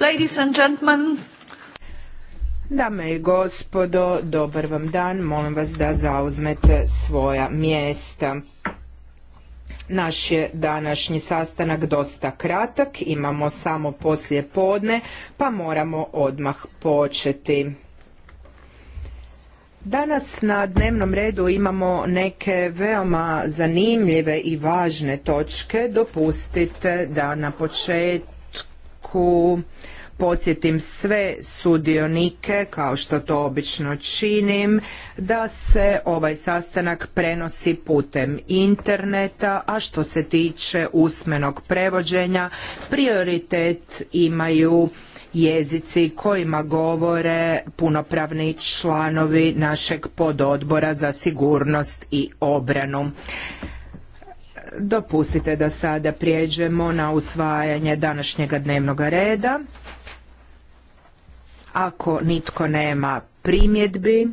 Ladies and gentlemen. Dame i gospodo, dobar vam dan. Molim vas da zauzmete svoja mjesta. Naš je današnji sastanak dosta kratak, imamo samo poslije podne, pa moramo odmah početi. Danas na dnevnom redu imamo neke veoma zanimljive i važne točke. Dopustite da na početku podsjetim sve sudionike, kao što to obično činim, da se ovaj sastanak prenosi putem interneta, a što se tiče usmenog prevođenja, prioritet imaju jezici kojima govore punopravni članovi našeg pododbora za sigurnost i obranu. Dopustite da sada prijeđemo na usvajanje današnjega dnevnog reda. Ako nitko nema primjedbi,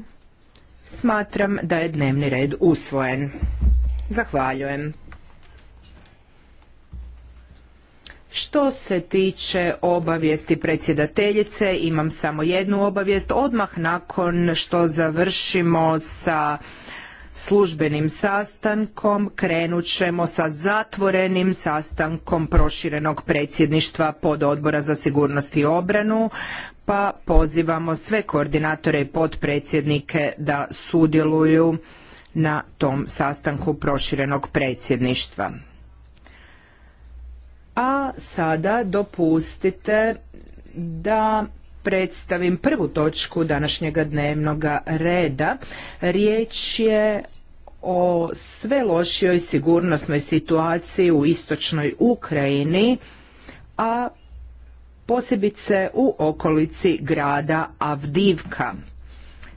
smatram da je dnevni red usvojen. Zahvaljujem. Što se tiče obavijesti predsjedateljice, imam samo jednu obavijest. Odmah nakon što završimo sa službenim sastankom krenut ćemo sa zatvorenim sastankom proširenog predsjedništva pod odbora za sigurnost i obranu pa pozivamo sve koordinatore i potpredsjednike da sudjeluju na tom sastanku proširenog predsjedništva. A sada dopustite da predstavim prvu točku današnjega dnevnoga reda. Riječ je o sve lošijoj sigurnosnoj situaciji u istočnoj Ukrajini, a posebice u okolici grada Avdivka.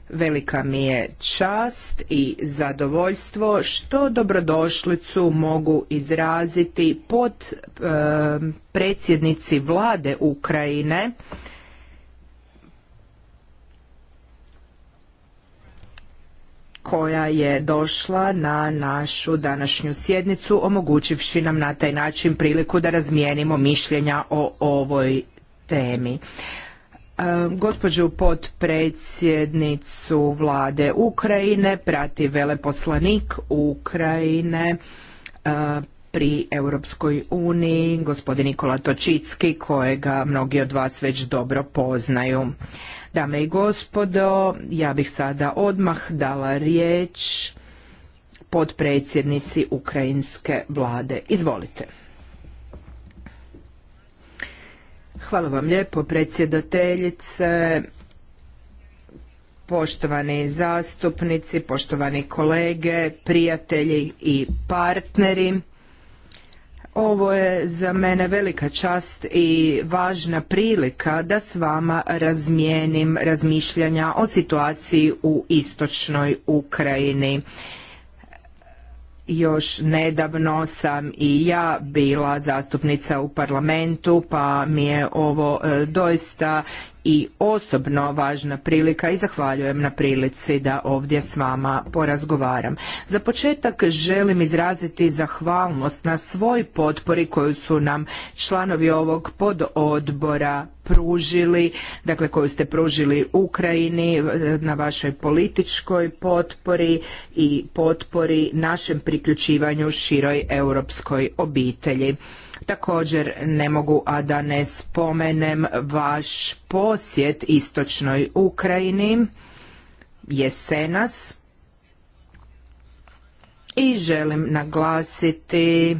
Velika mi je čast i zadovoljstvo što dobrodošlicu mogu izraziti pod eh, predsjednici vlade Ukrajine koja je došla na našu današnju sjednicu omogućivši nam na taj način priliku da razmijenimo mišljenja o ovoj temi. E, gospođu potpredsjednicu vlade Ukrajine prati veleposlanik Ukrajine e, pri Europskoj uniji, gospodin Nikola Točicki, kojega mnogi od vas već dobro poznaju. Dame i gospodo, ja bih sada odmah dala riječ predsjednici ukrajinske vlade. Izvolite. Hvala vam lijepo predsjedateljice, poštovani zastupnici, poštovani kolege, prijatelji i partneri. Ovo je za mene velika čast i važna prilika da s vama razmijenim razmišljanja o situaciji u istočnoj Ukrajini. Još nedavno sam i ja bila zastupnica u parlamentu pa mi je ovo e, doista i osobno važna prilika i zahvaljujem na prilici da ovdje s vama porazgovaram. Za početak želim izraziti zahvalnost na svoj potpori koju su nam članovi ovog pododbora pružili, dakle koju ste pružili Ukrajini na vašoj političkoj potpori i potpori našem priključivanju široj europskoj obitelji. Također ne mogu, a da ne spomenem vaš posjet istočnoj Ukrajini jesenas i želim naglasiti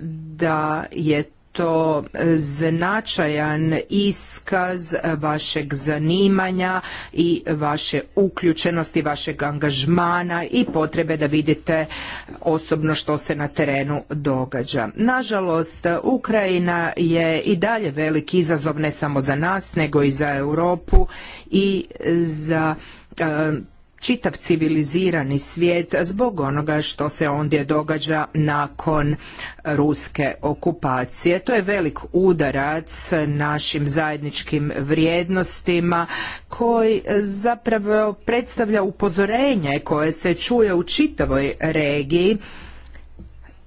da je to značajan iskaz vašeg zanimanja i vaše uključenosti, vašeg angažmana i potrebe da vidite osobno što se na terenu događa. Nažalost, Ukrajina je i dalje velik izazov ne samo za nas nego i za Europu i za e, čitav civilizirani svijet zbog onoga što se ondje događa nakon ruske okupacije. To je velik udarac našim zajedničkim vrijednostima koji zapravo predstavlja upozorenje koje se čuje u čitavoj regiji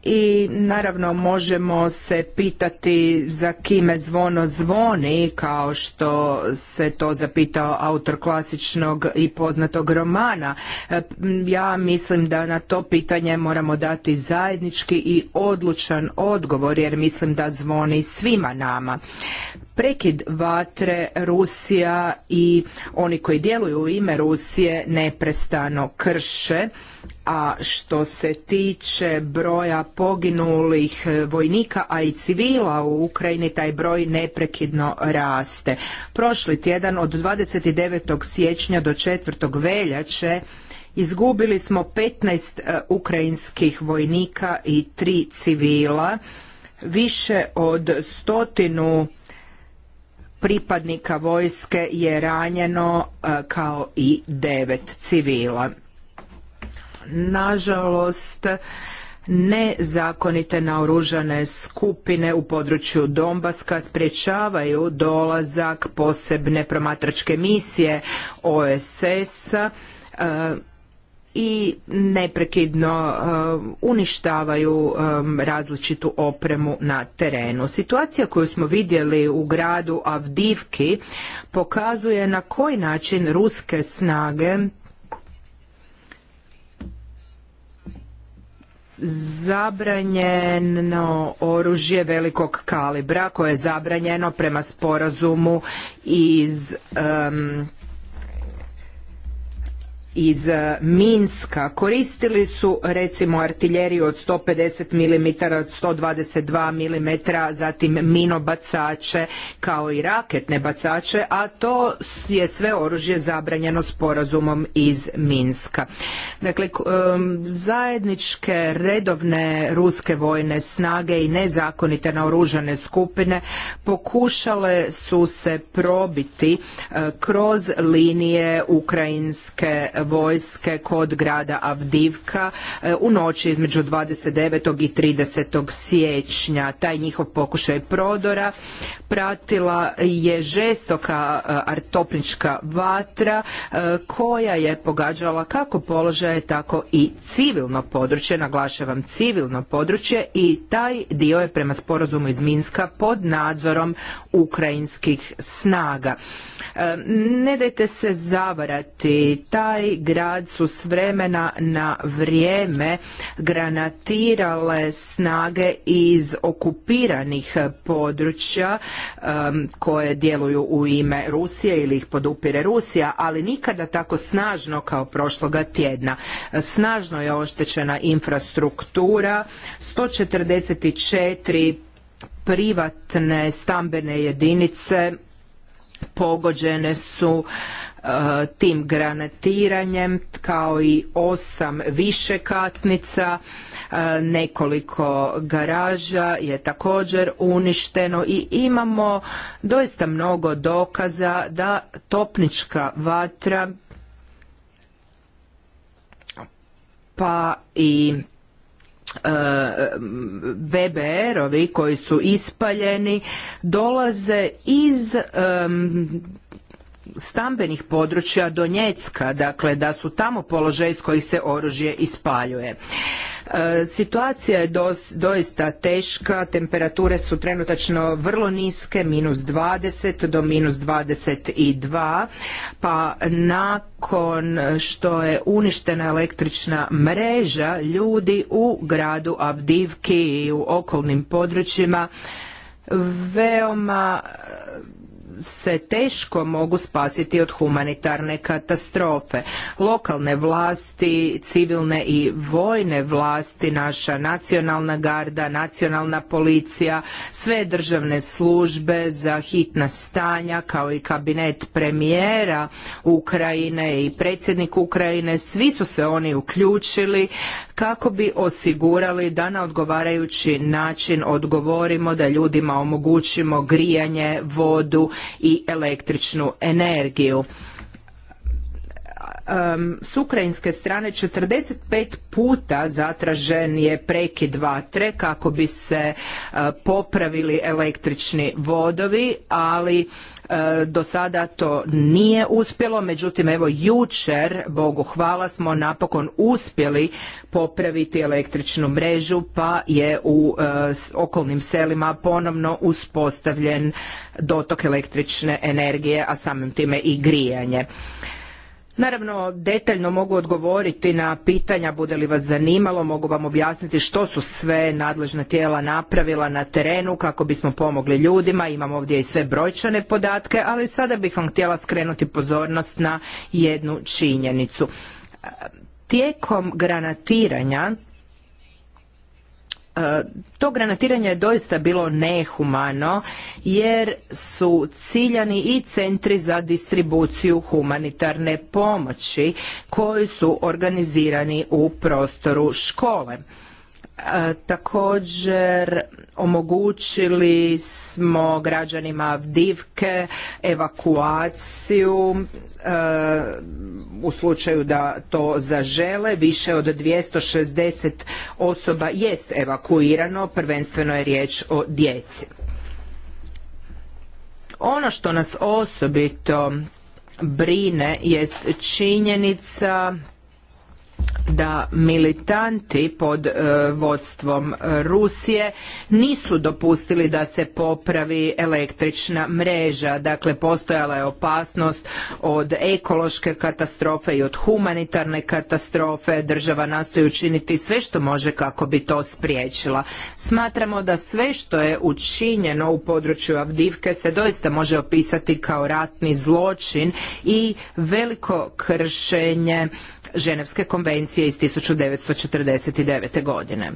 i naravno možemo se pitati za kime zvono zvoni kao što se to zapitao autor klasičnog i poznatog romana. E, ja mislim da na to pitanje moramo dati zajednički i odlučan odgovor jer mislim da zvoni svima nama. Prekid vatre Rusija i oni koji djeluju u ime Rusije neprestano krše a što se tiče broja poginulih eh, vojnika, a i civila u Ukrajini, taj broj neprekidno raste. Prošli tjedan od 29. siječnja do 4. veljače izgubili smo 15 eh, ukrajinskih vojnika i 3 civila, više od stotinu pripadnika vojske je ranjeno eh, kao i devet civila nažalost nezakonite naoružane skupine u području Dombaska sprječavaju dolazak posebne promatračke misije OSS-a e, i neprekidno e, uništavaju e, različitu opremu na terenu. Situacija koju smo vidjeli u gradu Avdivki pokazuje na koji način ruske snage zabranjeno oružje velikog kalibra koje je zabranjeno prema sporazumu iz iz e, Minska koristili su recimo artiljeriju od 150 mm, od 122 mm, zatim minobacače kao i raketne bacače, a to je sve oružje zabranjeno sporazumom iz Minska. Dakle, zajedničke redovne ruske vojne snage i nezakonite naoružane skupine pokušale su se probiti e, kroz linije ukrajinske vojske kod grada Avdivka e, u noći između 29. i 30. siječnja. Taj njihov pokušaj prodora pratila je žestoka e, artopnička vatra e, koja je pogađala kako položaje tako i civilno područje, naglašavam civilno područje i taj dio je prema sporazumu iz Minska pod nadzorom ukrajinskih snaga. Ne dajte se zavarati, taj grad su s vremena na vrijeme granatirale snage iz okupiranih područja um, koje djeluju u ime Rusije ili ih podupire Rusija, ali nikada tako snažno kao prošloga tjedna. Snažno je oštećena infrastruktura, 144 privatne stambene jedinice pogođene su e, tim granatiranjem kao i osam više katnica, e, nekoliko garaža je također uništeno i imamo doista mnogo dokaza da topnička vatra pa i vbr e, ovi koji su ispaljeni dolaze iz stambenih područja Donjecka, dakle da su tamo položaj iz kojih se oružje ispaljuje. E, situacija je doista teška, temperature su trenutačno vrlo niske, minus 20 do minus 22, pa nakon što je uništena električna mreža, ljudi u gradu Avdivki i u okolnim područjima veoma se teško mogu spasiti od humanitarne katastrofe. Lokalne vlasti, civilne i vojne vlasti, naša nacionalna garda, nacionalna policija, sve državne službe za hitna stanja kao i kabinet premijera Ukrajine i predsjednik Ukrajine, svi su se oni uključili kako bi osigurali da na odgovarajući način odgovorimo da ljudima omogućimo grijanje, vodu i električnu energiju. s ukrajinske strane 45 puta zatražen je prekid vatre kako bi se e, popravili električni vodovi, ali E, do sada to nije uspjelo, međutim evo jučer, Bogu hvala, smo napokon uspjeli popraviti električnu mrežu pa je u e, okolnim selima ponovno uspostavljen dotok električne energije, a samim time i grijanje. Naravno, detaljno mogu odgovoriti na pitanja, bude li vas zanimalo, mogu vam objasniti što su sve nadležna tijela napravila na terenu kako bismo pomogli ljudima, imam ovdje i sve brojčane podatke, ali sada bih vam htjela skrenuti pozornost na jednu činjenicu. Tijekom granatiranja E, to granatiranje je doista bilo nehumano jer su ciljani i centri za distribuciju humanitarne pomoći koji su organizirani u prostoru škole. Također omogućili smo građanima divke evakuaciju u slučaju da to zažele. Više od 260 osoba jest evakuirano, prvenstveno je riječ o djeci. Ono što nas osobito brine jest činjenica da militanti pod e, vodstvom Rusije nisu dopustili da se popravi električna mreža. Dakle, postojala je opasnost od ekološke katastrofe i od humanitarne katastrofe. Država nastoji učiniti sve što može kako bi to spriječila. Smatramo da sve što je učinjeno u području Avdivke se doista može opisati kao ratni zločin i veliko kršenje Ženevske konvencije iz 1949. godine.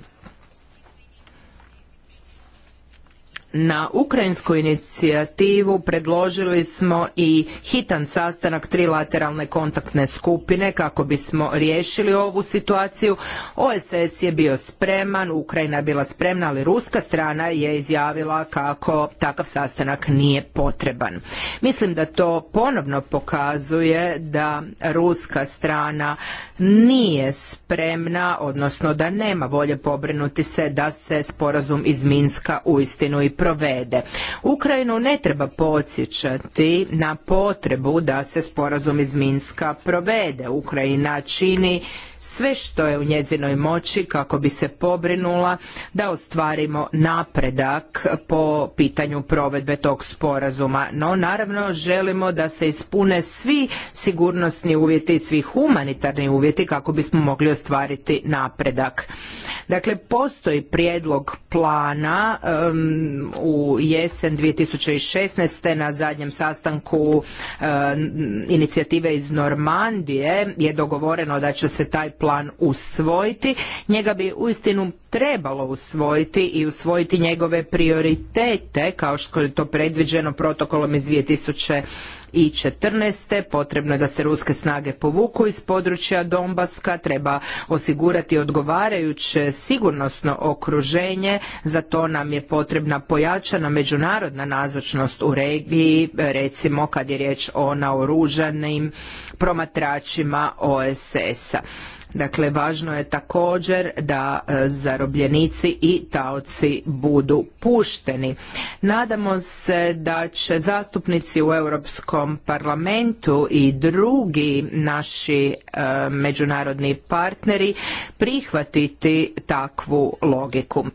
na ukrajinsku inicijativu predložili smo i hitan sastanak trilateralne kontaktne skupine kako bismo riješili ovu situaciju. OSS je bio spreman, Ukrajina je bila spremna, ali ruska strana je izjavila kako takav sastanak nije potreban. Mislim da to ponovno pokazuje da ruska strana nije spremna, odnosno da nema volje pobrinuti se da se sporazum iz Minska uistinu i provede. Ukrajinu ne treba podsjećati na potrebu da se sporazum iz Minska provede. Ukrajina čini sve što je u njezinoj moći kako bi se pobrinula da ostvarimo napredak po pitanju provedbe tog sporazuma. No, naravno, želimo da se ispune svi sigurnosni uvjeti i svi humanitarni uvjeti kako bismo mogli ostvariti napredak. Dakle, postoji prijedlog plana u jesen 2016. na zadnjem sastanku inicijative iz Normandije je dogovoreno da će se taj plan usvojiti. Njega bi uistinu trebalo usvojiti i usvojiti njegove prioritete kao što je to predviđeno protokolom iz 2000 i 14. potrebno je da se ruske snage povuku iz područja Dombaska. treba osigurati odgovarajuće sigurnosno okruženje, za to nam je potrebna pojačana međunarodna nazočnost u regiji, recimo kad je riječ o naoružanim promatračima OSS-a. Dakle, važno je također da e, zarobljenici i taoci budu pušteni. Nadamo se da će zastupnici u Europskom parlamentu i drugi naši e, međunarodni partneri prihvatiti takvu logiku.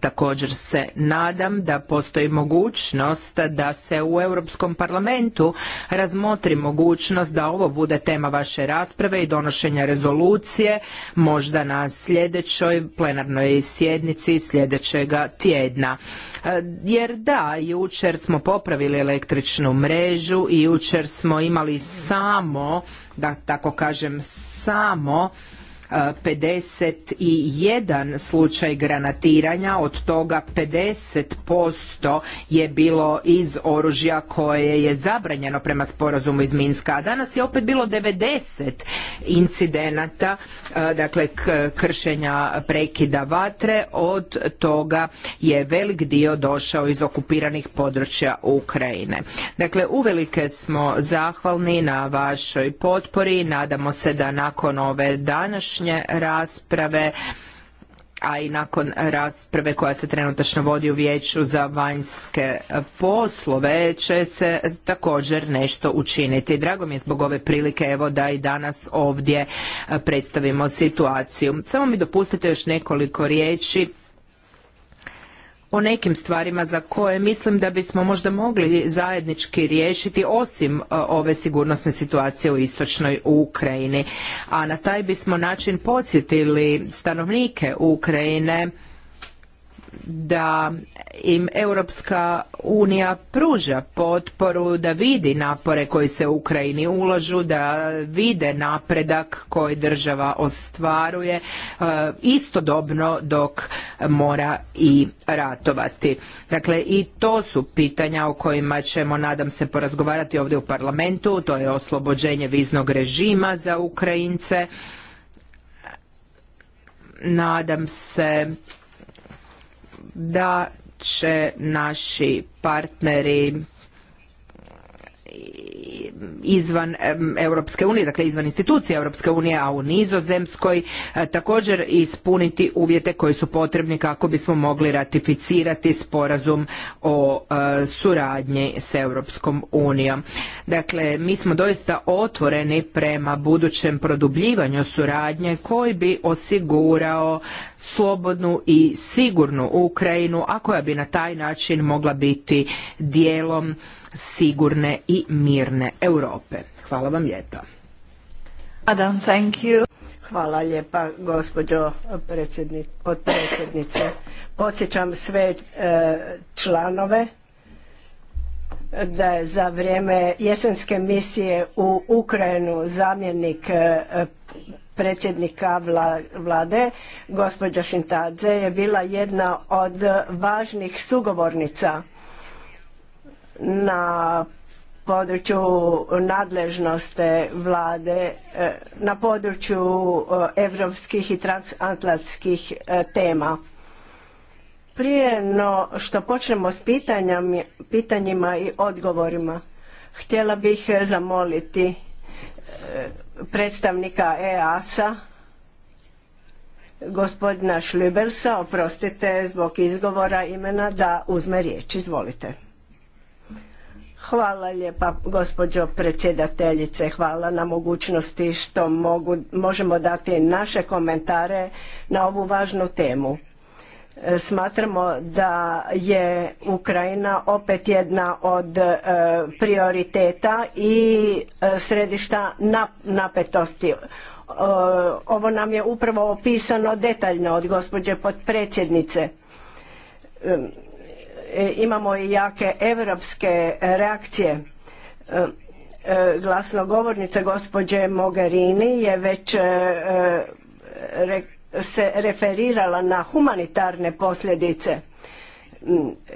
Također se nadam da postoji mogućnost da se u Europskom parlamentu razmotri mogućnost da ovo bude tema vaše rasprave i donošenja rezolucije možda na sljedećoj plenarnoj sjednici sljedećega tjedna. E, jer da, jučer smo popravili električnu mrežu i jučer smo imali samo, da tako kažem, samo 51 e, slučaj granatiranja, od toga 50% je bilo iz oružja koje je zabranjeno prema sporazumu iz Minska, a danas je opet bilo 90 incidenata, e, dakle kršenja prekida vatre, od toga je velik dio došao iz okupiranih područja Ukrajine. Dakle, uvelike smo zahvalni na vašoj potpori, nadamo se da nakon ove današnje današnje rasprave a i nakon rasprave koja se trenutačno vodi u vijeću za vanjske poslove će se također nešto učiniti. Drago mi je zbog ove prilike evo da i danas ovdje predstavimo situaciju. Samo mi dopustite još nekoliko riječi o nekim stvarima za koje mislim da bismo možda mogli zajednički riješiti osim e, ove sigurnosne situacije u istočnoj Ukrajini. A na taj bismo način podsjetili stanovnike Ukrajine da im Europska unija pruža potporu, da vidi napore koji se u Ukrajini ulažu, da vide napredak koji država ostvaruje, eh, istodobno dok mora i ratovati. Dakle, i to su pitanja o kojima ćemo, nadam se, porazgovarati ovdje u parlamentu, to je oslobođenje viznog režima za Ukrajince, nadam se da će naši partneri izvan Europske unije, dakle izvan institucije Europske unije, a u Nizozemskoj e, također ispuniti uvjete koji su potrebni kako bismo mogli ratificirati sporazum o e, suradnji s Europskom unijom. Dakle, mi smo doista otvoreni prema budućem produbljivanju suradnje koji bi osigurao slobodnu i sigurnu Ukrajinu, a koja bi na taj način mogla biti dijelom sigurne i mirne Europe. Hvala vam lijepa. Adam, thank you. Hvala lijepa, gospođo potpredsjednice. Podsjećam sve e, članove da je za vrijeme jesenske misije u Ukrajinu zamjenik e, predsjednika vlade, gospođa Šintadze, je bila jedna od važnih sugovornica na području nadležnosti vlade, e, na području e, evropskih i transatlantskih e, tema. Prije no što počnemo s pitanjima i odgovorima, htjela bih zamoliti predstavnika EAS-a gospodina Šlibersa, oprostite zbog izgovora imena, da uzme riječ. Izvolite. Hvala lijepa gospođo predsjedateljice, hvala na mogućnosti što možemo dati naše komentare na ovu važnu temu. E, smatramo da je Ukrajina opet jedna od e, prioriteta i e, središta napetosti. Ovo nam je upravo opisano detaljno od gospođe potpredsjednice E, imamo i jake europske reakcije. E, e, glasnogovornica gospođe Mogherini je već se referirala na humanitarne posljedice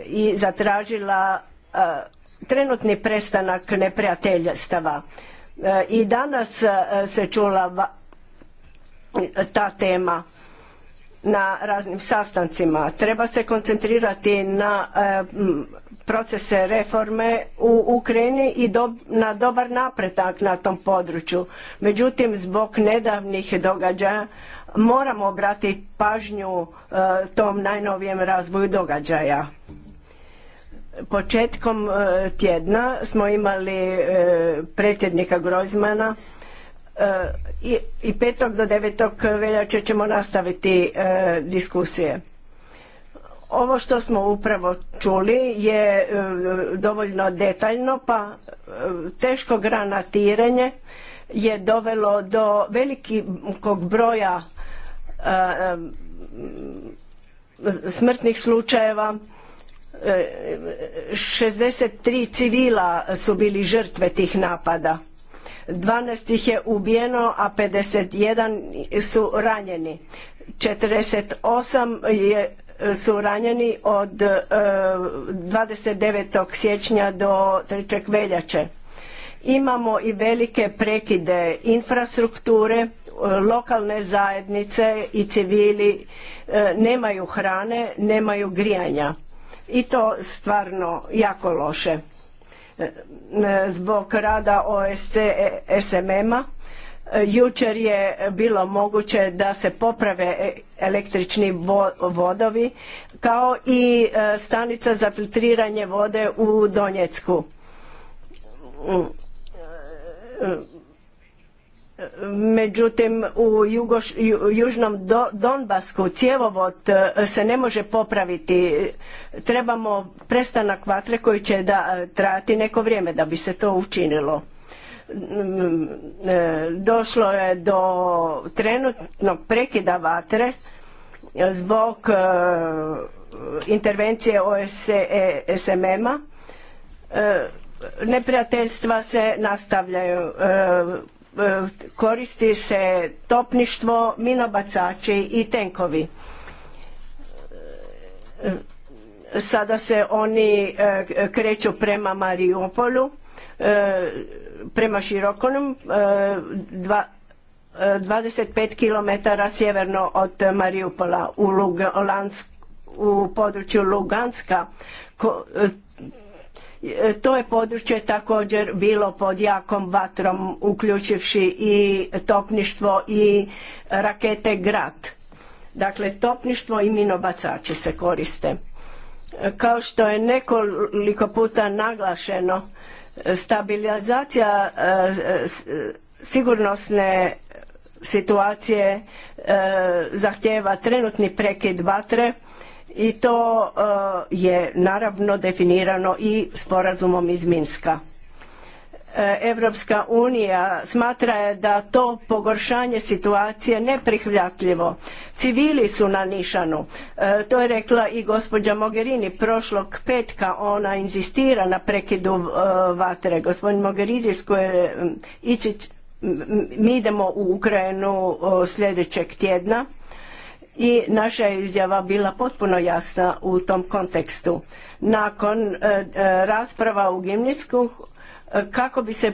i zatražila trenutni prestanak neprijateljstava. I danas se čula ta tema na raznim sastancima. Treba se koncentrirati na e, procese reforme u Ukrajini i na dobar napretak na tom području. Međutim, zbog nedavnih događaja moramo obratiti pažnju e, tom najnovijem razvoju događaja. Početkom e, tjedna smo imali predsjednika Grozmana i petog do devetog veljače ćemo nastaviti e, diskusije. Ovo što smo upravo čuli je e, dovoljno detaljno pa e, teško granatiranje je dovelo do velikog broja smrtnih slučajeva 63 civila su bili žrtve tih napada 12 ih je ubijeno, a 51 su ranjeni. 48 je, su ranjeni od 29. E, siječnja do 3. veljače. Imamo i velike prekide infrastrukture, e, lokalne zajednice i civili e, nemaju hrane, nemaju grijanja. I to stvarno jako loše zbog rada OSC SMM-a. Jučer je bilo moguće da se poprave električni vodovi kao i e, stanica za filtriranje vode u Donjecku Međutim, u južnom Do, Donbasku cjevovod e, se ne može popraviti. Trebamo prestanak vatre koji će da e, trajati neko vrijeme da bi se to učinilo. E, došlo je do trenutnog prekida vatre zbog intervencije smm a neprijateljstva se nastavljaju E, koristi se topništvo, minobacači i tenkovi. E, sada se oni e, kreću prema Marijupolu, prema Širokonom, 25 km sjeverno od Mariupola u, u području Luganska. E, to je područje također bilo pod jakom vatrom, uključivši i topništvo i rakete Grad. Dakle, topništvo i minobacači se koriste. Kao što je nekoliko puta naglašeno, stabilizacija e, sigurnosne situacije e, zahtjeva trenutni prekid vatre i to e, je naravno definirano i sporazumom iz Minska. Europska unija smatra da to pogoršanje situacije neprihvatljivo. Civili su na Nišanu. E, to je rekla i gospođa Mogherini prošlog petka. Ona inzistira na prekidu e, vatre. Gospodin Mogherini koje ići mi idemo u Ukrajinu sljedećeg tjedna i naša je izjava bila potpuno jasna u tom kontekstu. Nakon e, e, rasprava u Gimnicku e, kako bi se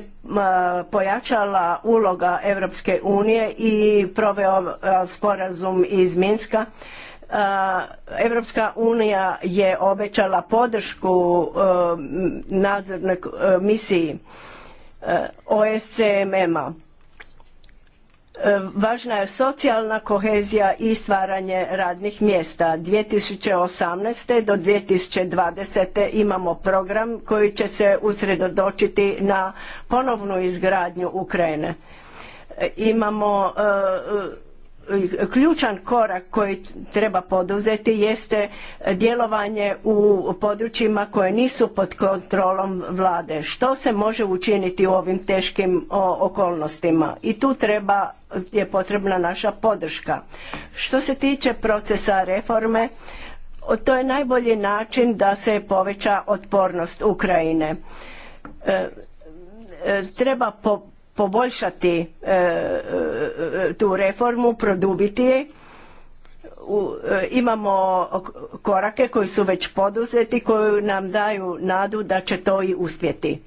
pojačala uloga Europske unije i proveo sporazum iz Minska, Europska unija je obećala podršku nadzornoj misiji OSCMM-a E, važna je socijalna kohezija i stvaranje radnih mjesta. 2018. do 2020. imamo program koji će se usredotočiti na ponovnu izgradnju Ukrajine. E, imamo e, ključan korak koji treba poduzeti jeste djelovanje u područjima koje nisu pod kontrolom vlade. Što se može učiniti u ovim teškim okolnostima? I tu treba, je potrebna naša podrška. Što se tiče procesa reforme, to je najbolji način da se poveća otpornost Ukrajine. E, e, treba po poboljšati e, e, tu reformu, produbiti je. E, imamo korake koji su već poduzeti, koji nam daju nadu da će to i uspjeti.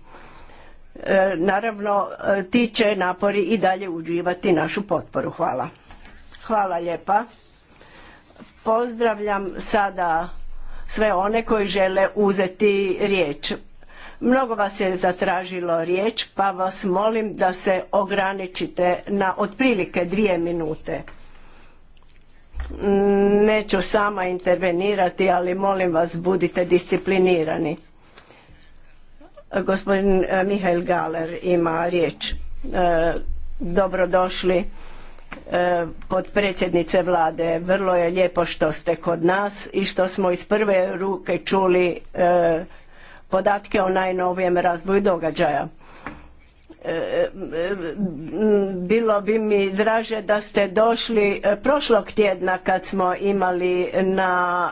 Naravno, ti će napori i dalje uživati našu potporu. Hvala. Hvala lijepa. Pozdravljam sada sve one koji žele uzeti riječ. Mnogo vas je zatražilo riječ, pa vas molim da se ograničite na otprilike dvije minute. Neću sama intervenirati, ali molim vas budite disciplinirani. Gospodin e, Mihajl Galer ima riječ. E, dobrodošli e, potpredsjednice vlade. Vrlo je lijepo što ste kod nas i što smo iz prve ruke čuli podatke o najnovijem razvoju događaja. E, e, bilo bi mi draže da ste došli e, prošlog tjedna kad smo imali na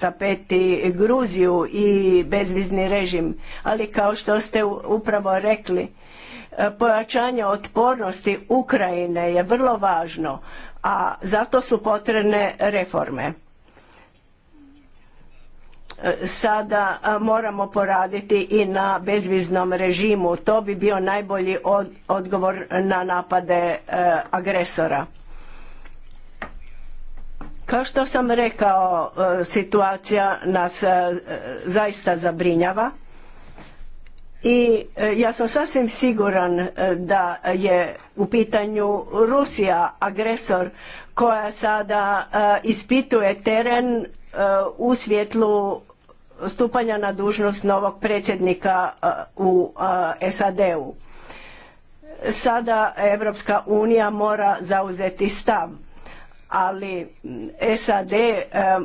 tapeti Gruziju i bezvizni režim, ali kao što ste upravo rekli, pojačanje otpornosti Ukrajine je vrlo važno, a zato su potrebne reforme sada moramo poraditi i na bezviznom režimu. To bi bio najbolji odgovor na napade e, agresora. Kao što sam rekao, e, situacija nas e, zaista zabrinjava i ja sam sasvim siguran da je u pitanju Rusija agresor koja sada ispituje teren E, u svjetlu stupanja na dužnost novog predsjednika e, u e, SAD-u. Sada Evropska unija mora zauzeti stav, ali SAD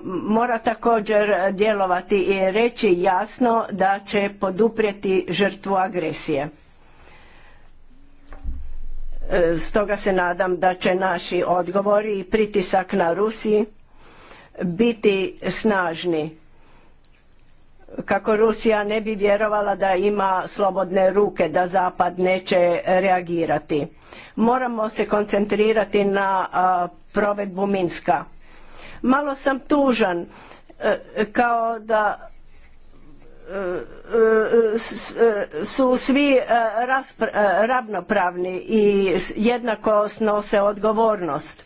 mora također djelovati i reći jasno da će poduprijeti žrtvu agresije. Stoga se nadam da će naši odgovori i pritisak na Rusiji biti snažni kako Rusija ne bi vjerovala da ima slobodne ruke, da Zapad neće reagirati. Moramo se koncentrirati na provedbu Minska. Malo sam tužan, e, kao da e, e, su svi ravnopravni i jednako snose odgovornost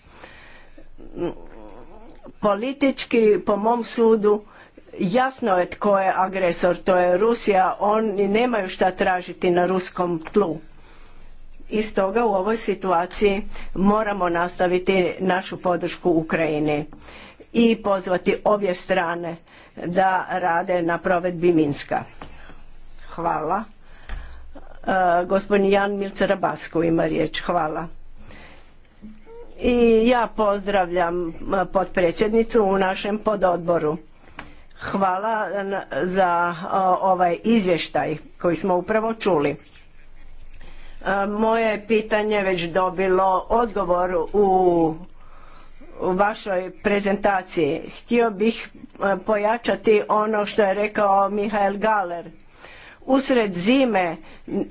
Politički, po mom sudu, jasno je tko je agresor, to je Rusija, oni nemaju šta tražiti na ruskom tlu. I stoga u ovoj situaciji moramo nastaviti našu podršku Ukrajini i pozvati obje strane da rade na provedbi Minska. Hvala. E, gospodin Jan milcerabasko ima riječ. Hvala. I ja pozdravljam e, potpredsjednicu u našem pododboru. Hvala e, za ovaj izvještaj koji smo upravo čuli. E, moje pitanje već dobilo odgovor u vašoj prezentaciji. Htio bih pojačati ono što je rekao Mihael Galer usred zime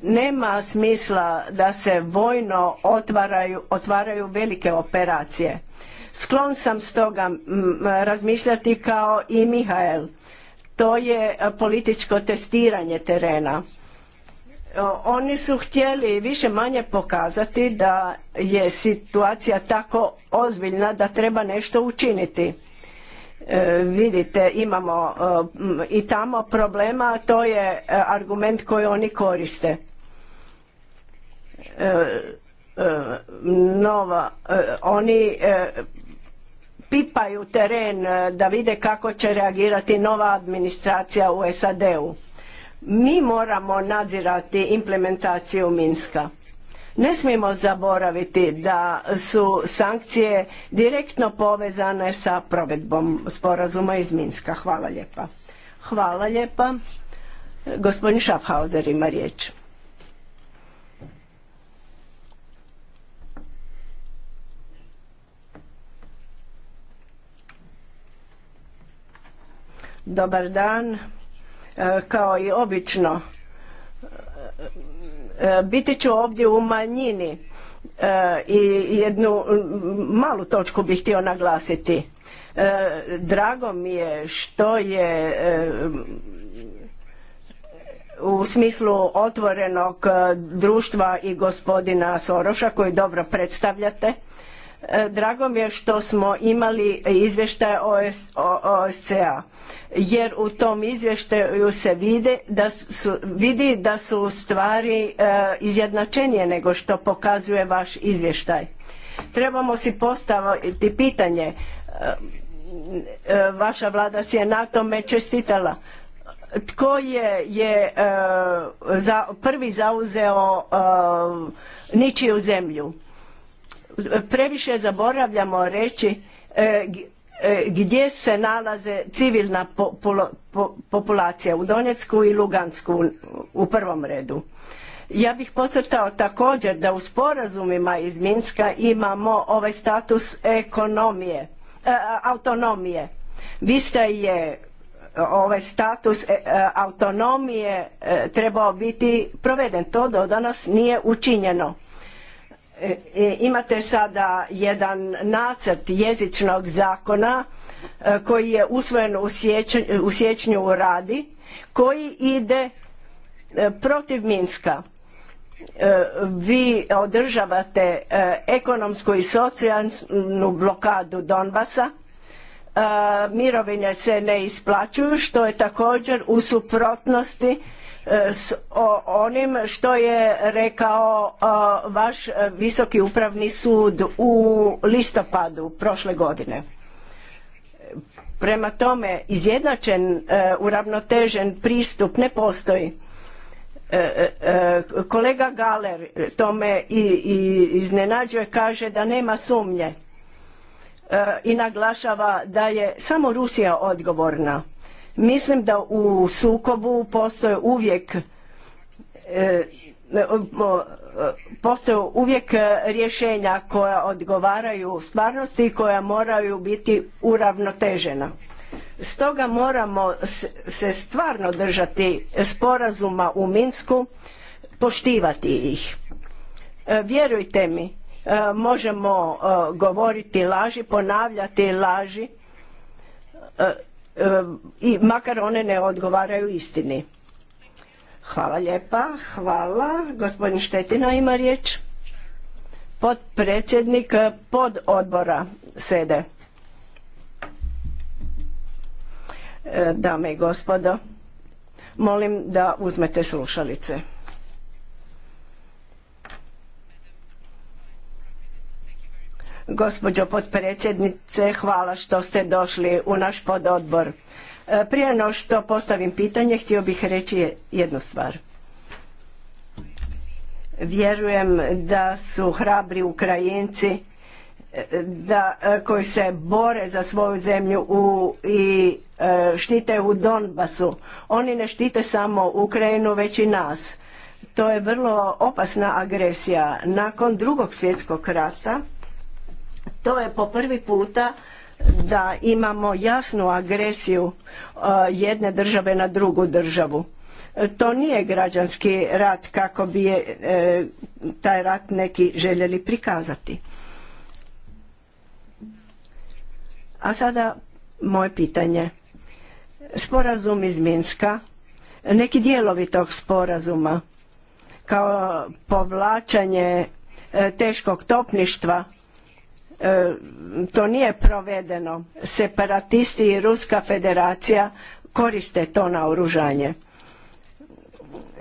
nema smisla da se vojno otvaraju, otvaraju velike operacije. Sklon sam stoga razmišljati kao i Mihael. To je političko testiranje terena. Oni su htjeli više manje pokazati da je situacija tako ozbiljna da treba nešto učiniti E, vidite imamo e, i tamo problema to je e, argument koji oni koriste nova oni pipaju teren da vide kako će reagirati nova administracija u SAD-u mi moramo nadzirati implementaciju Minska ne smijemo zaboraviti da su sankcije direktno povezane sa provedbom sporazuma iz Minska. Hvala lijepa. Hvala lijepa. Gospodin Schaffhauser ima riječ. Dobar dan. E, kao i obično E, biti ću ovdje u manjini e, i jednu malu točku bih htio naglasiti. E, drago mi je što je u smislu otvorenog društva i gospodina Soroša koji dobro predstavljate E, drago mi je što smo imali izvještaj OSCE-a jer u tom izvještaju se vide da vidi da su stvari e, izjednačenije nego što pokazuje vaš izvještaj. Trebamo si postaviti pitanje, e, vaša vlada si je na tome čestitala tko je, za, prvi zauzeo ničiju zemlju previše zaboravljamo reći e, e, gdje se nalaze civilna populacija u Donetsku i Lugansku u prvom redu. Ja bih podcrtao također da u sporazumima iz Minska imamo ovaj status ekonomije, e, autonomije. Vista je ovaj status autonomije trebao biti proveden. To do danas nije učinjeno E, e, imate sada jedan nacrt jezičnog zakona e, koji je usvojen u siječnju u Radi koji ide protiv Minska. Vi održavate ekonomsku i socijalnu blokadu Donbasa, mirovine se ne isplaćuju što je također u suprotnosti s onim što je rekao vaš e, Visoki upravni sud u listopadu prošle godine. Prema tome, izjednačen, e, uravnotežen pristup ne postoji. E, kolega Galer tome i iznenađuje, kaže da nema sumnje i naglašava da je samo Rusija odgovorna Mislim da u sukobu postoje uvijek e, postoje uvijek rješenja koja odgovaraju stvarnosti i koja moraju biti uravnotežena. Stoga moramo se stvarno držati sporazuma u Minsku, poštivati ih. E, vjerujte mi, e, možemo govoriti laži, ponavljati laži, i makar one ne odgovaraju istini. Hvala lijepa, hvala. Gospodin Štetina ima riječ. predsjednik eh, pod odbora sede. Eh, dame i gospodo, molim da uzmete slušalice. Gospođo potpredsjednice, hvala što ste došli u naš pododbor. E, prije no što postavim pitanje, htio bih reći jednu stvar. Vjerujem da su hrabri Ukrajinci e, da, e, koji se bore za svoju zemlju u, i štite u Donbasu. Oni ne štite samo Ukrajinu, već i nas. To je vrlo opasna agresija. Nakon drugog svjetskog rata to je po prvi puta da imamo jasnu agresiju e, jedne države na drugu državu. E, to nije građanski rat kako bi je e, taj rat neki željeli prikazati. A sada moje pitanje. Sporazum iz Minska, neki dijelovi tog sporazuma kao povlačenje teškog topništva E, to nije provedeno. Separatisti i Ruska federacija koriste to naoružanje.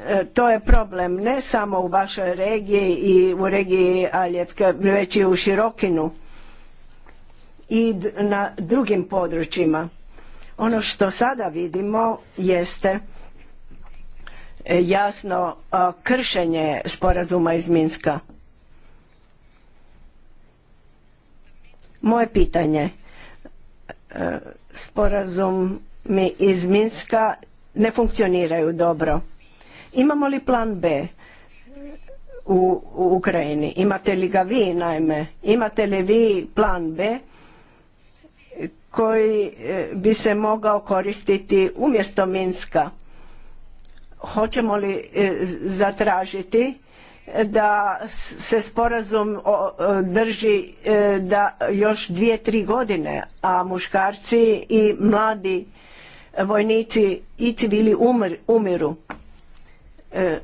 E, to je problem ne samo u vašoj regiji i u regiji Aljevke, već i u Širokinu i na drugim područjima. Ono što sada vidimo jeste e, jasno kršenje sporazuma iz Minska Moje pitanje, e, sporazum mi iz Minska ne funkcioniraju dobro. Imamo li plan B u, Ukrajini? Imate li ga vi naime? Imate li vi plan B koji e, bi se mogao koristiti umjesto Minska? Hoćemo li e, zatražiti da se sporazum drži e, da još dvije, tri godine, a muškarci i mladi vojnici i civili umiru. E,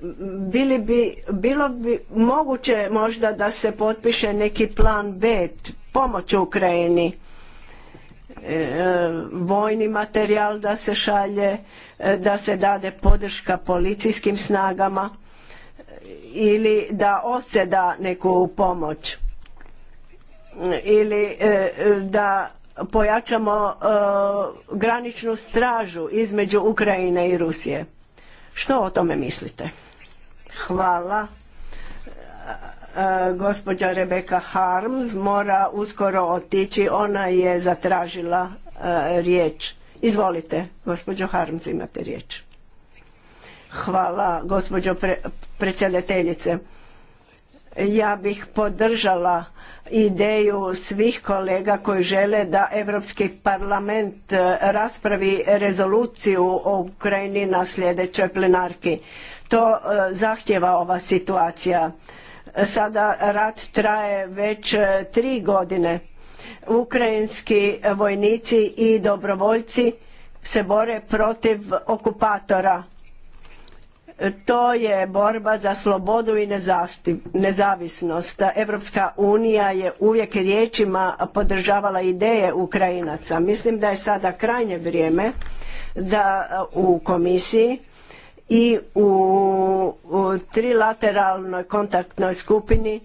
bili bi, bilo bi moguće možda da se potpiše neki plan B, pomoć Ukrajini, e, vojni materijal da se šalje, da se dade podrška policijskim snagama ili da osjeda neku pomoć ili e, da pojačamo e, graničnu stražu između Ukrajine i Rusije. Što o tome mislite? Hvala. E, gospođa Rebeka Harms mora uskoro otići. Ona je zatražila riječ. Izvolite, gospođo Harms, imate riječ. Hvala gospođo predsjedateljice. Ja bih podržala ideju svih kolega koji žele da Europski parlament e, raspravi rezoluciju o Ukrajini na sljedećoj plenarki. To e, zahtjeva ova situacija. Sada rat traje već e, tri godine. Ukrajinski vojnici i dobrovoljci se bore protiv okupatora to je borba za slobodu i nezavisnost. Evropska unija je uvijek riječima podržavala ideje Ukrajinaca. Mislim da je sada krajnje vrijeme da u komisiji i u, u trilateralnoj kontaktnoj skupini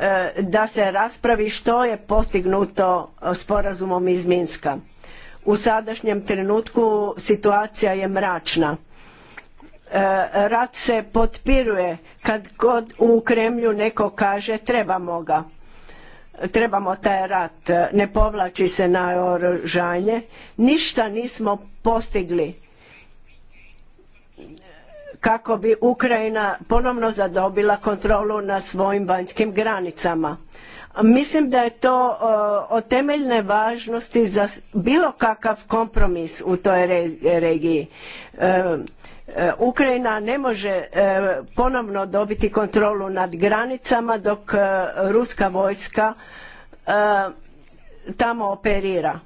e, da se raspravi što je postignuto sporazumom iz Minska. U sadašnjem trenutku situacija je mračna E, rat se potpiruje kad god u Kremlju neko kaže trebamo ga trebamo taj rat ne povlači se na oružanje ništa nismo postigli kako bi Ukrajina ponovno zadobila kontrolu na svojim vanjskim granicama mislim da je to e, od temeljne važnosti za bilo kakav kompromis u toj regiji e, E, Ukrajina ne može e, ponovno dobiti kontrolu nad granicama dok e, ruska vojska tamo operira.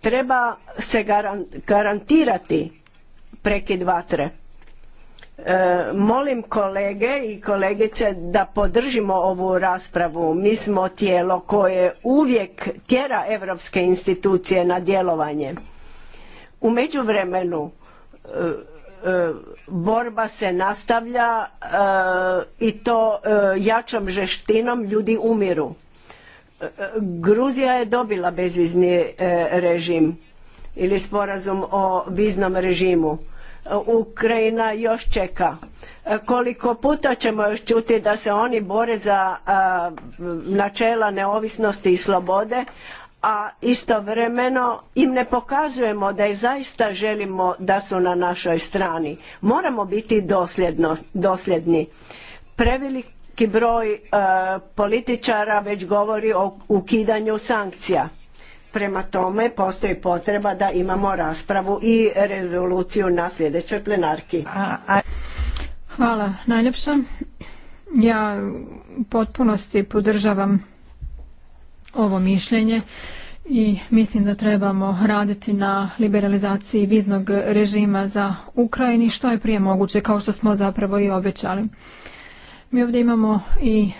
Treba se garantirati prekid vatre. Molim kolege i kolegice da podržimo ovu raspravu. Mi smo tijelo koje uvijek tjera europske institucije na djelovanje. U međuvremenu borba se nastavlja e, i to e, jačom žeštinom ljudi umiru. E, Gruzija je dobila bezvizni režim ili sporazum o viznom režimu. Ukrajina još čeka. Koliko puta ćemo još čuti da se oni bore za načela neovisnosti i slobode, a istovremeno im ne pokazujemo da je zaista želimo da su na našoj strani. Moramo biti dosljedni. Preveliki broj e, političara već govori o ukidanju sankcija. Prema tome postoji potreba da imamo raspravu i rezoluciju na sljedećoj plenarki. Hvala Ja u potpunosti podržavam ovo mišljenje i mislim da trebamo raditi na liberalizaciji viznog režima za Ukrajini što je prije moguće kao što smo zapravo i obećali. Mi ovdje imamo i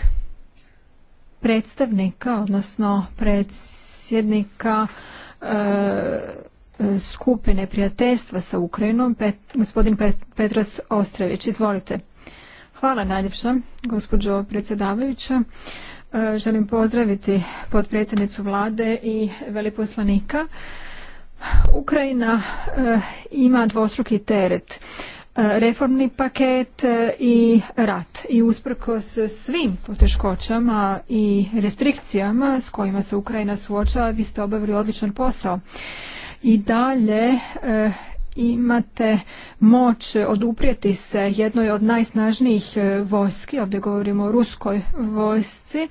predstavnika, odnosno predsjednika e, skupine prijateljstva sa Ukrajinom, gospodin Petras Ostrević. Izvolite. Hvala najljepša, gospođo predsjedavajuća. E, želim pozdraviti potpredsjednicu vlade i veliposlanika. Ukrajina e, ima dvostruki teret. E, reformni paket i rat. I usprkos svim poteškoćama i restrikcijama s kojima se Ukrajina suočava, vi ste obavili odličan posao. I dalje imate moć oduprijeti se jednoj od najsnažnijih e, vojski, ovdje govorimo o ruskoj vojsci,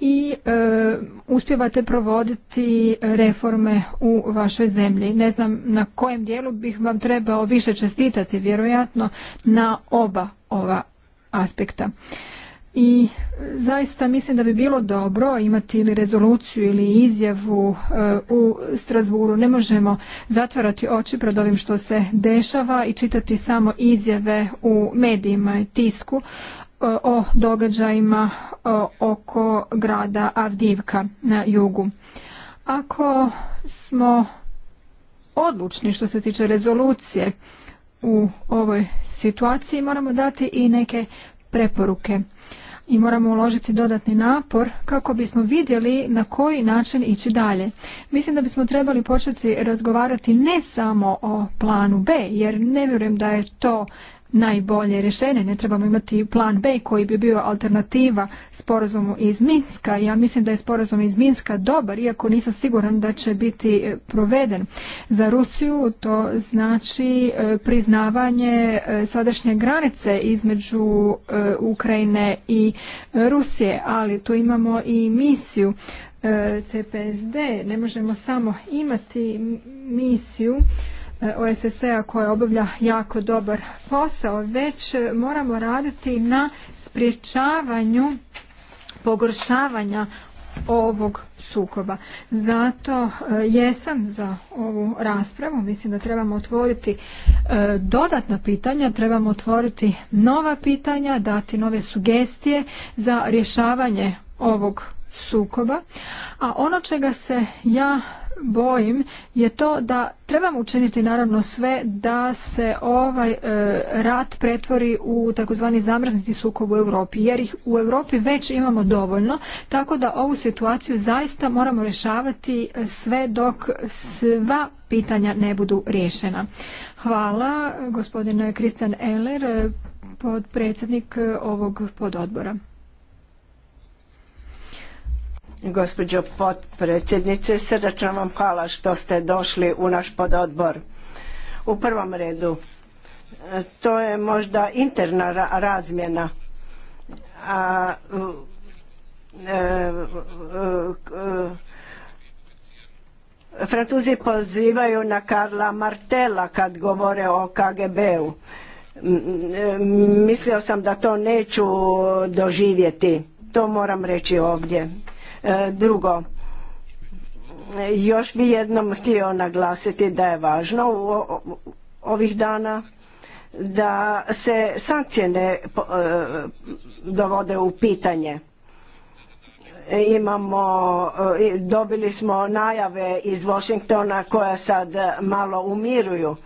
i e, uspjevate provoditi reforme u vašoj zemlji. Ne znam na kojem dijelu bih vam trebao više čestitati, vjerojatno na oba ova aspekta i zaista mislim da bi bilo dobro imati ili rezoluciju ili izjavu e, u Strasburu. Ne možemo zatvarati oči pred ovim što se dešava i čitati samo izjave u medijima i tisku e, o događajima e, oko grada Avdivka na jugu. Ako smo odlučni što se tiče rezolucije u ovoj situaciji moramo dati i neke preporuke i moramo uložiti dodatni napor kako bismo vidjeli na koji način ići dalje. Mislim da bismo trebali početi razgovarati ne samo o planu B, jer ne vjerujem da je to najbolje rješenje. Ne trebamo imati plan B koji bi bio alternativa sporazumu iz Minska. Ja mislim da je sporazum iz Minska dobar, iako nisam siguran da će biti e, proveden. Za Rusiju to znači e, priznavanje e, sadašnje granice između Ukrajine i Rusije, ali tu imamo i misiju CPSD. Ne možemo samo imati misiju OSSE-a koja obavlja jako dobar posao, već e, moramo raditi na spriječavanju pogoršavanja ovog sukoba. Zato e, jesam za ovu raspravu. Mislim da trebamo otvoriti e, dodatna pitanja, trebamo otvoriti nova pitanja, dati nove sugestije za rješavanje ovog sukoba. A ono čega se ja bojim je to da trebamo učiniti naravno sve da se ovaj e, rat pretvori u takozvani zamrznuti sukob u Europi jer ih u Europi već imamo dovoljno tako da ovu situaciju zaista moramo rješavati e, sve dok sva pitanja ne budu riješena. Hvala gospodine Kristjan Eller, e, podpredsjednik ovog pododbora. Gospođo potpredsjednice, srdačno vam hvala što ste došli u naš pododbor. U prvom redu, e, to je možda interna razmjena, a e, e, Francuzi pozivaju na Karla Martela kad govore o KGB-u. Mislio sam da to neću doživjeti. To moram reći ovdje. E, drugo, još bi jednom htio naglasiti da je važno u ovih dana da se sankcije ne e, dovode u pitanje e, imamo, dobili smo najave iz Washingtona koja sad malo umiruju.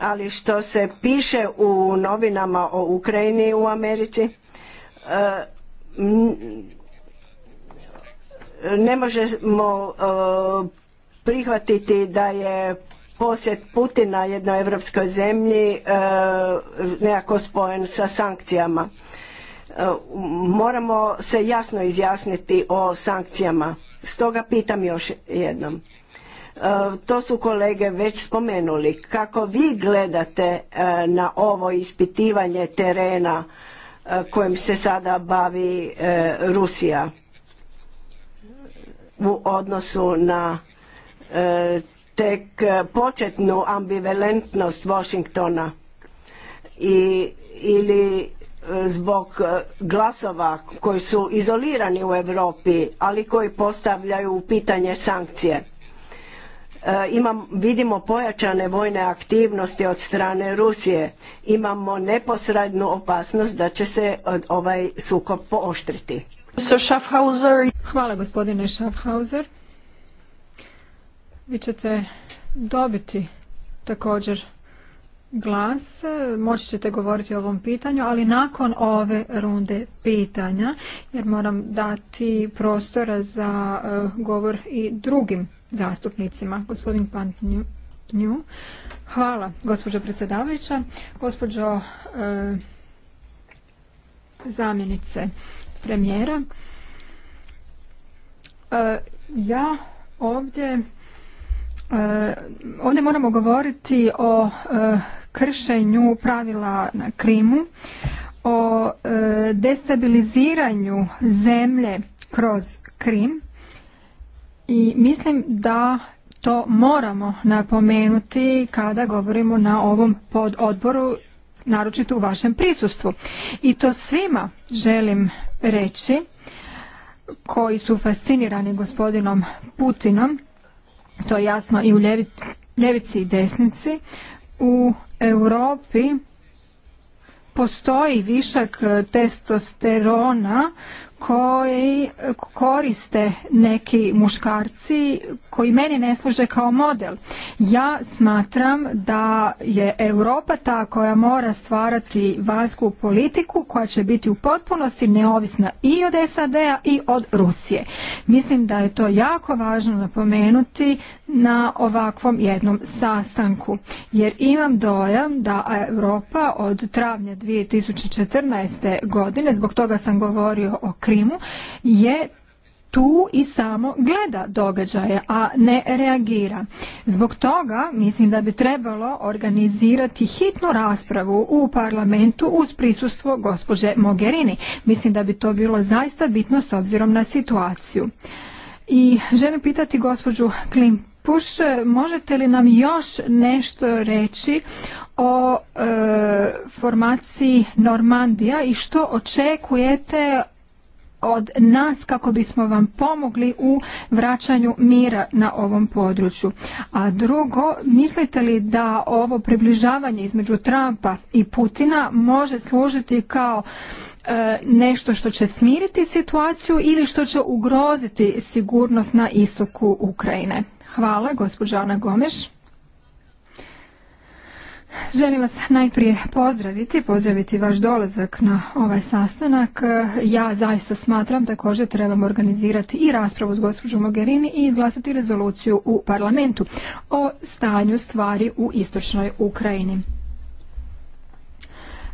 Ali što se piše u novinama o Ukrajini u Americi, ne možemo e, prihvatiti da je posjet Putina jednoj evropskoj zemlji e, nekako spojen sa sankcijama. E, moramo se jasno izjasniti o sankcijama. Stoga pitam još jednom. To su kolege već spomenuli. Kako vi gledate na ovo ispitivanje terena kojim se sada bavi Rusija? u odnosu na e, tek početnu ambivalentnost Washingtona i, ili e, zbog glasova koji su izolirani u Europi, ali koji postavljaju u pitanje sankcije. E, imam, vidimo pojačane vojne aktivnosti od strane Rusije. Imamo neposrednu opasnost da će se ovaj sukob pooštriti. Hvala gospodine Schaffhauser. Vi ćete dobiti također glas, moći ćete govoriti o ovom pitanju, ali nakon ove runde pitanja, jer moram dati prostora za eh, govor i drugim zastupnicima. Gospodin Pantnju, hvala gospođo predsjedavajuća, gospođo eh, zamjenice premijera. E, ja ovdje e, ovdje moramo govoriti o e, kršenju pravila na Krimu, o destabiliziranju zemlje kroz Krim i mislim da to moramo napomenuti kada govorimo na ovom pododboru naročito u vašem prisustvu. I to svima želim reći koji su fascinirani gospodinom Putinom, to je jasno i u ljevici i desnici, u Europi postoji višak testosterona koji koriste neki muškarci koji meni ne služe kao model. Ja smatram da je Europa ta koja mora stvarati vanjsku politiku koja će biti u potpunosti neovisna i od SAD-a i od Rusije. Mislim da je to jako važno napomenuti na ovakvom jednom sastanku jer imam dojam da Europa od travnja 2014. godine zbog toga sam govorio o Krimu je tu i samo gleda događaje, a ne reagira. Zbog toga mislim da bi trebalo organizirati hitnu raspravu u parlamentu uz prisustvo gospođe Mogherini. Mislim da bi to bilo zaista bitno s obzirom na situaciju. I želim pitati gospođu Klim Puš, možete li nam još nešto reći o e, formaciji Normandija i što očekujete od nas kako bismo vam pomogli u vraćanju mira na ovom području. A drugo, mislite li da ovo približavanje između Trumpa i Putina može služiti kao e, nešto što će smiriti situaciju ili što će ugroziti sigurnost na istoku Ukrajine? Hvala, gospođa Ana Gomeš. Želim vas najprije pozdraviti, pozdraviti vaš dolazak na ovaj sastanak. Ja zaista smatram također trebamo organizirati i raspravu s gospođom Mogherini i izglasati rezoluciju u parlamentu o stanju stvari u istočnoj Ukrajini.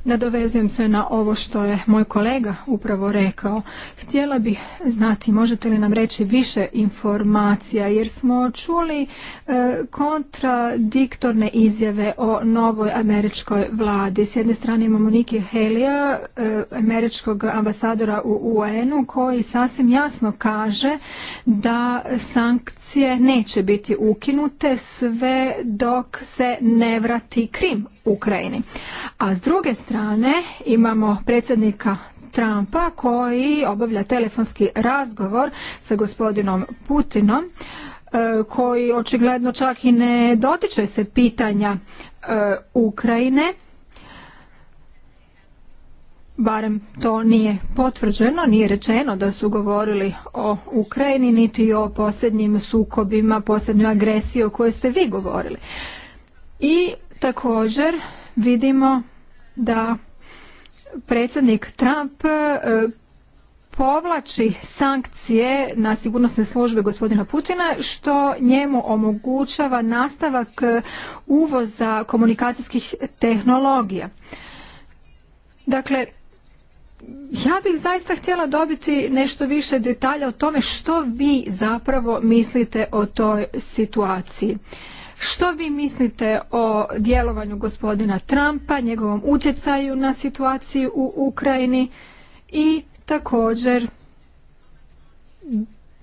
Nadovezujem se na ovo što je moj kolega upravo rekao. Htjela bih znati, možete li nam reći više informacija, jer smo čuli e, kontradiktorne izjave o novoj američkoj vladi. S jedne strane imamo Niki Helija, e, američkog ambasadora u UN-u, koji sasvim jasno kaže da sankcije neće biti ukinute sve dok se ne vrati Krim Ukrajini. A s druge strane imamo predsjednika Trumpa koji obavlja telefonski razgovor sa gospodinom Putinom e, koji očigledno čak i ne dotiče se pitanja e, Ukrajine barem to nije potvrđeno, nije rečeno da su govorili o Ukrajini niti o posljednjim sukobima, posljednjoj agresiji o kojoj ste vi govorili. I Također vidimo da predsjednik Trump e, povlači sankcije na sigurnosne službe gospodina Putina što njemu omogućava nastavak uvoza komunikacijskih tehnologija. Dakle, ja bih zaista htjela dobiti nešto više detalja o tome što vi zapravo mislite o toj situaciji. Što vi mislite o djelovanju gospodina Trumpa, njegovom utjecaju na situaciju u Ukrajini i također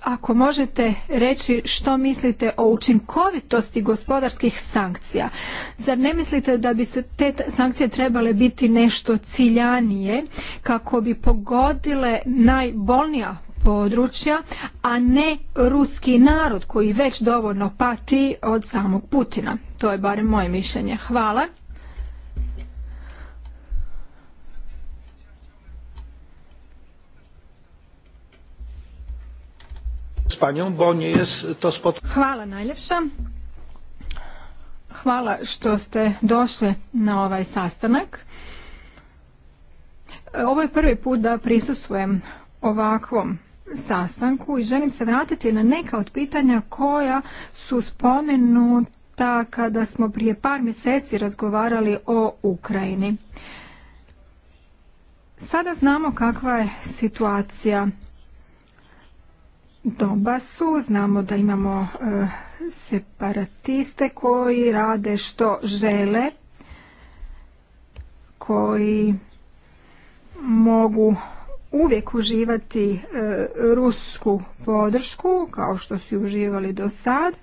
ako možete reći što mislite o učinkovitosti gospodarskih sankcija. Zar ne mislite da bi se te sankcije trebale biti nešto ciljanije kako bi pogodile najbolnija područja, a ne ruski narod koji već dovoljno pati od samog Putina. To je barem moje mišljenje. Hvala. Hvala najljepša. Hvala što ste došli na ovaj sastanak. Ovo je prvi put da prisustvujem ovakvom sastanku i želim se vratiti na neka od pitanja koja su spomenuta kada smo prije par mjeseci razgovarali o Ukrajini. Sada znamo kakva je situacija doba su, znamo da imamo e, separatiste koji rade što žele, koji mogu uvijek uživati e, rusku podršku kao što su uživali do sad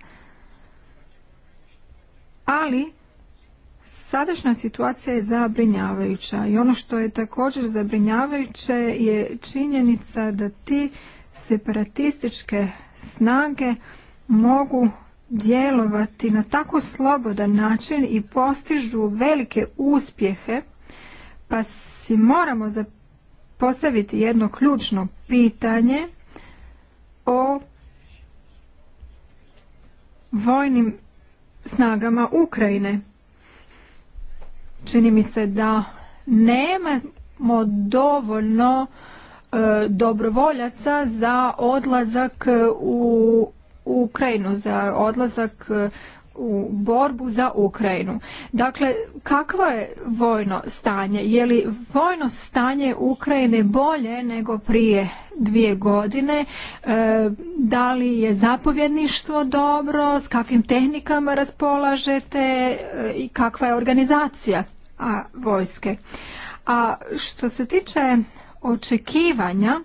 ali sadašnja situacija je zabrinjavajuća i ono što je također zabrinjavajuće je činjenica da ti separatističke snage mogu djelovati na tako slobodan način i postižu velike uspjehe pa si moramo zapisati postaviti jedno ključno pitanje o vojnim snagama Ukrajine. Čini mi se da nemamo dovoljno e, dobrovoljaca za odlazak u Ukrajinu, za odlazak e, u borbu za Ukrajinu. Dakle, kakvo je vojno stanje? Je li vojno stanje Ukrajine bolje nego prije dvije godine? E, da li je zapovjedništvo dobro? S kakvim tehnikama raspolažete? E, I kakva je organizacija a, vojske? A što se tiče očekivanja,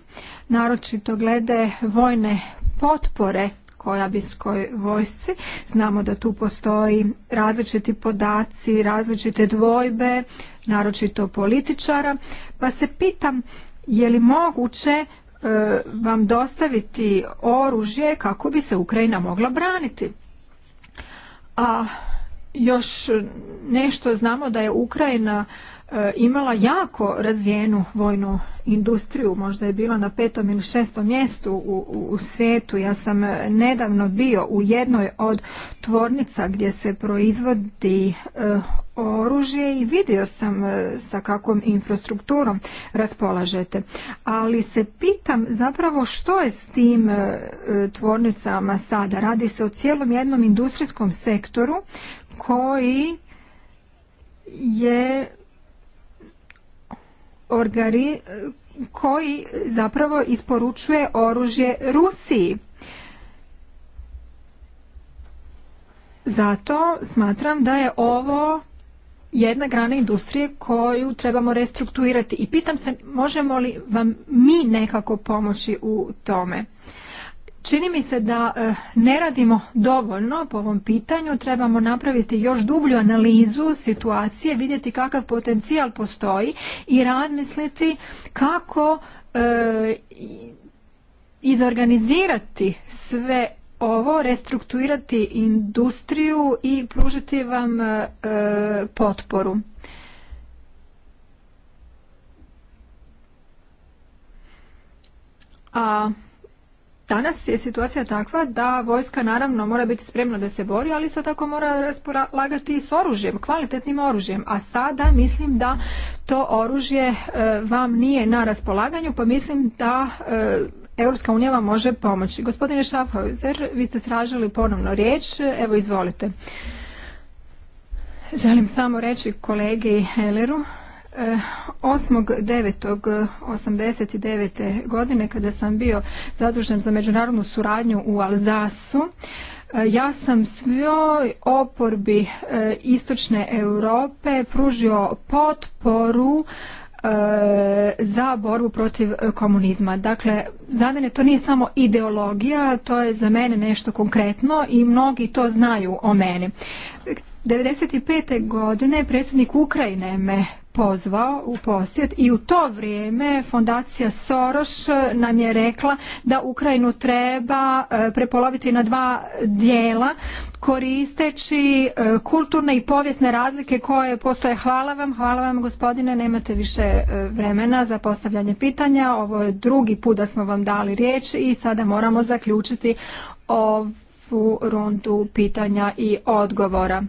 naročito glede vojne potpore kojabinskoj vojsci. Znamo da tu postoji različiti podaci, različite dvojbe, naročito političara, pa se pitam je li moguće e, vam dostaviti oružje kako bi se Ukrajina mogla braniti. A još nešto znamo da je Ukrajina E, imala jako razvijenu vojnu industriju, možda je bila na petom ili šestom mjestu u, u svijetu. Ja sam nedavno bio u jednoj od tvornica gdje se proizvodi e, oružje i vidio sam e, sa kakvom infrastrukturom raspolažete. Ali se pitam zapravo što je s tim tvornicama sada. Radi se o cijelom jednom industrijskom sektoru koji je organi eh, koji zapravo isporučuje oružje Rusiji. Zato smatram da je ovo jedna grana industrije koju trebamo restrukturirati i pitam se možemo li vam mi nekako pomoći u tome. Čini mi se da eh, ne radimo dovoljno po ovom pitanju, trebamo napraviti još dublju analizu situacije, vidjeti kakav potencijal postoji i razmisliti kako eh, izorganizirati sve ovo, restrukturirati industriju i pružiti vam eh, potporu. A Danas je situacija takva da vojska naravno mora biti spremna da se bori, ali isto tako mora raspolagati s oružjem, kvalitetnim oružjem. A sada mislim da to oružje e, vam nije na raspolaganju, pa mislim da e, Europska unija vam može pomoći. Gospodine Schaffhauser, vi ste sražili ponovno riječ, evo izvolite. Želim samo reći kolegi Heleru 8.9.89. godine kada sam bio zadužen za međunarodnu suradnju u Alzasu e, ja sam svoj oporbi e, istočne Europe pružio potporu e, za borbu protiv komunizma. Dakle, za mene to nije samo ideologija, to je za mene nešto konkretno i mnogi to znaju o meni. 1995. godine predsjednik Ukrajine me pozvao u posjet i u to vrijeme fondacija soros nam je rekla da Ukrajinu treba e, prepoloviti na dva dijela koristeći e, kulturne i povijesne razlike koje postoje. Hvala vam, hvala vam gospodine, nemate više e, vremena za postavljanje pitanja. Ovo je drugi put da smo vam dali riječ i sada moramo zaključiti ovu rundu pitanja i odgovora.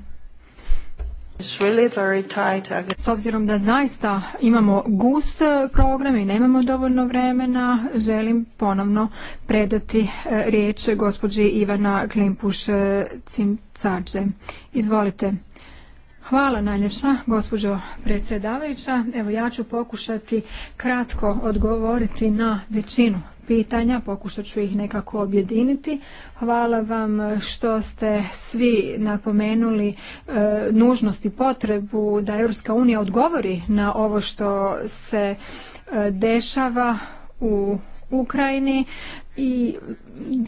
S obzirom da zaista imamo gust program i nemamo dovoljno vremena, želim ponovno predati e, riječ gospođi Ivana klimpuš e, cincađe Izvolite. Hvala najljepša, gospođo predsjedavajuća. Evo ja ću pokušati kratko odgovoriti na većinu pitanja, pokušat ću ih nekako objediniti. Hvala vam što ste svi napomenuli e, nužnost i potrebu da Europska unija odgovori na ovo što se e, dešava u Ukrajini i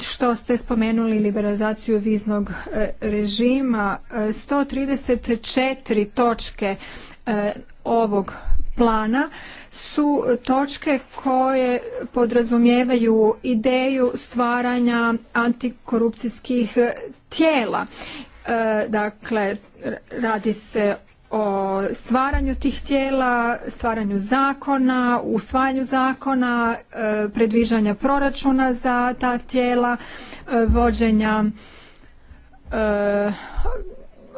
što ste spomenuli liberalizaciju viznog e, režima 134 točke ovog plana su točke koje podrazumijevaju ideju stvaranja antikorupcijskih tijela. E, dakle, radi se o stvaranju tih tijela, stvaranju zakona, usvajanju zakona, e, predviđanja proračuna za ta tijela, e, vođenja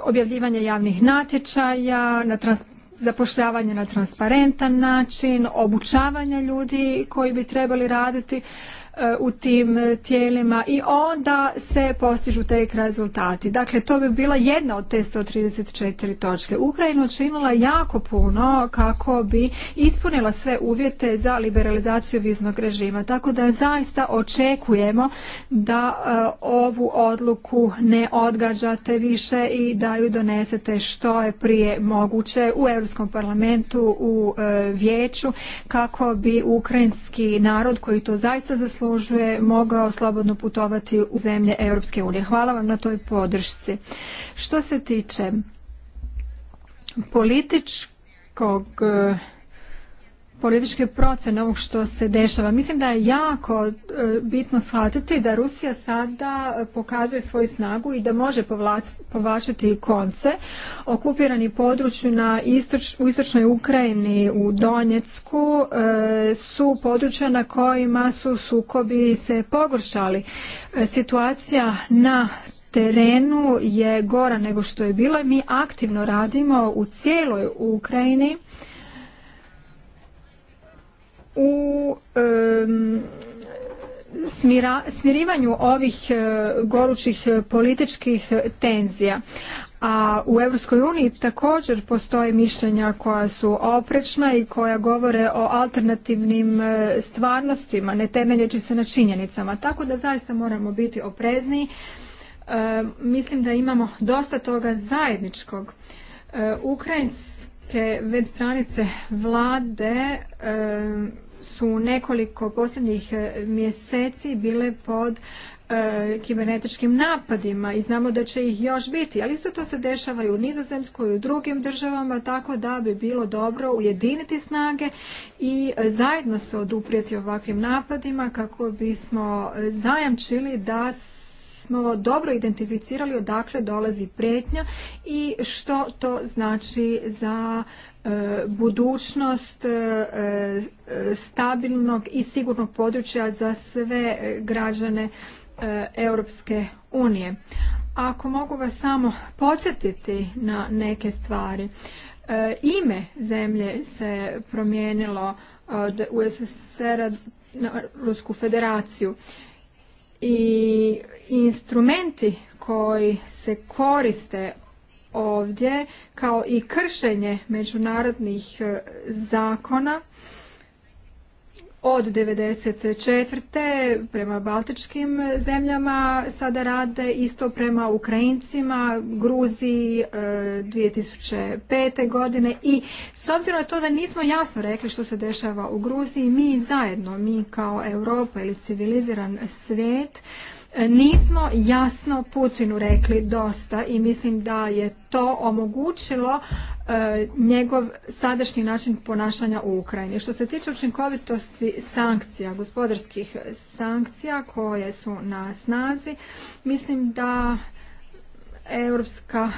objavljivanja javnih natječaja, na trans zapošljavanje na transparentan način, obučavanje ljudi koji bi trebali raditi u tim e, tijelima i onda se postižu tek rezultati. Dakle, to bi bila jedna od te 134 točke. Ukrajina činila jako puno kako bi ispunila sve uvjete za liberalizaciju viznog režima. Tako da zaista očekujemo da e, ovu odluku ne odgađate više i da ju donesete što je prije moguće u Europskom parlamentu, u e, vijeću kako bi ukrajinski narod koji to zaista zaslužuje zaslužuje mogao slobodno putovati u zemlje Europske unije. Hvala vam na toj podršci. Što se tiče političkog političke procjene ovog što se dešava. Mislim da je jako e, bitno shvatiti da Rusija sada pokazuje svoju snagu i da može povlačiti konce. Okupirani području na u istočnoj Ukrajini, u Donjecku, e, su područja na kojima su sukobi se pogoršali. E, situacija na terenu je gora nego što je bila. Mi aktivno radimo u cijeloj Ukrajini u smirivanju ovih e, gorućih političkih tenzija. A u EU također postoje mišljenja koja su oprečna i koja govore o alternativnim e, stvarnostima, ne temeljeći se na činjenicama. Tako da zaista moramo biti oprezni. E, mislim da imamo dosta toga zajedničkog. Ukrajin Ukrajins Neke web stranice vlade eh, su nekoliko posljednjih eh, mjeseci bile pod eh, kibernetičkim napadima i znamo da će ih još biti, ali isto to se dešava i u Nizozemskoj i u drugim državama, tako da bi bilo dobro ujediniti snage i zajedno se oduprijeti ovakvim napadima kako bismo zajamčili da smo dobro identificirali odakle dolazi pretnja i što to znači za e, budućnost e, e, stabilnog i sigurnog područja za sve građane Europske unije. Ako mogu vas samo podsjetiti na neke stvari. Ime zemlje se promijenilo od ussr na Rusku federaciju i instrumenti koji se koriste ovdje kao i kršenje međunarodnih e, zakona od 1994. prema baltičkim zemljama, sada rade isto prema Ukrajincima, Gruziji 2005. E, godine i s obzirom na to da nismo jasno rekli što se dešava u Gruziji, mi zajedno, mi kao Europa ili civiliziran svijet, e, nismo jasno Putinu rekli dosta i mislim da je to omogućilo E, njegov sadašnji način ponašanja u Ukrajini. Što se tiče učinkovitosti sankcija, gospodarskih sankcija koje su na snazi, mislim da Europska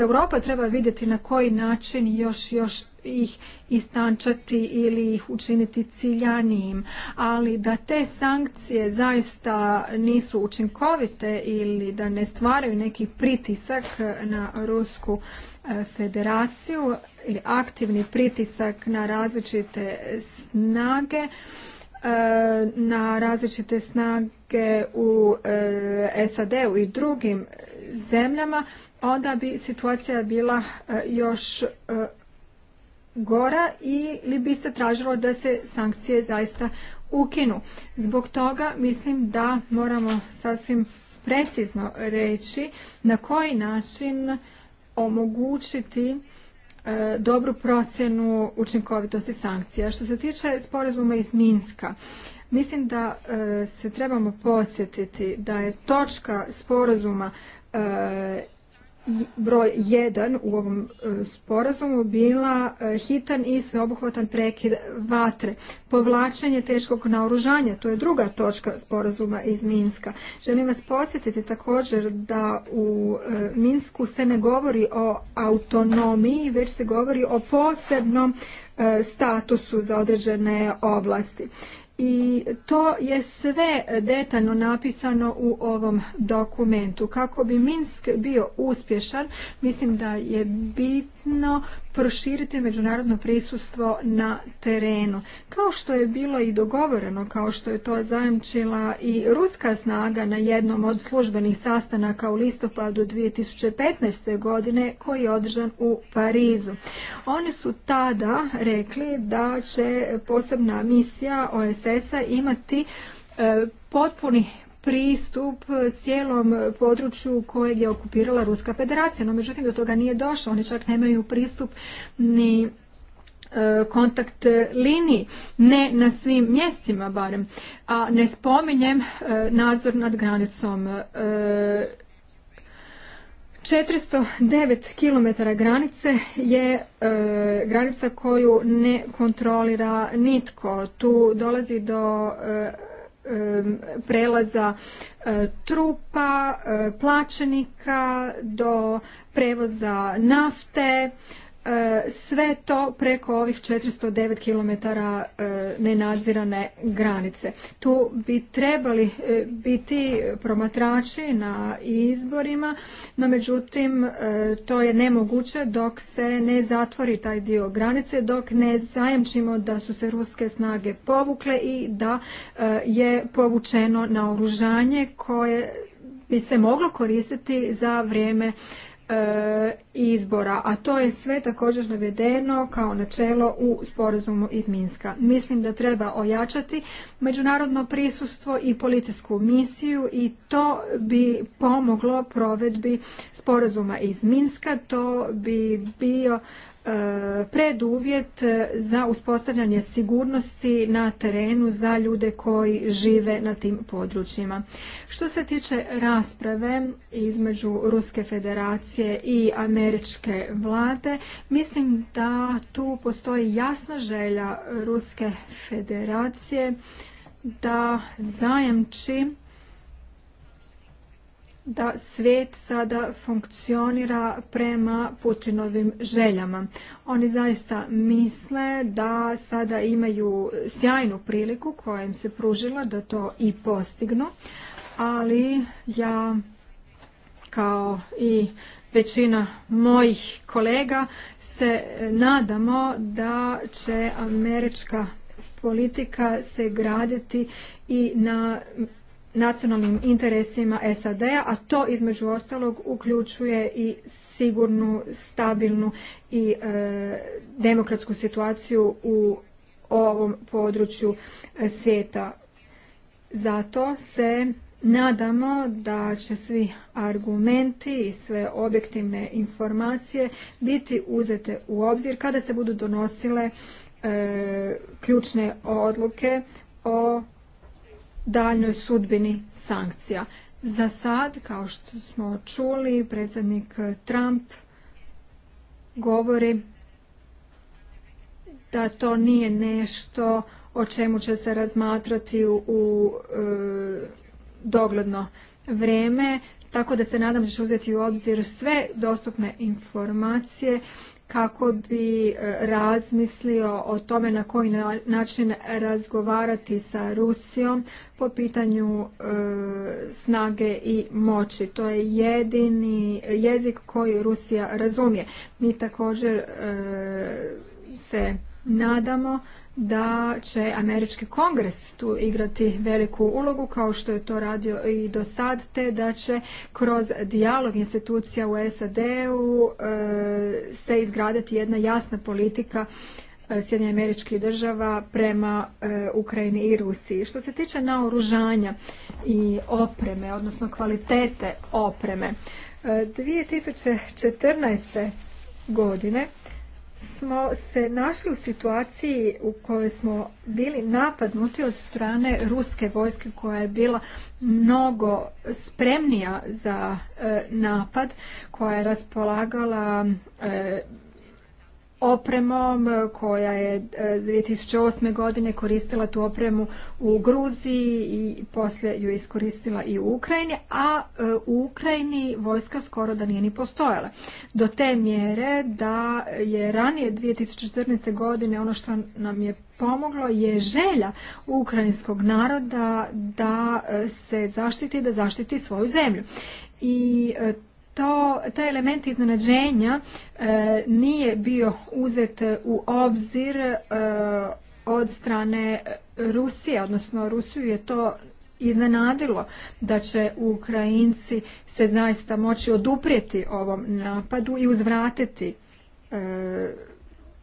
Europa treba vidjeti na koji način još, još ih istančati ili ih učiniti ciljanijim, ali da te sankcije zaista nisu učinkovite ili da ne stvaraju neki pritisak na Rusku e, federaciju ili aktivni pritisak na različite snage, e, na različite snage u e, SAD-u i drugim zemljama onda bi situacija bila e, još e, gora ili bi se tražilo da se sankcije zaista ukinu. Zbog toga mislim da moramo sasvim precizno reći na koji način omogućiti e, dobru procjenu učinkovitosti sankcija. Što se tiče sporazuma iz Minska, mislim da se trebamo podsjetiti da je točka sporazuma broj 1 u ovom e, sporazumu bila e, hitan i sveobuhvatan prekid vatre. Povlačenje teškog naoružanja, to je druga točka sporazuma iz Minska. Želim vas podsjetiti također da u e, Minsku se ne govori o autonomiji, već se govori o posebnom statusu za određene oblasti i to je sve detaljno napisano u ovom dokumentu. Kako bi Minsk bio uspješan, mislim da je bitno proširiti međunarodno prisustvo na terenu. Kao što je bilo i dogovoreno, kao što je to zajamčila i ruska snaga na jednom od službenih sastanaka u listopadu 2015. godine koji je održan u Parizu. Oni su tada rekli da će posebna misija OSS-a imati e, potpuni pristup cijelom području kojeg je okupirala Ruska federacija, no međutim do toga nije došlo, oni čak nemaju pristup ni e, kontakt liniji, ne na svim mjestima barem, a ne spominjem e, nadzor nad granicom 409 e, km granice je granica koju ne kontrolira nitko. Tu dolazi do prelaza e, trupa, e, plaćenika, do prevoza nafte, E, sve to preko ovih 409 km e, nenadzirane granice. Tu bi trebali e, biti promatrači na izborima, no međutim to je nemoguće dok se ne zatvori taj dio granice, dok ne zajamčimo da su se ruske snage povukle i da je povučeno oružanje koje bi se moglo koristiti za vrijeme E, izbora, a to je sve također navedeno kao načelo u sporazumu iz Minska. Mislim da treba ojačati međunarodno prisustvo i policijsku misiju i to bi pomoglo provedbi sporazuma iz Minska. To bi bio E, preduvjet za uspostavljanje sigurnosti na terenu za ljude koji žive na tim područjima. Što se tiče rasprave između Ruske federacije i američke vlade, mislim da tu postoji jasna želja Ruske federacije da zajamči da svijet sada funkcionira prema Putinovim željama. Oni zaista misle da sada imaju sjajnu priliku koja im se pružila da to i postignu, ali ja kao i većina mojih kolega se nadamo da će američka politika se graditi i na nacionalnim interesima SAD-a, a to između ostalog uključuje i sigurnu, stabilnu i e, demokratsku situaciju u ovom području e, svijeta. Zato se nadamo da će svi argumenti i sve objektivne informacije biti uzete u obzir kada se budu donosile e, ključne odluke o daljnoj sudbini sankcija. Za sad, kao što smo čuli, predsjednik Trump govori da to nije nešto o čemu će se razmatrati u, e, dogledno vrijeme, tako da se nadam da će uzeti u obzir sve dostupne informacije kako bi e, razmislio o tome na koji način razgovarati sa Rusijom po pitanju e, snage i moći. To je jedini jezik koji Rusija razumije. Mi također e, se nadamo da će američki kongres tu igrati veliku ulogu kao što je to radio i do sad te da će kroz dijalog institucija u SAD-u e, se izgraditi jedna jasna politika Sjedinjenih američkih država prema eh, Ukrajini i Rusiji. Što se tiče naoružanja i opreme, odnosno kvalitete opreme, 2014. Eh, godine smo se našli u situaciji u kojoj smo bili napadnuti od strane ruske vojske koja je bila mnogo spremnija za eh, napad, koja je raspolagala opremom e, koja je 2008. E, godine koristila tu opremu u Gruziji i poslije ju iskoristila i u Ukrajini, a e, u Ukrajini vojska skoro da nije ni postojala. Do te mjere da je ranije 2014. godine ono što nam je pomoglo je želja ukrajinskog naroda da se zaštiti, da zaštiti svoju zemlju. I to, taj element iznenađenja e, nije bio uzet u obzir e, od strane Rusije, odnosno Rusiju je to iznenadilo da će Ukrajinci se zaista moći oduprijeti ovom napadu i uzvratiti e,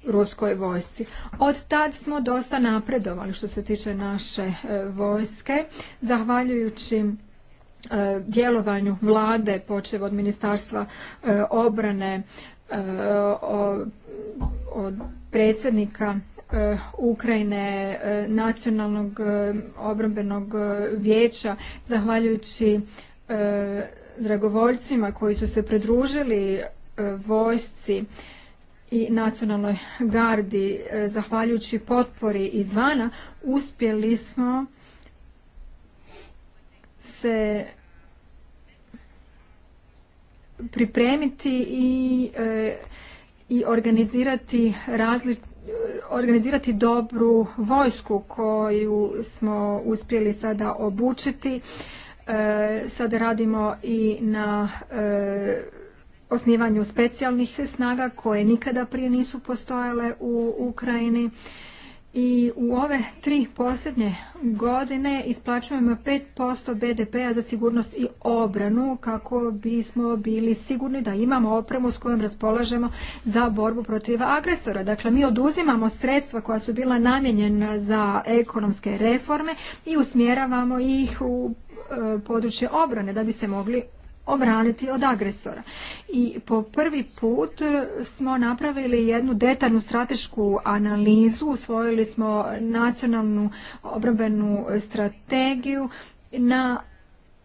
ruskoj vojsci. Od tad smo dosta napredovali što se tiče naše vojske, zahvaljujući E, djelovanju vlade, počev od ministarstva e, obrane, e, od predsjednika Ukrajine, nacionalnog obrambenog vijeća, zahvaljujući dragovoljcima koji su se pridružili vojsci i nacionalnoj gardi, zahvaljujući potpori izvana, uspjeli smo se pripremiti i, e, i organizirati organizirati dobru vojsku koju smo uspjeli sada obučiti. E, sada radimo i na e, osnivanju specijalnih snaga koje nikada prije nisu postojale u Ukrajini i u ove tri posljednje godine isplaćujemo 5% BDP-a za sigurnost i obranu kako bismo bili sigurni da imamo opremu s kojom raspolažemo za borbu protiv agresora. Dakle, mi oduzimamo sredstva koja su bila namijenjena za ekonomske reforme i usmjeravamo ih u e, područje obrane da bi se mogli obraniti od agresora. I po prvi put e, smo napravili jednu detaljnu stratešku analizu, usvojili smo nacionalnu obrambenu strategiju na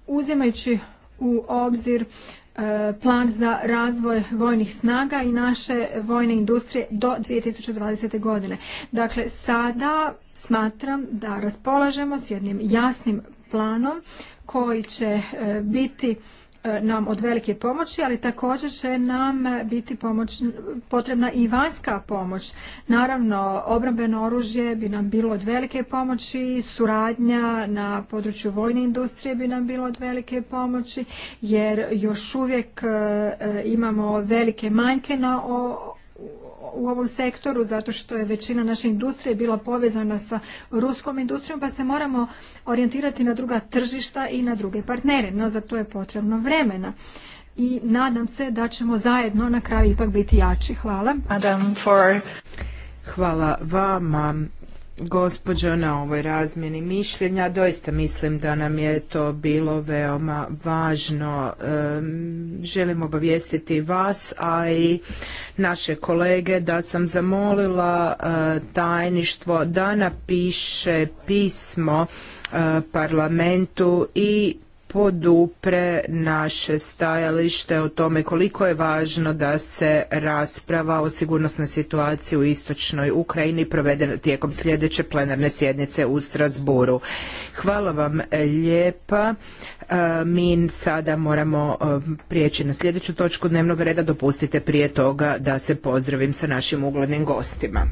uzimajući u obzir e, plan za razvoj vojnih snaga i naše vojne industrije do 2020. godine. Dakle, sada smatram da raspolažemo s jednim jasnim planom koji će e, biti E, nam od velike pomoći, ali također će nam biti pomoć, potrebna i vanjska pomoć. Naravno, obrambeno oružje bi nam bilo od velike pomoći, suradnja na području vojne industrije bi nam bilo od velike pomoći, jer još uvijek e, imamo velike manjke na u ovom sektoru zato što je većina naše industrije bila povezana sa ruskom industrijom pa se moramo orijentirati na druga tržišta i na druge partnere. No za to je potrebno vremena i nadam se da ćemo zajedno na kraju ipak biti jači. Hvala. Hvala vama gospođo na ovoj razmjeni mišljenja. Doista mislim da nam je to bilo veoma važno. Želim obavijestiti vas, a i naše kolege da sam zamolila e, tajništvo da napiše pismo e, parlamentu i podupre naše stajalište o tome koliko je važno da se rasprava o sigurnosnoj situaciji u istočnoj Ukrajini provede tijekom sljedeće plenarne sjednice u Strasburu. Hvala vam lijepa. E, mi sada moramo e, prijeći na sljedeću točku dnevnog reda. Dopustite prije toga da se pozdravim sa našim uglednim gostima.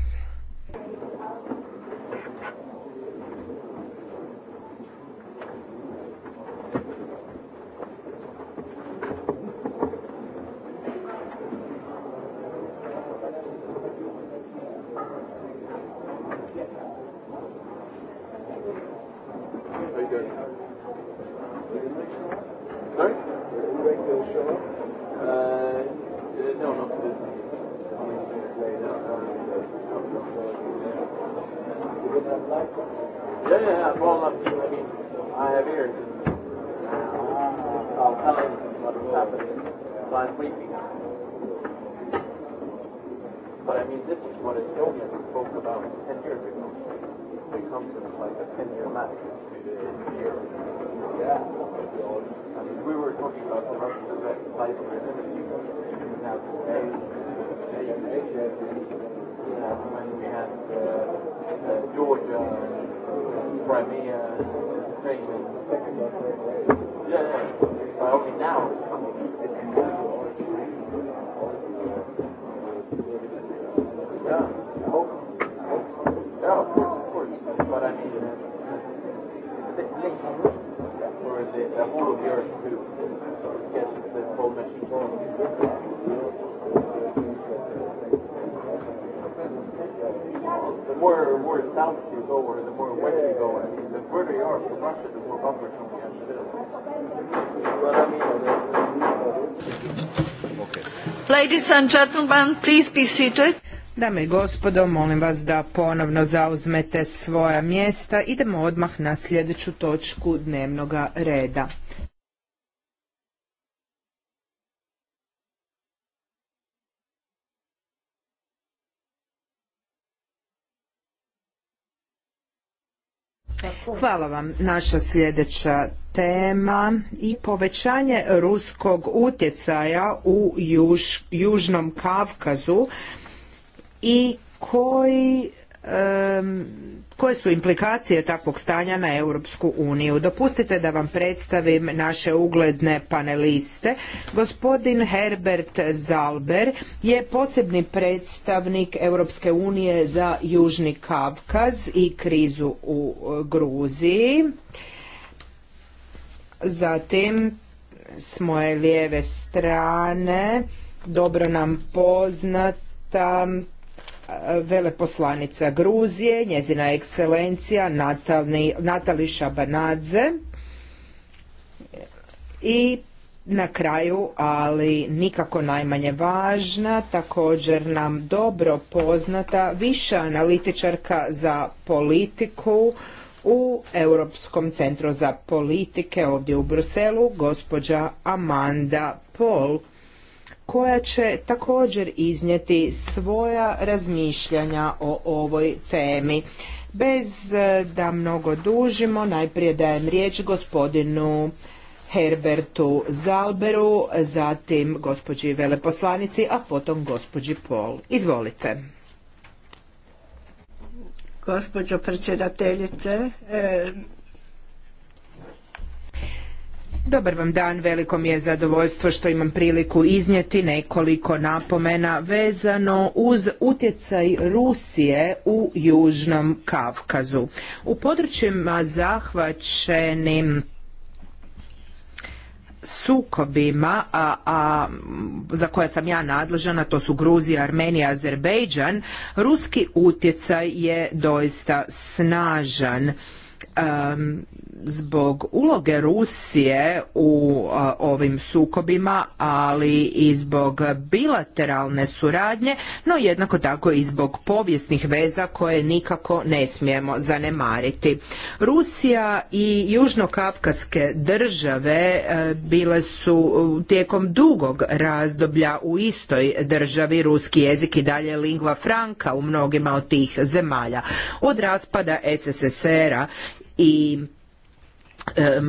and Dame i gospodo, molim vas da ponovno zauzmete svoja mjesta. Idemo odmah na sljedeću točku dnevnog reda. Hvala vam. Naša sljedeća tema i povećanje ruskog utjecaja u Južnom Kavkazu i koji koje su implikacije takvog stanja na Europsku uniju. Dopustite da vam predstavim naše ugledne paneliste. Gospodin Herbert Zalber je posebni predstavnik Europske unije za Južni Kavkaz i krizu u e, Gruziji. Zatim s moje lijeve strane dobro nam poznata veleposlanica Gruzije, njezina ekscelencija Natali, Natali i na kraju, ali nikako najmanje važna, također nam dobro poznata viša analitičarka za politiku u Europskom centru za politike ovdje u Bruselu, gospođa Amanda Pol koja će također iznijeti svoja razmišljanja o ovoj temi. Bez e, da mnogo dužimo, najprije dajem riječ gospodinu Herbertu Zalberu, zatim gospođi veleposlanici, a potom gospođi Pol. Izvolite. Gospođo predsjedateljice, e, Dobar vam dan, veliko mi je zadovoljstvo što imam priliku iznijeti nekoliko napomena vezano uz utjecaj Rusije u Južnom Kavkazu. U područjima zahvaćenim sukobima a, a za koja sam ja nadležana to su Gruzija, Armenija, Azerbejdžan, ruski utjecaj je doista snažan um, zbog uloge Rusije u ovim sukobima, ali i zbog bilateralne suradnje, no jednako tako i zbog povijesnih veza koje nikako ne smijemo zanemariti. Rusija i južnokapkaske države e, bile su tijekom dugog razdoblja u istoj državi ruski jezik i dalje lingva franka u mnogima od tih zemalja. Od raspada SSSR-a i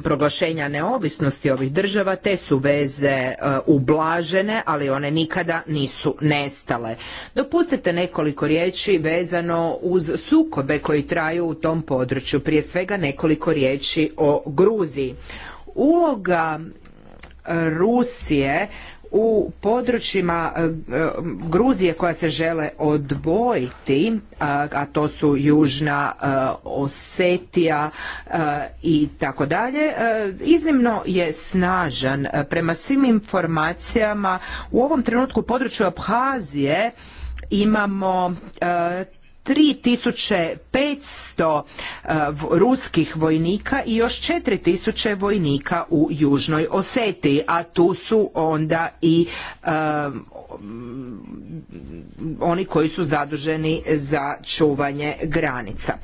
proglašenja neovisnosti ovih država te su veze e, ublažene ali one nikada nisu nestale dopustite nekoliko riječi vezano uz sukobe koji traju u tom području prije svega nekoliko riječi o gruziji uloga e, rusije u područjima e, e, Gruzije koja se žele odvojiti, e, a to su Južna Osetija i tako dalje, iznimno je snažan. Prema svim informacijama u ovom trenutku u području Abhazije imamo 3500 e, ruskih vojnika i još 4000 vojnika u Južnoj Osetiji, a tu su onda i e, oni koji su zaduženi za čuvanje granica.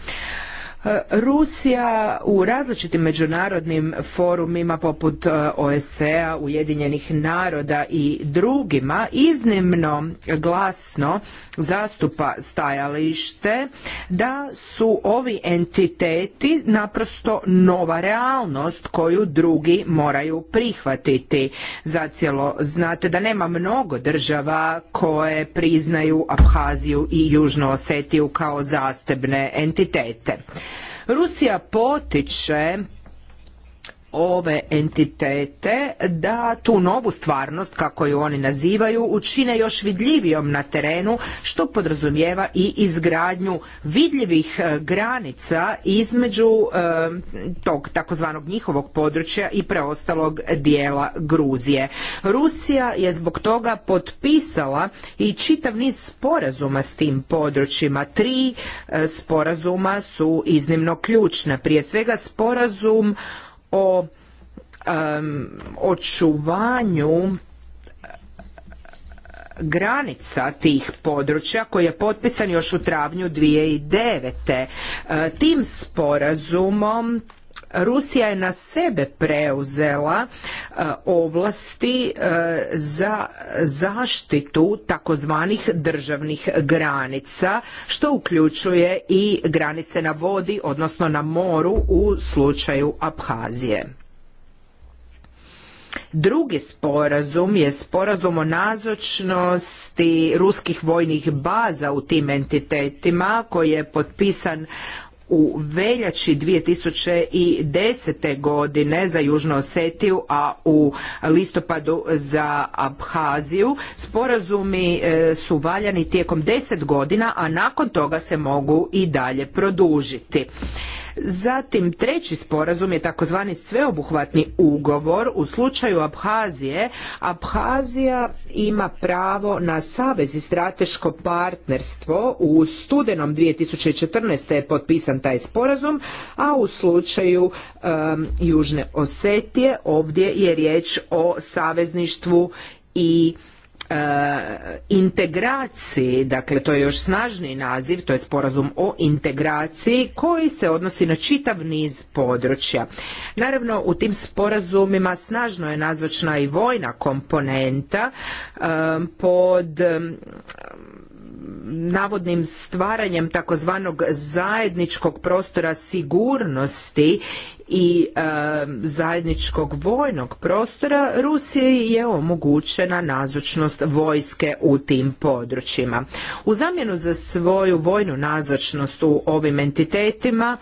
E, Rusija u različitim međunarodnim forumima poput e, OSCE-a, Ujedinjenih naroda i drugima iznimno glasno zastupa stajalište da su ovi entiteti naprosto nova realnost koju drugi moraju prihvatiti. Zacijelo znate da nema mnogo država koje priznaju Abhaziju i Južnu Osetiju kao zastebne entitete. Rusija potiče ove entitete da tu novu stvarnost, kako ju oni nazivaju, učine još vidljivijom na terenu, što podrazumijeva i izgradnju vidljivih e, granica između e, tog takozvanog njihovog područja i preostalog dijela Gruzije. Rusija je zbog toga potpisala i čitav niz sporazuma s tim područjima. Tri e, sporazuma su iznimno ključna. Prije svega sporazum o um, očuvanju granica tih područja koji je potpisan još u travnju 2009. E, tim sporazumom Rusija je na sebe preuzela e, ovlasti e, za zaštitu takozvanih državnih granica, što uključuje i granice na vodi, odnosno na moru u slučaju Abhazije. Drugi sporazum je sporazum o nazočnosti ruskih vojnih baza u tim entitetima koji je potpisan u veljači 2010. godine za Južnu Osetiju, a u listopadu za Abhaziju. Sporazumi e, su valjani tijekom 10 godina, a nakon toga se mogu i dalje produžiti. Zatim treći sporazum je takozvani sveobuhvatni ugovor u slučaju Abhazije. Abhazija ima pravo na savez i strateško partnerstvo. U studenom 2014. je potpisan taj sporazum, a u slučaju Južne Osetije ovdje je riječ o savezništvu i Eh, integraciji, dakle to je još snažniji naziv, to je sporazum o integraciji koji se odnosi na čitav niz područja. Naravno u tim sporazumima snažno je nazočna i vojna komponenta eh, pod navodnim stvaranjem takozvanog zajedničkog prostora sigurnosti i e, zajedničkog vojnog prostora Rusiji je omogućena nazočnost vojske u tim područjima. U zamjenu za svoju vojnu nazočnost u ovim entitetima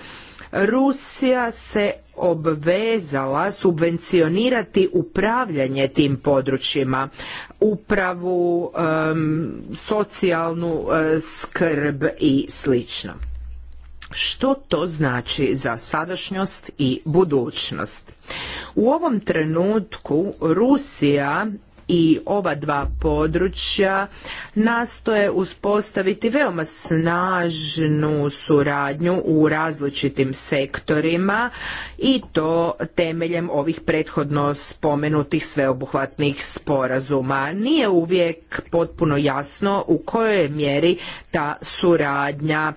Rusija se obvezala subvencionirati upravljanje tim područjima, upravu, socijalnu e, skrb i sl. Što to znači za sadašnjost i budućnost? U ovom trenutku Rusija i ova dva područja nastoje uspostaviti veoma snažnu suradnju u različitim sektorima i to temeljem ovih prethodno spomenutih sveobuhvatnih sporazuma. Nije uvijek potpuno jasno u kojoj je mjeri ta suradnja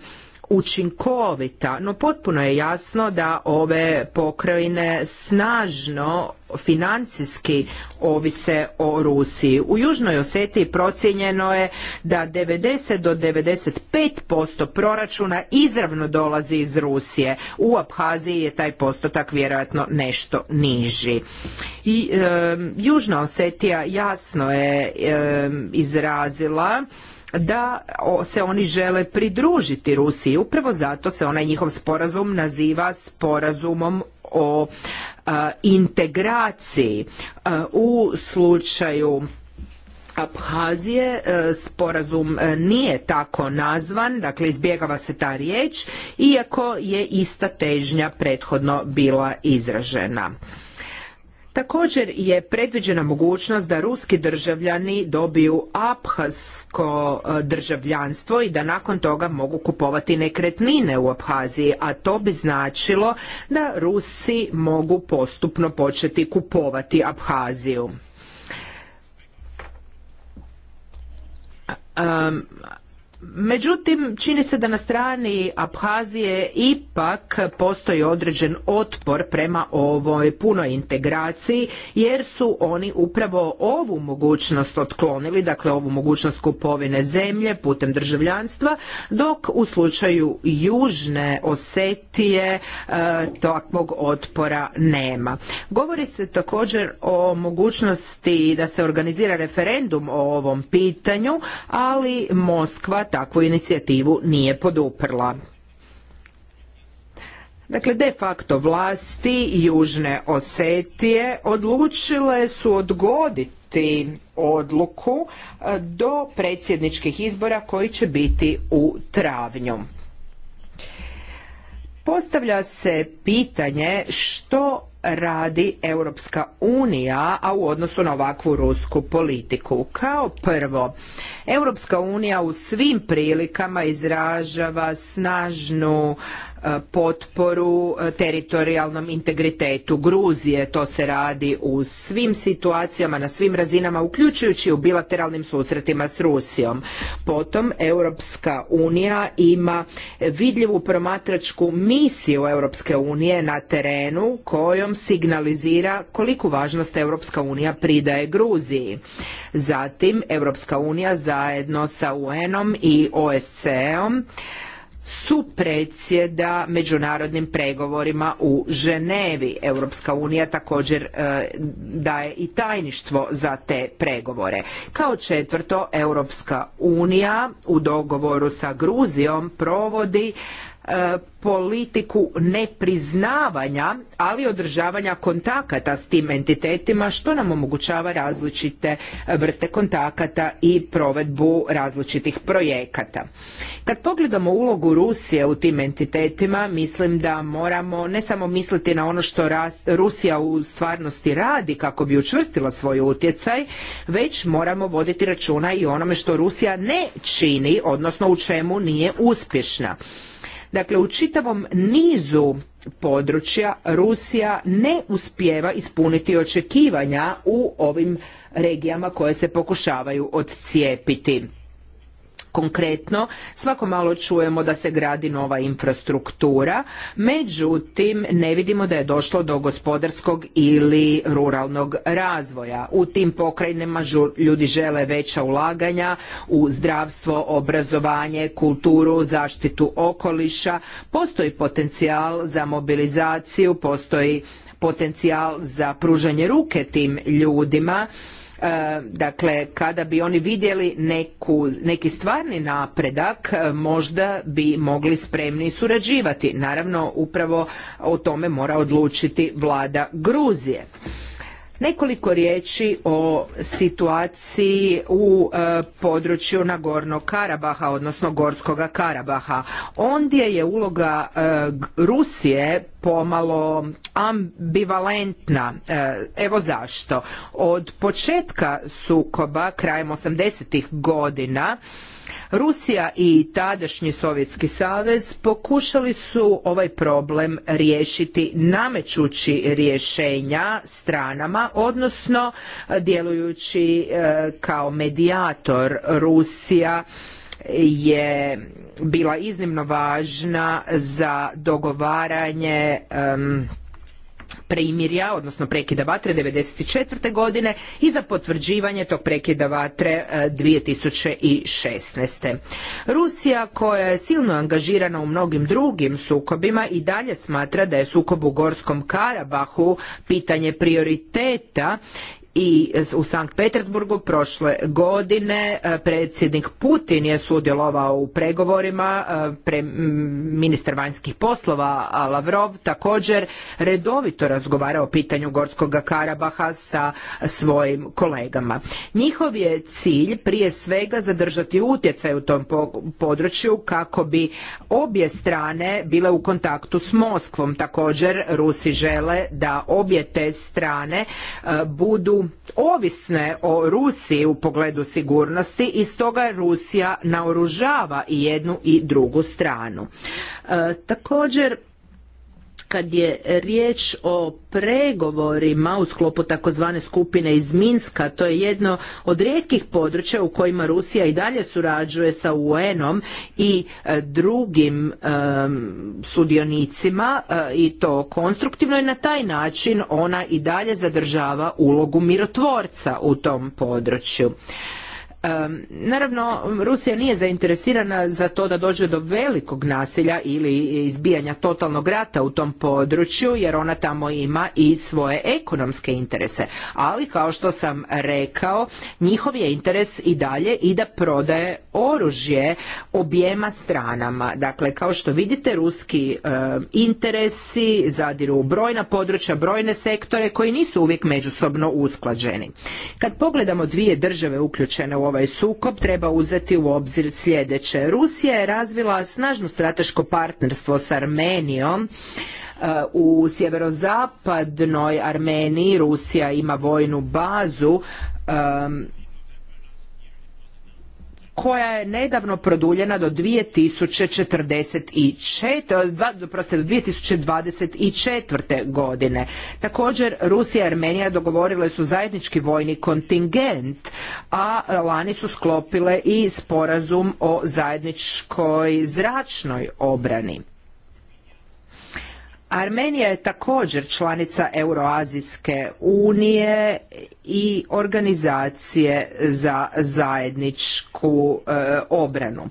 učinkovita, no potpuno je jasno da ove pokrajine snažno financijski ovise o Rusiji. U Južnoj Osetiji procijenjeno je da 90 do 95% proračuna izravno dolazi iz Rusije. U Abhaziji je taj postotak vjerojatno nešto niži. I Južna Osetija jasno je izrazila da se oni žele pridružiti Rusiji. Upravo zato se onaj njihov sporazum naziva sporazumom o integraciji. u slučaju Abhazije e, sporazum e, nije tako nazvan, dakle izbjegava se ta riječ, iako je ista težnja prethodno bila izražena. Također je predviđena mogućnost da ruski državljani dobiju abhazsko e, državljanstvo i da nakon toga mogu kupovati nekretnine u Abhaziji, a to bi značilo da Rusi mogu postupno početi kupovati Abhaziju. Međutim, čini se da na strani Abhazije ipak postoji određen otpor prema ovoj punoj integraciji jer su oni upravo ovu mogućnost otklonili, dakle ovu mogućnost kupovine zemlje putem državljanstva, dok u slučaju južne Osetije e, takvog otpora nema. Govori se također o mogućnosti da se organizira referendum o ovom pitanju, ali Moskva takvu inicijativu nije poduprla. Dakle, de facto vlasti Južne Osetije odlučile su odgoditi odluku do predsjedničkih izbora koji će biti u travnju. Postavlja se pitanje što radi Europska unija, a u odnosu na ovakvu rusku politiku. Kao prvo, Europska unija u svim prilikama izražava snažnu E, potporu e, teritorijalnom integritetu Gruzije. To se radi u svim situacijama, na svim razinama, uključujući u bilateralnim susretima s Rusijom. Potom, Europska unija ima vidljivu promatračku misiju Europske unije na terenu kojom signalizira koliku važnost Europska unija pridaje Gruziji. Zatim, Europska unija zajedno sa UN-om i OSCE-om supredsjeda međunarodnim pregovorima u Ženevi. Europska unija također e, daje i tajništvo za te pregovore. Kao četvrto, Europska unija u dogovoru sa Gruzijom provodi E, politiku nepriznavanja, ali održavanja kontakata s tim entitetima što nam omogućava različite vrste kontakata i provedbu različitih projekata. Kad pogledamo ulogu Rusije u tim entitetima, mislim da moramo ne samo misliti na ono što Rusija u stvarnosti radi kako bi učvrstila svoj utjecaj, već moramo voditi računa i onome što Rusija ne čini, odnosno u čemu nije uspješna. Dakle, u čitavom nizu područja Rusija ne uspjeva ispuniti očekivanja u ovim regijama koje se pokušavaju odcijepiti konkretno svako malo čujemo da se gradi nova infrastruktura međutim ne vidimo da je došlo do gospodarskog ili ruralnog razvoja u tim pokrajinama ljudi žele veća ulaganja u zdravstvo obrazovanje kulturu zaštitu okoliša postoji potencijal za mobilizaciju postoji potencijal za pružanje ruke tim ljudima E, dakle, kada bi oni vidjeli neki stvarni napredak, e, možda bi mogli spremni surađivati. Naravno, upravo o tome mora odlučiti vlada Gruzije. Nekoliko riječi o situaciji u e, području Nagornog Karabaha, odnosno Gorskoga Karabaha. Ondje je uloga e, Rusije pomalo ambivalentna. E, evo zašto. Od početka sukoba, krajem 80. godina, Rusija i tadašnji Sovjetski savez pokušali su ovaj problem riješiti namećući rješenja stranama, odnosno e, djelujući e, kao medijator Rusija je bila iznimno važna za dogovaranje primirja, odnosno prekida vatre 1994. godine i za potvrđivanje tog prekida vatre 2016. E, Rusija koja je silno angažirana u mnogim drugim sukobima i dalje smatra da je sukob u Gorskom Karabahu pitanje prioriteta i u Sankt Petersburgu prošle godine e, predsjednik Putin je sudjelovao u pregovorima, e, pre, ministar vanjskih poslova Lavrov također redovito razgovarao o pitanju Gorskog Karabaha sa svojim kolegama. Njihov je cilj prije svega zadržati utjecaj u tom području kako bi obje strane bile u kontaktu s Moskvom. Također Rusi žele da obje te strane e, budu ovisne o Rusiji u pogledu sigurnosti i stoga Rusija naoružava i jednu i drugu stranu. E, također kad je riječ o pregovorima u sklopu takozvane skupine iz Minska, to je jedno od rijetkih područja u kojima Rusija i dalje surađuje sa UN-om i e, drugim sudionicima e, i to konstruktivno i na taj način ona i dalje zadržava ulogu mirotvorca u tom području. Naravno, Rusija nije zainteresirana za to da dođe do velikog nasilja ili izbijanja totalnog rata u tom području, jer ona tamo ima i svoje ekonomske interese. Ali, kao što sam rekao, njihov je interes i dalje i da prodaje oružje objema stranama. Dakle, kao što vidite, ruski interesi zadiru u brojna područja, brojne sektore koji nisu uvijek međusobno usklađeni. Kad pogledamo dvije države uključene u ovaj sukob treba uzeti u obzir sljedeće. Rusija je razvila snažno strateško partnerstvo s Armenijom e, u sjeverozapadnoj Armeniji Rusija ima vojnu bazu koja je nedavno produljena do 2044, proste, do 2024. godine. Također Rusija i Armenija dogovorile su zajednički vojni kontingent, a lani su sklopile i sporazum o zajedničkoj zračnoj obrani. Armenija je također članica Euroazijske unije i organizacije za zajedničku e, obranu.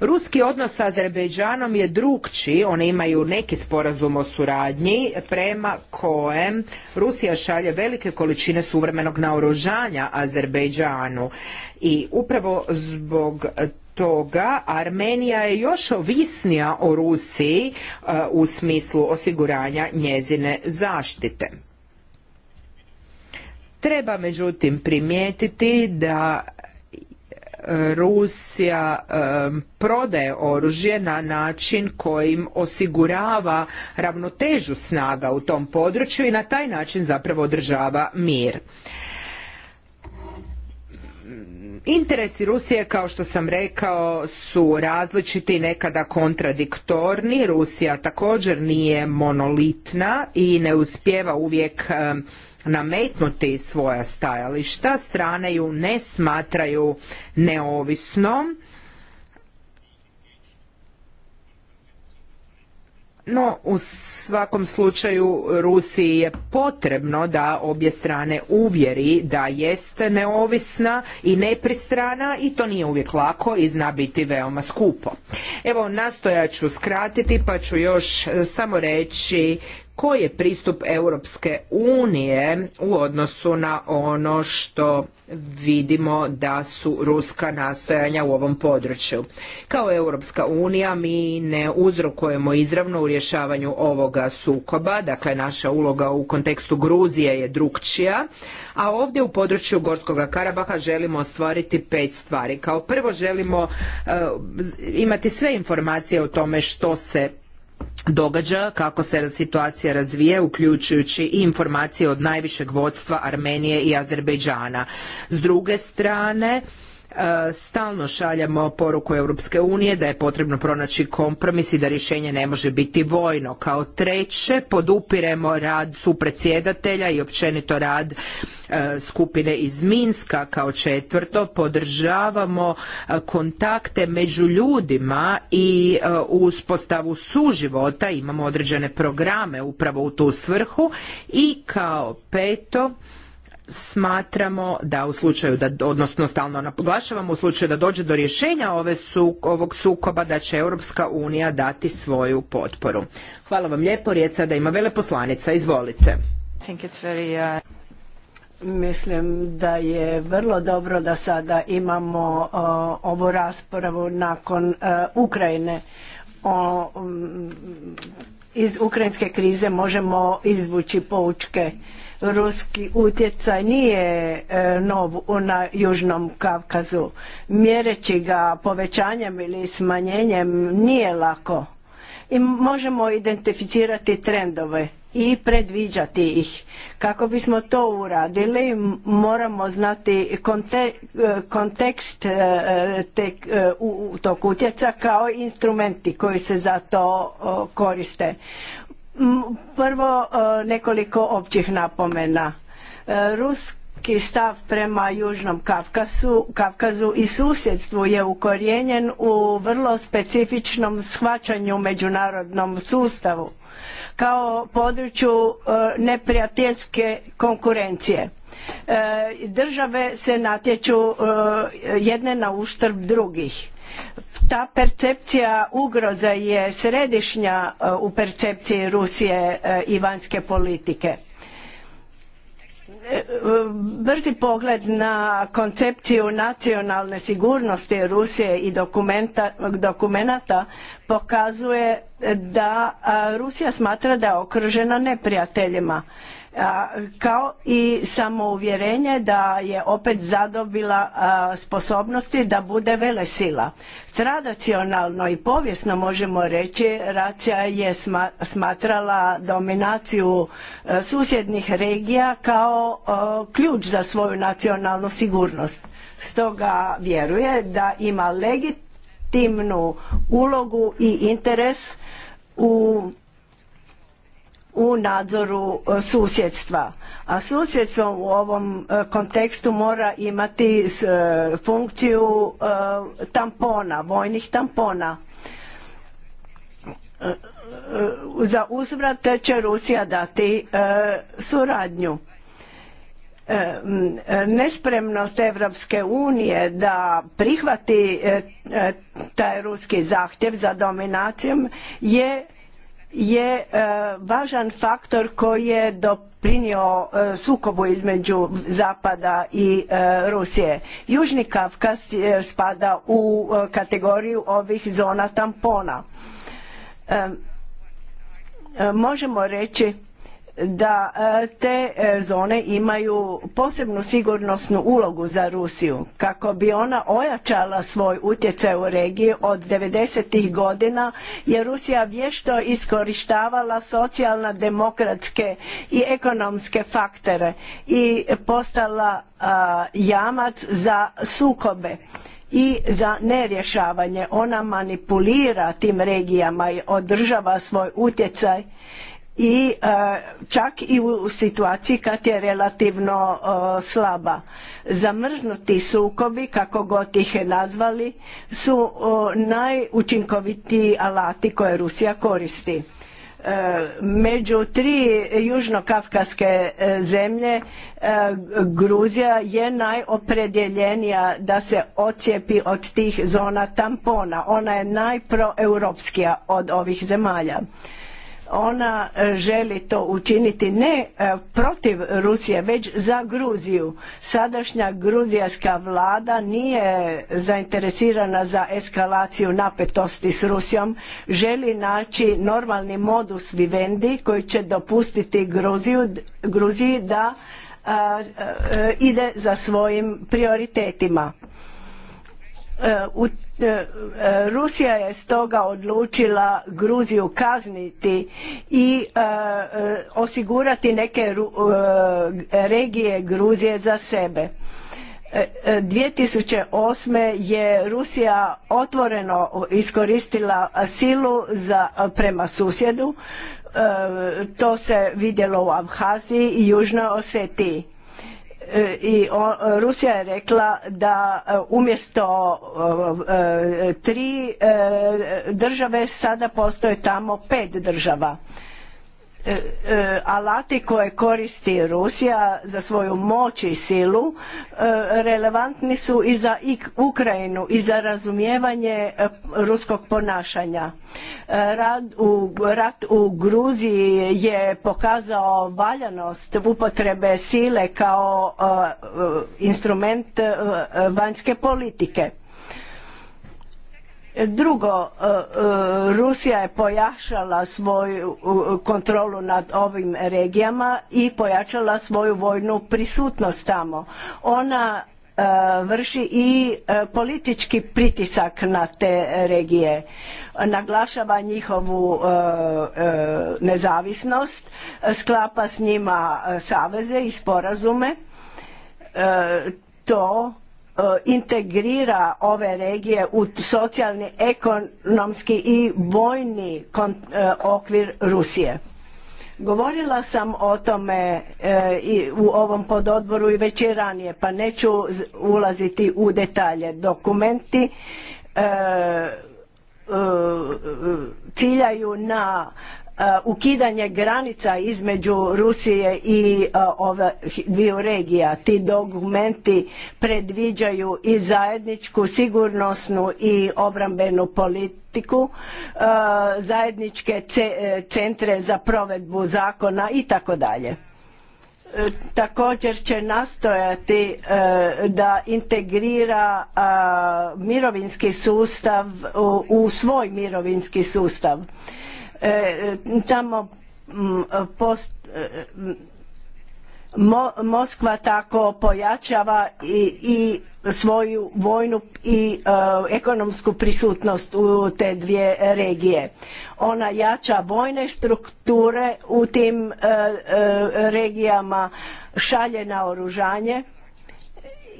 Ruski odnos sa Azerbejdžanom je drugčiji, oni imaju neki sporazum o suradnji prema kojem Rusija šalje velike količine suvremenog naoružanja Azerbejdžanu i upravo zbog toga Armenija je još ovisnija o Rusiji e, u smislu osiguranja njezine zaštite. Treba međutim primijetiti da e, Rusija e, prodaje oružje na način kojim osigurava ravnotežu snaga u tom području i na taj način zapravo održava mir Interesi Rusije, kao što sam rekao, su različiti, nekada kontradiktorni. Rusija također nije monolitna i ne uspjeva uvijek nametnuti svoja stajališta. Strane ju ne smatraju neovisnom no u svakom slučaju Rusiji je potrebno da obje strane uvjeri da jest neovisna i nepristrana i to nije uvijek lako i zna biti veoma skupo. Evo nastoja ću skratiti pa ću još samo reći koji je pristup Europske unije u odnosu na ono što vidimo da su ruska nastojanja u ovom području. Kao Europska unija mi ne uzrokujemo izravno u rješavanju ovoga sukoba, dakle naša uloga u kontekstu Gruzije je drukčija, a ovdje u području Gorskog Karabaha želimo ostvariti pet stvari. Kao prvo želimo eh, imati sve informacije o tome što se događa, kako se situacija razvije, uključujući i informacije od najvišeg vodstva Armenije i Azerbejdžana. S druge strane, E, stalno šaljamo poruku Europske unije da je potrebno pronaći kompromis i da rješenje ne može biti vojno. Kao treće, podupiremo rad supredsjedatelja i općenito rad e, skupine iz Minska. Kao četvrto, podržavamo e, kontakte među ljudima i uspostavu suživota. Imamo određene programe upravo u tu svrhu. I kao peto, smatramo da u slučaju da odnosno stalno naglašavamo u slučaju da dođe do rješenja ove ovog sukoba da će Europska unija dati svoju potporu. Hvala vam lijepo, riječ da ima veleposlanica, izvolite. Uh, Mislim da je vrlo dobro da sada imamo uh, ovu raspravu nakon uh, Ukrajine o um, iz ukrajinske krize možemo izvući poučke. Ruski utjecaj nije e, nov na Južnom Kavkazu. Mjereći ga povećanjem ili smanjenjem nije lako. I možemo identificirati trendove i predviđati ih. Kako bismo to uradili moramo znati e, kontekst e, te, e, u, tog utjeca kao instrumenti koji se za to koriste. Prvo nekoliko općih napomena. Rusk stav prema Južnom Kavkazu, Kavkazu i susjedstvu je ukorijenjen u vrlo specifičnom shvaćanju međunarodnom sustavu kao području e, neprijateljske konkurencije. E, države se natječu e, jedne na uštrb drugih. Ta percepcija ugroza je središnja u percepciji Rusije i vanjske politike brzi pogled na koncepciju nacionalne sigurnosti Rusije i dokumenata pokazuje da Rusija smatra da je okružena neprijateljima kao i samouvjerenje da je opet zadobila sposobnosti da bude velesila. Tradicionalno i povijesno možemo reći Racija je smatrala dominaciju susjednih regija kao ključ za svoju nacionalnu sigurnost. Stoga vjeruje da ima legitimnu ulogu i interes u u nadzoru e, susjedstva. A susjedstvo u ovom e, kontekstu mora imati e, funkciju tampona, vojnih tampona. Za uzvrat će Rusija dati suradnju nespremnost Evropske unije da prihvati taj ruski zahtjev za dominacijom je je e, važan faktor koji je doprinio e, sukobu između Zapada i e, Rusije. Južni Kavkaz spada u kategoriju ovih zona tampona. Možemo reći da e, te e, zone imaju posebnu sigurnosnu ulogu za Rusiju kako bi ona ojačala svoj utjecaj u regiji od 90. godina je Rusija vješto iskorištavala socijalno demokratske i ekonomske faktore i postala jamac za sukobe i za nerješavanje ona manipulira tim regijama i održava svoj utjecaj i e, čak i u situaciji kad je relativno e, slaba. Zamrznuti sukobi, kako god ih je nazvali, su e, najučinkovitiji alati koje Rusija koristi. Među tri južnokafkaske zemlje Gruzija je najopredjeljenija da se ocijepi od tih zona tampona. Ona je najproeuropskija od ovih zemalja ona e, želi to učiniti ne e, protiv Rusije, već za Gruziju. Sadašnja gruzijska vlada nije zainteresirana za eskalaciju napetosti s Rusijom, želi naći normalni modus vivendi koji će dopustiti Gruziji da e, ide za svojim prioritetima E, Rusija je stoga odlučila Gruziju kazniti i e, e, osigurati neke regije Gruzije za sebe. 2008. je Rusija otvoreno iskoristila silu za, prema susjedu. To se vidjelo u Abhaziji i Južnoj Osetiji E, i e, Rusija je rekla da e, umjesto tri države sada postoje tamo pet država. E, e, alati koje koristi Rusija za svoju moć i silu e, relevantni su i za Ukrajinu i za razumijevanje ruskog ponašanja. rat u Gruziji je pokazao valjanost upotrebe sile kao instrument vanjske politike Drugo, e, e, Rusija je pojačala svoju e, kontrolu nad ovim regijama i pojačala svoju vojnu prisutnost tamo. Ona vrši i politički pritisak na te regije. Naglašava njihovu nezavisnost, sklapa s njima saveze i sporazume. To E, integrira ove regije u socijalni, ekonomski i vojni e, okvir Rusije. Govorila sam o tome e, i u ovom pododboru i već i ranije, pa neću ulaziti u detalje. Dokumenti ciljaju na Eh, ukidanje granica između Rusije i eh, ove dviju regija. Ti dokumenti predviđaju i zajedničku sigurnosnu i obrambenu politiku, eh, zajedničke centre za provedbu zakona i tako dalje. Također će nastojati da integrira mirovinski sustav u svoj mirovinski sustav E, tamo mm, post, e, mm, Moskva tako pojačava i, i svoju vojnu i e, ekonomsku prisutnost u te dvije regije. Ona jača vojne strukture u tim regijama, šalje na oružanje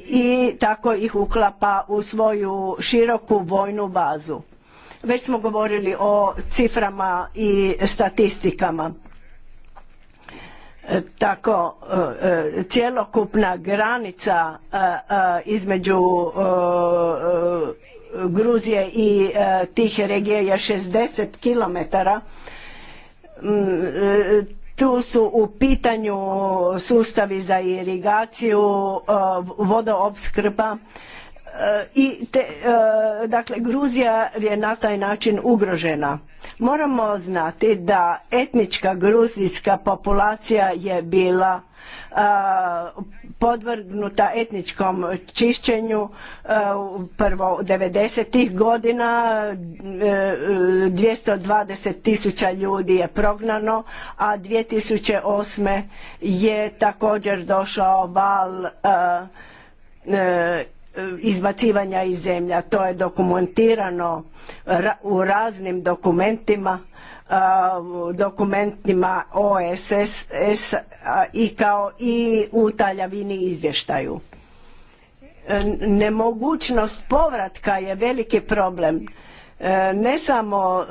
i tako ih uklapa u svoju široku vojnu bazu već smo govorili o ciframa i statistikama. E, tako, e, e, cjelokupna granica između Gruzije i tih regija je 60 kilometara. Mm, tu su u pitanju sustavi za irigaciju, vodoopskrba, i te, e, dakle Gruzija je na taj način ugrožena. Moramo znati da etnička gruzijska populacija je bila e, podvrgnuta etničkom čišćenju e, prvo 90. godina dvjesto 220 tisuća ljudi je prognano a 2008. je također došao val izbacivanja iz zemlja. To je dokumentirano u raznim dokumentima, dokumentima OSS i kao i u Taljavini izvještaju. E, nemogućnost povratka je veliki problem E, ne samo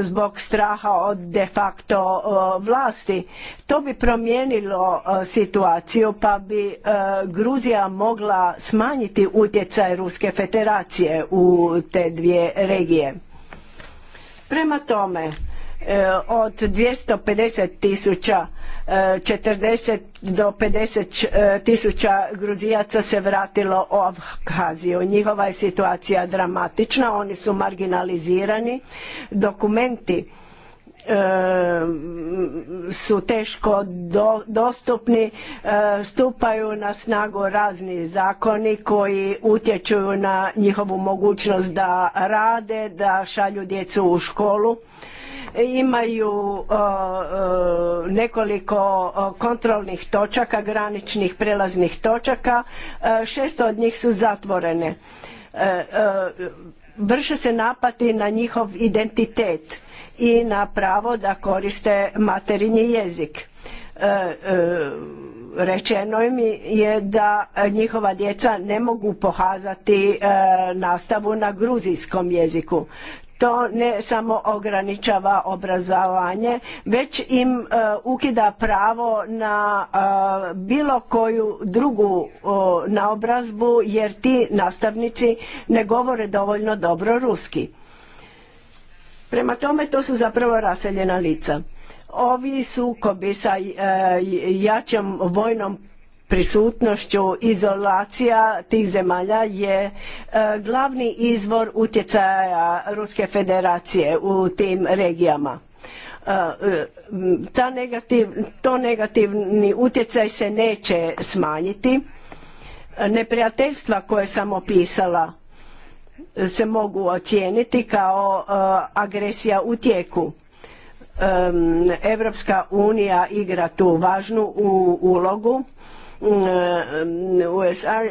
zbog straha od de facto e, vlasti, to bi promijenilo e, situaciju pa bi Gruzija mogla smanjiti utjecaj Ruske federacije u te dvije regije. Prema tome, E, od 250 tisuća 40 e, do 50 e, tisuća Gruzijaca se vratilo u Abhaziju. Njihova je situacija dramatična, oni su marginalizirani. Dokumenti su teško dostupni, stupaju na snagu razni zakoni koji utječuju na njihovu mogućnost da rade, da šalju djecu u školu imaju nekoliko kontrolnih točaka, graničnih prelaznih točaka, e, šest od njih su zatvorene. E, e, vrše se napati na njihov identitet i na pravo da koriste materinji jezik. Rečeno im je da njihova djeca ne mogu pohazati nastavu na gruzijskom jeziku to ne samo ograničava obrazovanje već im e, ukida pravo na e, bilo koju drugu naobrazbu jer ti nastavnici ne govore dovoljno dobro ruski prema tome to su zapravo raseljena lica ovi sukobi sa e, jačom vojnom prisutnošću izolacija tih zemalja je e, glavni izvor utjecaja Ruske federacije u tim regijama. E, e, ta negativ, to negativni utjecaj se neće smanjiti. Neprijateljstva koje sam opisala se mogu ocijeniti kao agresija u tijeku. Europska unija igra tu važnu ulogu USR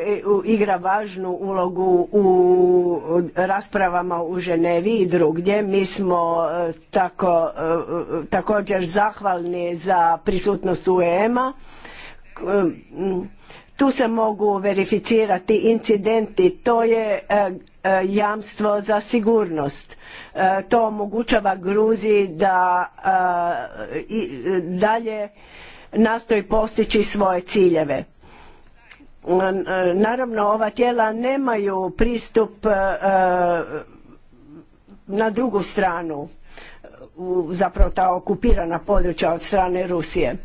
igra važnu ulogu u raspravama u Ženevi i drugdje. Mi smo e, tako, e, također zahvalni za prisutnost UEM-a. Tu se mogu verificirati incidenti, to je e, jamstvo za sigurnost. To omogućava Gruziji da dalje nastoji postići svoje ciljeve naravno ova tijela nemaju pristup e, na drugu stranu zapravo ta okupirana područja od strane Rusije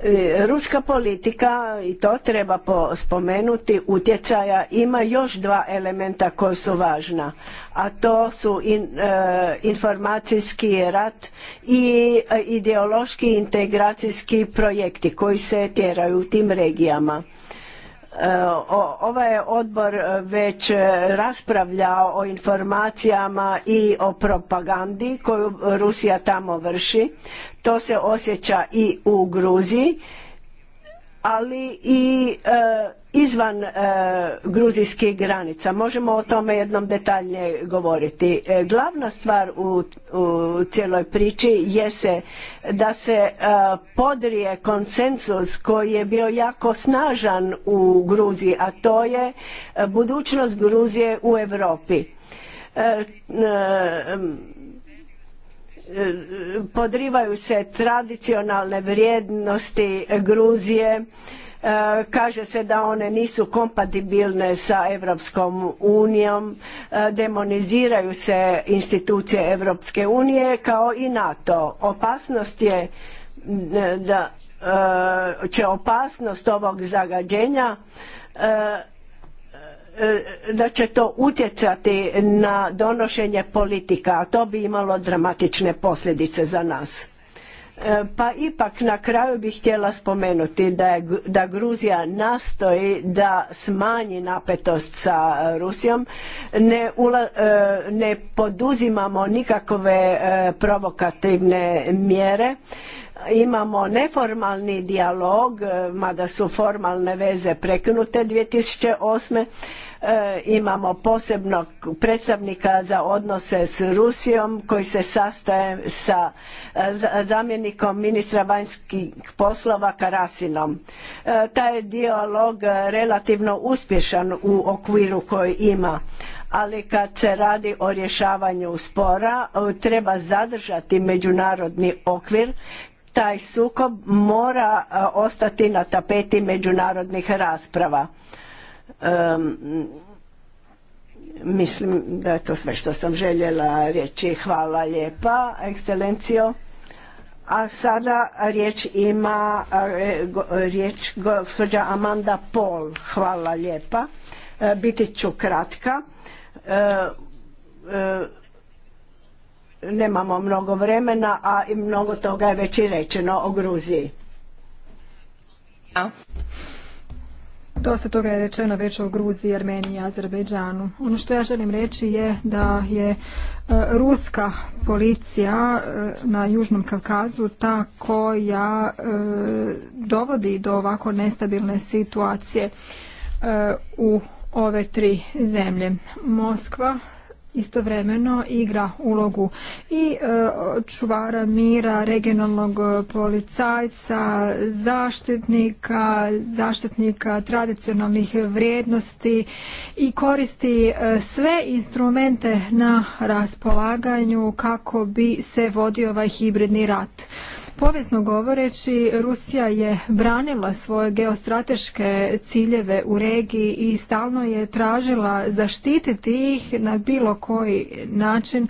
E, ruska politika, i to treba spomenuti, utjecaja ima još dva elementa koja su važna, a to su e, informacijski rat i e, ideološki integracijski projekti koji se tjeraju u tim regijama. E, ovaj odbor e, već e, raspravljao o informacijama i o propagandi koju Rusija tamo vrši. To se osjeća i u Gruziji ali i e, izvan e, gruzijskih granica. Možemo o tome jednom detaljnije govoriti. E, glavna stvar u, cijeloj priči je se da se e, podrije konsensus koji je bio jako snažan u Gruziji, a to je budućnost Gruzije u Europi podrivaju se tradicionalne vrijednosti Gruzije, e, kaže se da one nisu kompatibilne sa Europskom unijom, e, demoniziraju se institucije Europske unije kao i NATO. Opasnost je e, da će opasnost ovog zagađenja E, da će to utjecati na donošenje politika, a to bi imalo dramatične posljedice za nas. E, pa ipak na kraju bih htjela spomenuti da, je, da Gruzija nastoji da smanji napetost sa Rusijom, ne, e, poduzimamo nikakve provokativne mjere, imamo neformalni dijalog, mada su formalne veze prekinute 2008 E, imamo posebnog predstavnika za odnose s Rusijom koji se sastaje sa e, zamjenikom ministra vanjskih poslova Karasinom. E, taj je dijalog relativno uspješan u okviru koji ima, ali kad se radi o rješavanju spora treba zadržati međunarodni okvir taj sukob mora ostati na tapeti međunarodnih rasprava mislim da je to sve što sam željela reći. Hvala lijepa, ekscelencijo. A sada riječ ima e, riječ gospođa Amanda Pol. Hvala lijepa. E, biti ću kratka. E, nemamo mnogo vremena, a i mnogo toga je već i rečeno o Gruziji. Dosta toga je rečeno već o Gruziji, Armeniji, Azerbejdžanu. Ono što ja želim reći je da je e, ruska policija e, na Južnom Kavkazu ta koja e, dovodi do ovako nestabilne situacije u ove tri zemlje. Moskva istovremeno igra ulogu i e, čuvara mira, regionalnog policajca, zaštitnika, zaštitnika tradicionalnih vrijednosti i koristi e, sve instrumente na raspolaganju kako bi se vodio ovaj hibridni rat. Povijesno govoreći, Rusija je branila svoje geostrateške ciljeve u regiji i stalno je tražila zaštititi ih na bilo koji način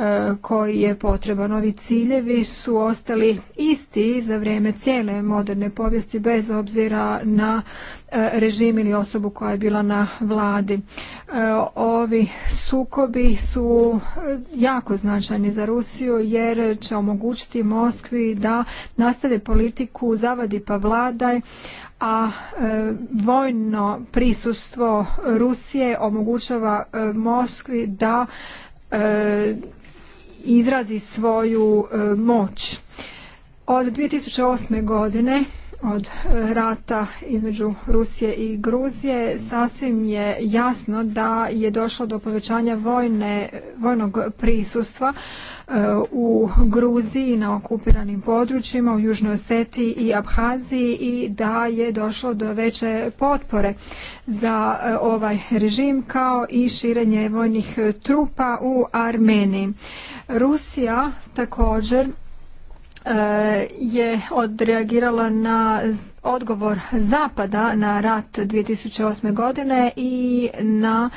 E, koji je potreban. Ovi ciljevi su ostali isti za vrijeme cijele moderne povijesti bez obzira na e, režim ili osobu koja je bila na vladi. E, ovi sukobi su jako značajni za Rusiju jer će omogućiti Moskvi da nastave politiku zavadi pa vladaj, a vojno prisustvo Rusije omogućava Moskvi da izrazi svoju e, moć. Od 2008. godine od rata između Rusije i Gruzije sasvim je jasno da je došlo do povećanja vojne, vojnog prisustva uh, u Gruziji na okupiranim područjima u Južnoj Osetiji i Abhaziji i da je došlo do veće potpore za uh, ovaj režim kao i širenje vojnih trupa u Armeniji. Rusija također E, je odreagirala na odgovor Zapada na rat 2008. godine i na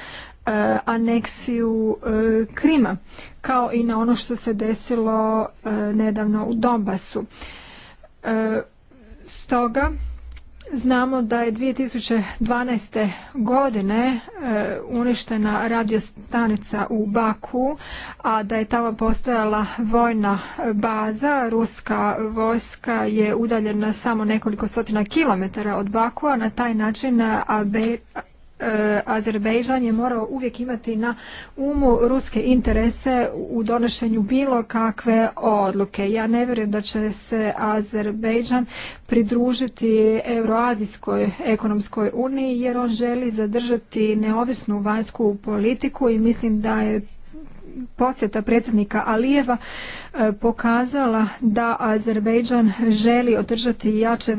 e, aneksiju e, Krima, kao i na ono što se desilo nedavno u Donbasu. Stoga, Znamo da je 2012. godine e, uništena radiostanica u Baku, a da je tamo postojala vojna baza. Ruska vojska je udaljena samo nekoliko stotina kilometara od Bakua. Na taj način E, Azerbejdžan je morao uvijek imati na umu ruske interese u donošenju bilo kakve odluke. Ja ne vjerujem da će se Azerbejdžan pridružiti Euroazijskoj ekonomskoj uniji jer on želi zadržati neovisnu vanjsku politiku i mislim da je posjeta predsjednika Alijeva e, pokazala da Azerbejdžan želi održati jače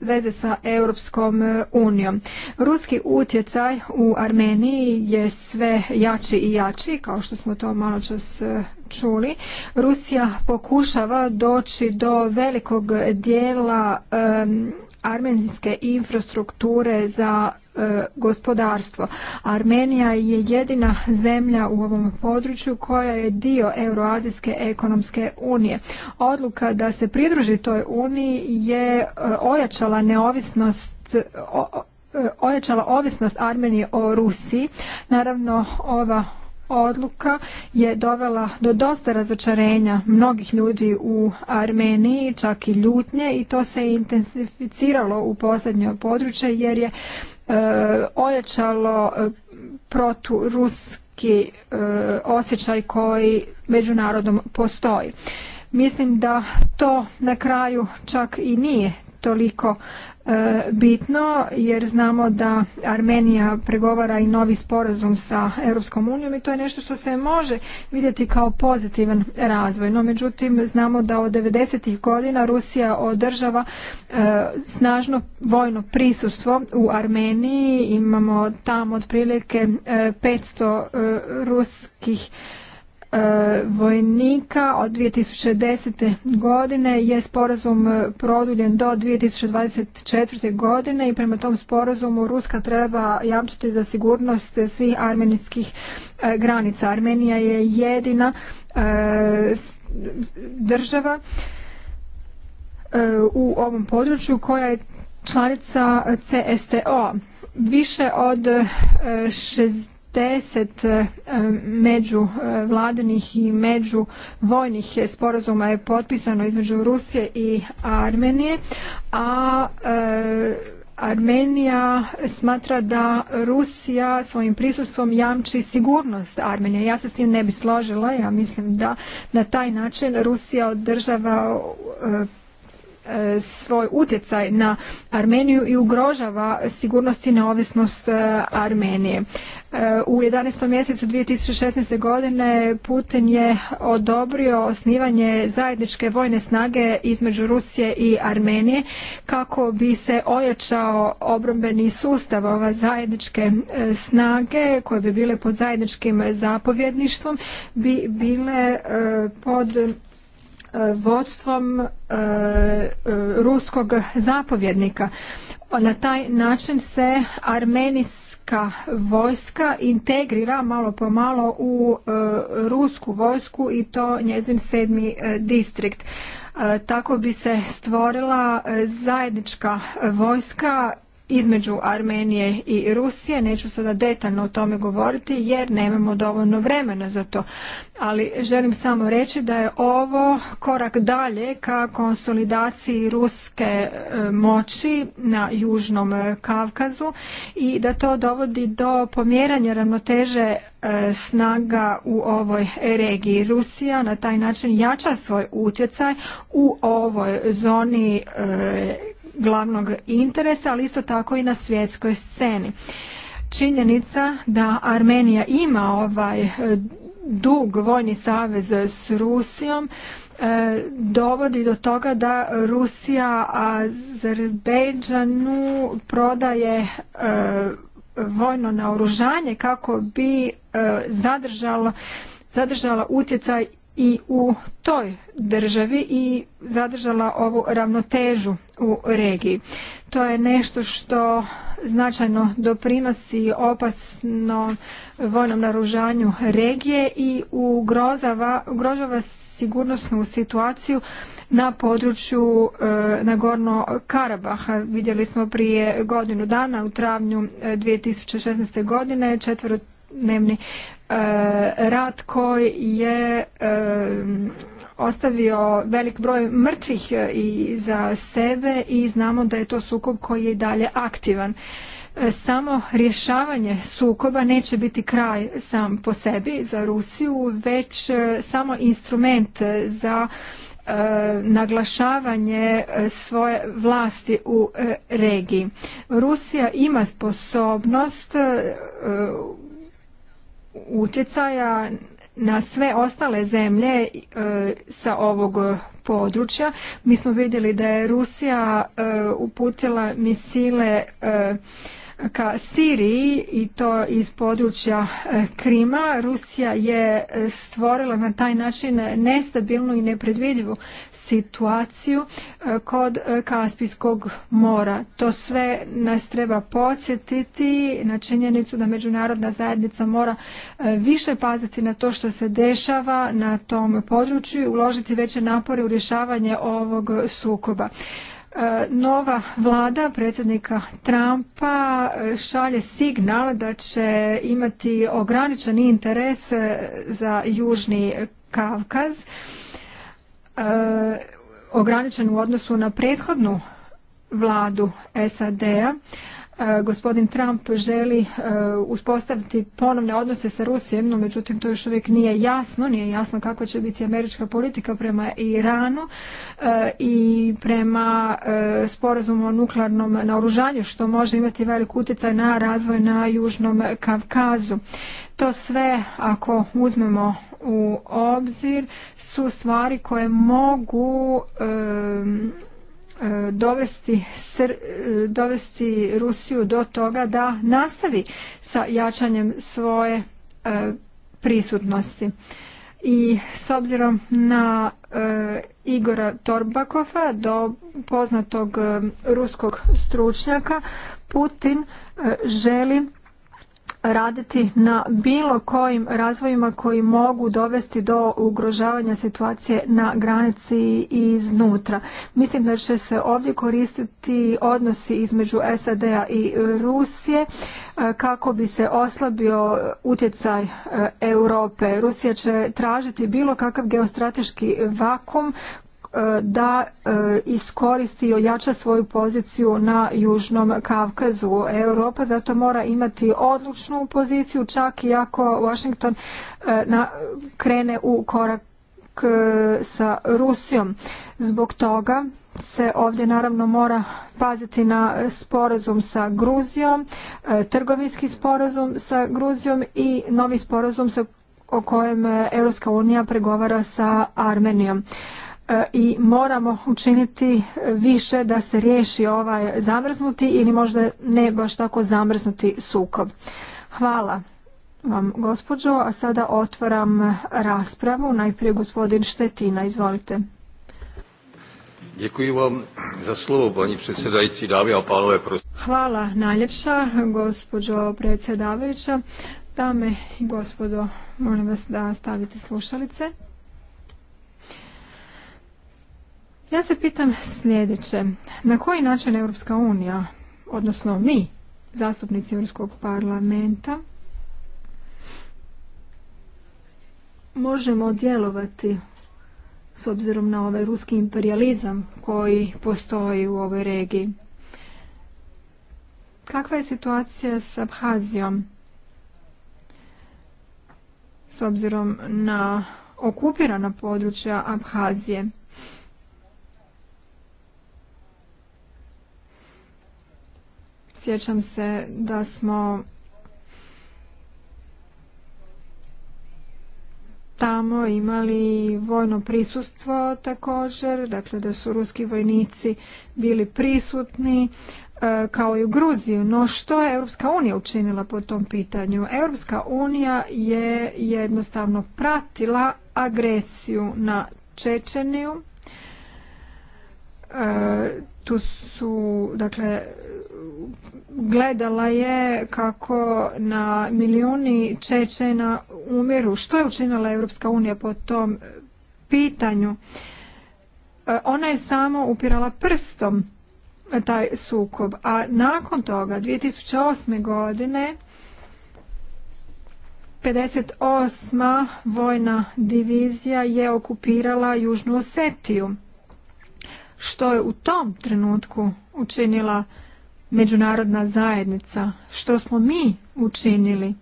veze sa Europskom e, unijom. Ruski utjecaj u Armeniji je sve jači i jači, kao što smo to malo čas e, čuli. Rusija pokušava doći do velikog dijela um, armenijske infrastrukture za E, gospodarstvo. Armenija je jedina zemlja u ovom području koja je dio Euroazijske ekonomske unije. Odluka da se pridruži toj uniji je e, ojačala neovisnost e, ojačala ovisnost Armenije o Rusiji. Naravno, ova odluka je dovela do dosta razočarenja mnogih ljudi u Armeniji, čak i ljutnje i to se intensificiralo u posljednjoj područje jer je E, ojačalo e, proturuski e, osjećaj koji međunarodom postoji. Mislim da to na kraju čak i nije toliko bitno jer znamo da Armenija pregovara i novi sporazum sa Europskom unijom i to je nešto što se može vidjeti kao pozitivan razvoj. No međutim znamo da od 90. godina Rusija održava e, snažno vojno prisustvo u Armeniji. Imamo tamo otprilike 500 e, e, ruskih E, vojnika od 2010. godine je sporazum e, produljen do 2024. godine i prema tom sporazumu Ruska treba jamčiti za sigurnost svih armenijskih e, granica. Armenija je jedina država u ovom području koja je članica CSTO. Više od 60 deset e, među e, vladinih i među vojnih sporazuma je potpisano između Rusije i Armenije, a e, Armenija smatra da Rusija svojim prisustvom jamči sigurnost Armenije. Ja se s tim ne bi složila, ja mislim da na taj način Rusija održava svoj utjecaj na Armeniju i ugrožava sigurnost i neovisnost Armenije. U 11. mjesecu 2016. godine Putin je odobrio osnivanje zajedničke vojne snage između Rusije i Armenije kako bi se ojačao obrambeni sustav ova zajedničke e, snage koje bi bile pod zajedničkim zapovjedništvom bi bile e, pod e, vodstvom ruskog zapovjednika. Na taj način se Armeni ruska vojska integrira malo po malo u e, rusku vojsku i to njezin sedmi e, distrikt. E, tako bi se stvorila zajednička vojska između Armenije i Rusije. Neću sada detaljno o tome govoriti jer nemamo dovoljno vremena za to. Ali želim samo reći da je ovo korak dalje ka konsolidaciji ruske e, moći na Južnom e, Kavkazu i da to dovodi do pomjeranja ravnoteže e, snaga u ovoj regiji. Rusija na taj način jača svoj utjecaj u ovoj zoni glavnog interesa, ali isto tako i na svjetskoj sceni. Činjenica da Armenija ima ovaj eh, dug vojni savez s Rusijom eh, dovodi do toga da Rusija Azerbejdžanu prodaje eh, vojno naoružanje kako bi zadržala utjecaj i u toj državi i zadržala ovu ravnotežu u regiji. To je nešto što značajno doprinosi opasno vojnom naružanju regije i ugrozava, ugrožava sigurnosnu situaciju na području e, Nagorno-Karabaha. Vidjeli smo prije godinu dana u travnju 2016. E, godine četvero E, rat koji je e, ostavio velik broj mrtvih e, i za sebe i znamo da je to sukob koji je i dalje aktivan. Samo rješavanje sukoba neće biti kraj sam po sebi za Rusiju, već samo instrument za naglašavanje svoje vlasti u regiji. Rusija ima sposobnost utjecaja na sve ostale zemlje e, sa ovog područja. Mi smo vidjeli da je Rusija e, uputila misile e, ka Siriji i to iz područja Krima. Rusija je stvorila na taj način nestabilnu i nepredvidljivu situaciju e, kod e, Kaspijskog mora. To sve nas treba podsjetiti na činjenicu da međunarodna zajednica mora e, više paziti na to što se dešava na tom području i uložiti veće napore u rješavanje ovog sukoba nova vlada predsjednika Trumpa šalje signal da će imati ograničen interes za Južni Kavkaz E, ograničen u odnosu na prethodnu vladu SAD-a. E, gospodin Trump želi e, uspostaviti ponovne odnose sa Rusijom, no međutim to još uvijek nije jasno, nije jasno kakva će biti američka politika prema Iranu i prema sporazumu o nuklearnom naoružanju što može imati velik utjecaj na razvoj na Južnom Kavkazu. To sve ako uzmemo u obzir su stvari koje mogu e, dovesti, e, dovesti Rusiju do toga da nastavi sa jačanjem svoje e, prisutnosti. I s obzirom na Igora Torbakova, do poznatog ruskog stručnjaka, Putin e, želi raditi na bilo kojim razvojima koji mogu dovesti do ugrožavanja situacije na granici iznutra. Mislim da će se ovdje koristiti odnosi između SAD-a i Rusije e, kako bi se oslabio utjecaj e, Europe. Rusija će tražiti bilo kakav geostrateški vakum E, da e, iskoristi i ojača svoju poziciju na Južnom Kavkazu. Europa zato mora imati odlučnu poziciju čak i ako Washington e, krene u korak sa Rusijom. Zbog toga se ovdje naravno mora paziti na sporazum sa Gruzijom, trgovinski sporazum sa Gruzijom i novi sporazum o kojem Europska unija pregovara sa Armenijom. E, i moramo učiniti više da se riješi ovaj zamrznuti ili možda ne baš tako zamrznuti sukob. Hvala vam gospođo, a sada otvaram raspravu. Najprije gospodin Štetina, izvolite. Děkuji vám za slovo, a pánové. Hvala najljepša, gospođo predsjedavajuća. Dame i gospodo, molim vas da stavite slušalice. Ja se pitam sljedeće. Na koji način Europska unija, odnosno mi, zastupnici Europskog parlamenta, možemo djelovati s obzirom na ovaj ruski imperializam koji postoji u ovoj regiji. Kakva je situacija s Abhazijom? S obzirom na okupirana područja Abhazije. Sjećam se da smo tamo imali vojno prisustvo također, dakle da su ruski vojnici bili prisutni e, kao i u Gruziju. No što je Europska unija učinila po tom pitanju? Europska unija je jednostavno pratila agresiju na Čečeniju. E, tu su, dakle, gledala je kako na milijuni Čečena umiru. Što je učinila Europska unija po tom pitanju? E, ona je samo upirala prstom taj sukob, a nakon toga 2008. godine 58. vojna divizija je okupirala Južnu Osetiju. Što je u tom trenutku učinila međunarodna zajednica, što smo mi učinili.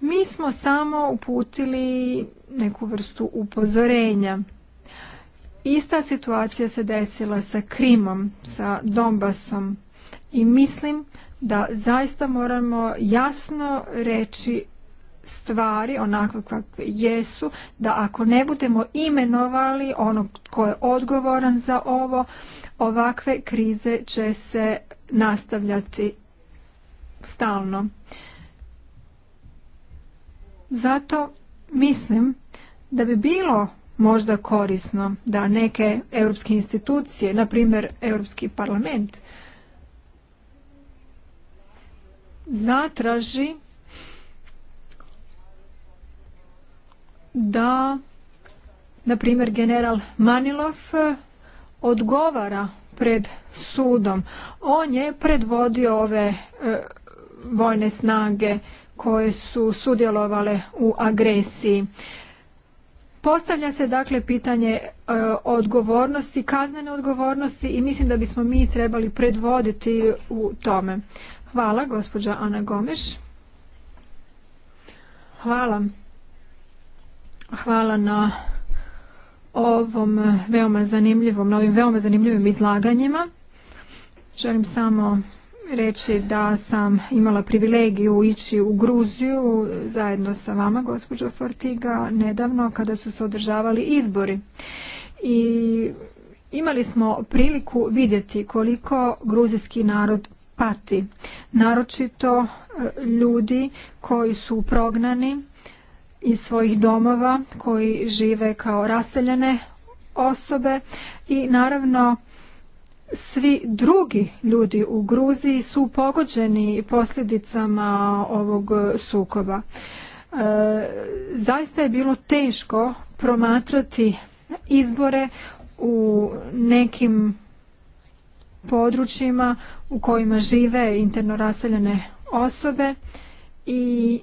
Mi smo samo uputili neku vrstu upozorenja. Ista situacija se desila sa Krimom, sa Donbasom i mislim da zaista moramo jasno reći stvari onakve kakve jesu, da ako ne budemo imenovali onog tko je odgovoran za ovo, ovakve krize će se nastavljati stalno. Zato mislim da bi bilo možda korisno da neke europske institucije, na primjer Europski parlament, zatraži da, na primjer, general Manilov odgovara pred sudom. On je predvodio ove e, vojne snage koje su sudjelovale u agresiji. Postavlja se dakle pitanje e, odgovornosti, kaznene odgovornosti i mislim da bismo mi trebali predvoditi u tome. Hvala, gospođa Ana Gomeš. Hvala. Hvala na ovom eh, veoma zanimljivom, novim veoma zanimljivim izlaganjima. Želim samo reći da sam imala privilegiju ići u Gruziju zajedno sa vama, gospođo Fortiga, nedavno kada su se održavali izbori. I imali smo priliku vidjeti koliko gruzijski narod pati. Naročito eh, ljudi koji su prognani, iz svojih domova koji žive kao raseljene osobe i naravno svi drugi ljudi u Gruziji su pogođeni posljedicama ovog sukoba. E, zaista je bilo teško promatrati izbore u nekim područjima u kojima žive interno raseljene osobe i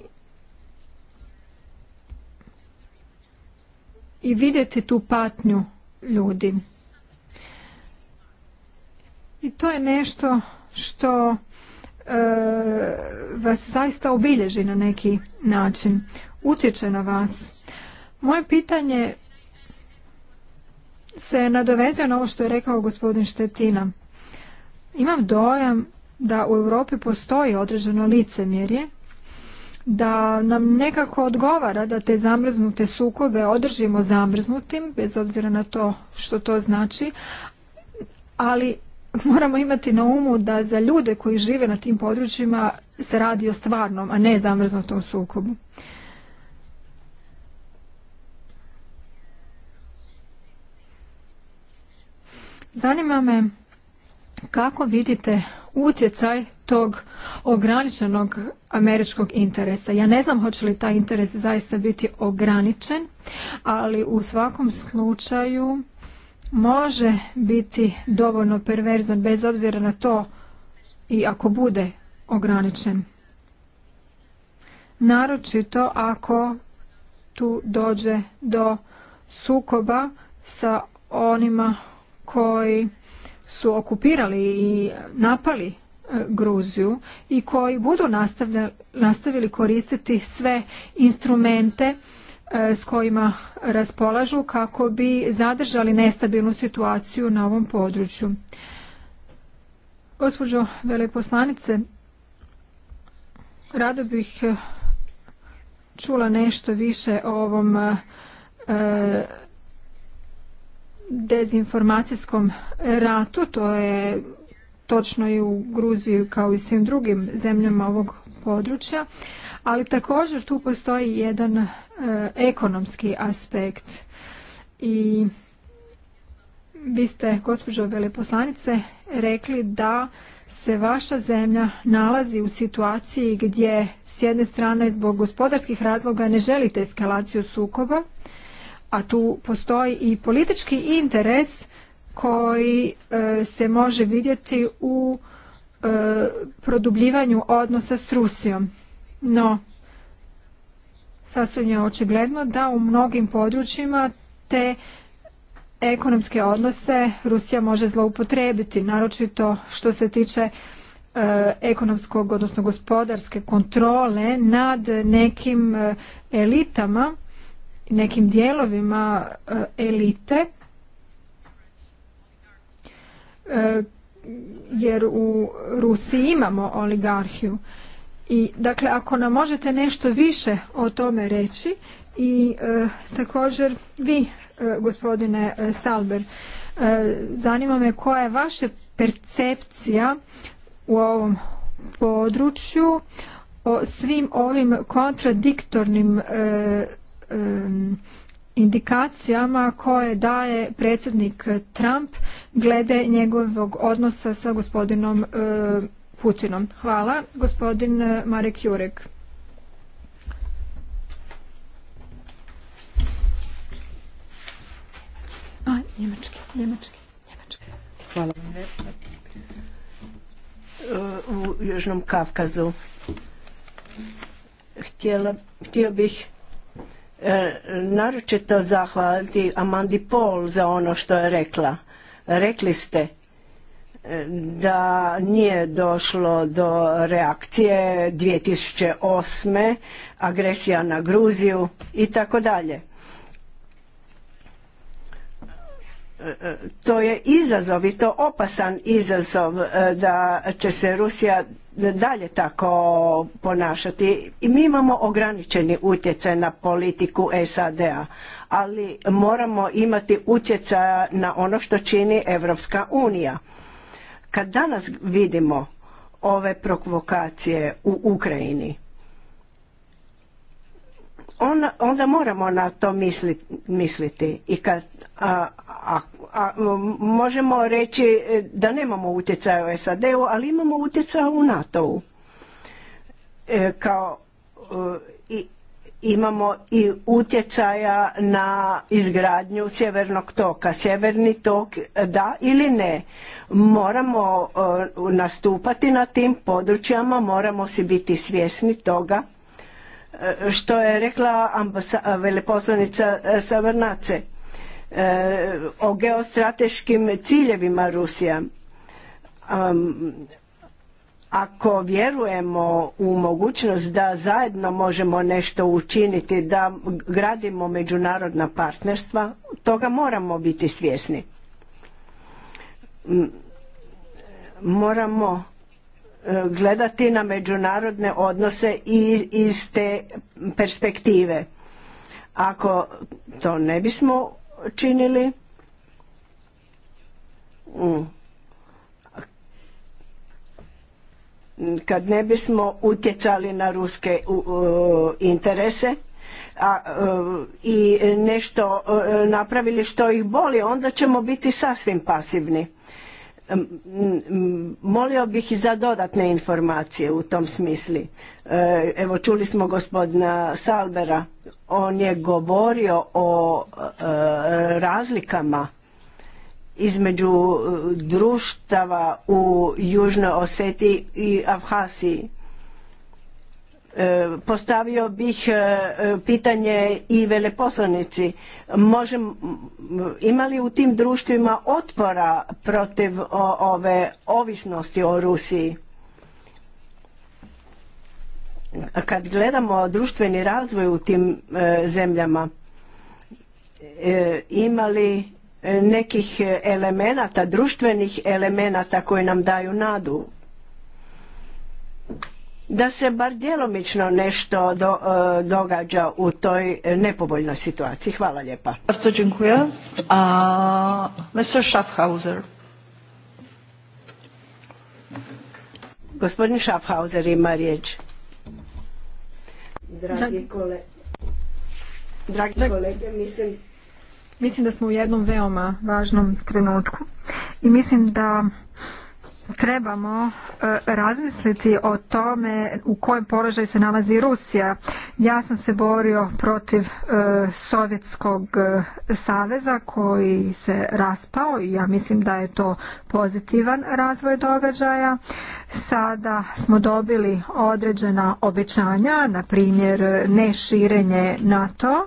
i vidjeti tu patnju ljudi. I to je nešto što e, vas zaista obilježi na neki način, utječe na vas. Moje pitanje se nadovezuje na ovo što je rekao gospodin Štetina. Imam dojam da u Europi postoji određeno licemjerje da nam nekako odgovara da te zamrznute sukobe održimo zamrznutim, bez obzira na to što to znači, ali moramo imati na umu da za ljude koji žive na tim područjima se radi o stvarnom, a ne zamrznutom sukobu. Zanima me kako vidite utjecaj tog ograničenog američkog interesa. Ja ne znam hoće li taj interes zaista biti ograničen, ali u svakom slučaju može biti dovoljno perverzan bez obzira na to i ako bude ograničen. Naročito ako tu dođe do sukoba sa onima koji su okupirali i napali E, Gruziju i koji budu nastavili koristiti sve instrumente e, s kojima raspolažu kako bi zadržali nestabilnu situaciju na ovom području. Gospođo veleposlanice, rado bih e, čula nešto više o ovom dezinformacijskom ratu. To je točno i u Gruziju kao i svim drugim zemljama ovog područja, ali također tu postoji jedan e, ekonomski aspekt i vi ste, gospođo veleposlanice, rekli da se vaša zemlja nalazi u situaciji gdje s jedne strane zbog gospodarskih razloga ne želite eskalaciju sukoba, a tu postoji i politički interes koji e, se može vidjeti u e, produbljivanju odnosa s Rusijom. No, sasvim je očigledno da u mnogim područjima te ekonomske odnose Rusija može zloupotrijebiti, naročito što se tiče e, ekonomskog, odnosno gospodarske kontrole nad nekim elitama, nekim dijelovima elite E, jer u Rusiji imamo oligarhiju. I dakle ako nam možete nešto više o tome reći i e, također vi e, gospodine Salber zanima me koja je vaša percepcija u ovom području o svim ovim kontradiktornim indikacijama koje daje predsjednik Trump glede njegovog odnosa sa gospodinom e, Putinom. Hvala. Gospodin e, Marek Jurek. njemački, njemački, njemački. Hvala vam e, U Južnom Kavkazu. htio bih E, naročito zahvaliti Amandi Paul za ono što je rekla. Rekli ste e, da nije došlo do reakcije 2008. agresija na Gruziju i tako dalje. to je izazov i to opasan izazov e, da će se Rusija dalje tako ponašati. I mi imamo ograničeni utjecaj na politiku SAD-a, ali moramo imati utjecaja na ono što čini Evropska unija. Kad danas vidimo ove provokacije u Ukrajini, on, onda moramo na to misliti. I kad a, a, možemo reći e, da nemamo utjecaja u SAD-u, ali imamo utjecaja u NATO-u. E, kao e, imamo i utjecaja na izgradnju sjevernog toka. Sjeverni tok e, da ili ne. Moramo nastupati na tim područjama, moramo si biti svjesni toga E, što je rekla veleposlanica e, savrnace e, o geostrateškim ciljevima Rusija. Ako vjerujemo u mogućnost da zajedno možemo nešto učiniti, da gradimo međunarodna partnerstva, toga moramo biti svjesni. Moramo E, gledati na međunarodne odnose i iz te perspektive. Ako to ne bismo činili, mm, kad ne bismo utjecali na ruske interese, a, e, i nešto e, napravili što ih boli, onda ćemo biti sasvim pasivni molio bih i za dodatne informacije u tom smisli. E, evo čuli smo gospodina Salbera, on je govorio o e, razlikama između e, društava u Južnoj Oseti i Avhasiji. Postavio bih e, pitanje i veleposlanici. ima li u tim društvima otpora protiv ove ovisnosti o Rusiji? Kad gledamo društveni razvoj u tim e, zemljama, e, ima li nekih elemenata, društvenih elemenata koji nam daju nadu da se bar djelomično nešto do, e, događa u toj nepovoljnoj situaciji. Hvala lijepa. Bardzo dziękuję. A, Mr. Schaffhauser. Gospodin Schaffhauser ima riječ. Dragi, kole... Dragi kolege, mislim... Mislim da smo u jednom veoma važnom trenutku i mislim da trebamo e, razmisliti o tome u kojem položaju se nalazi Rusija. Ja sam se borio protiv e, Sovjetskog e, saveza koji se raspao i ja mislim da je to pozitivan razvoj događaja. Sada smo dobili određena obećanja, na primjer širenje NATO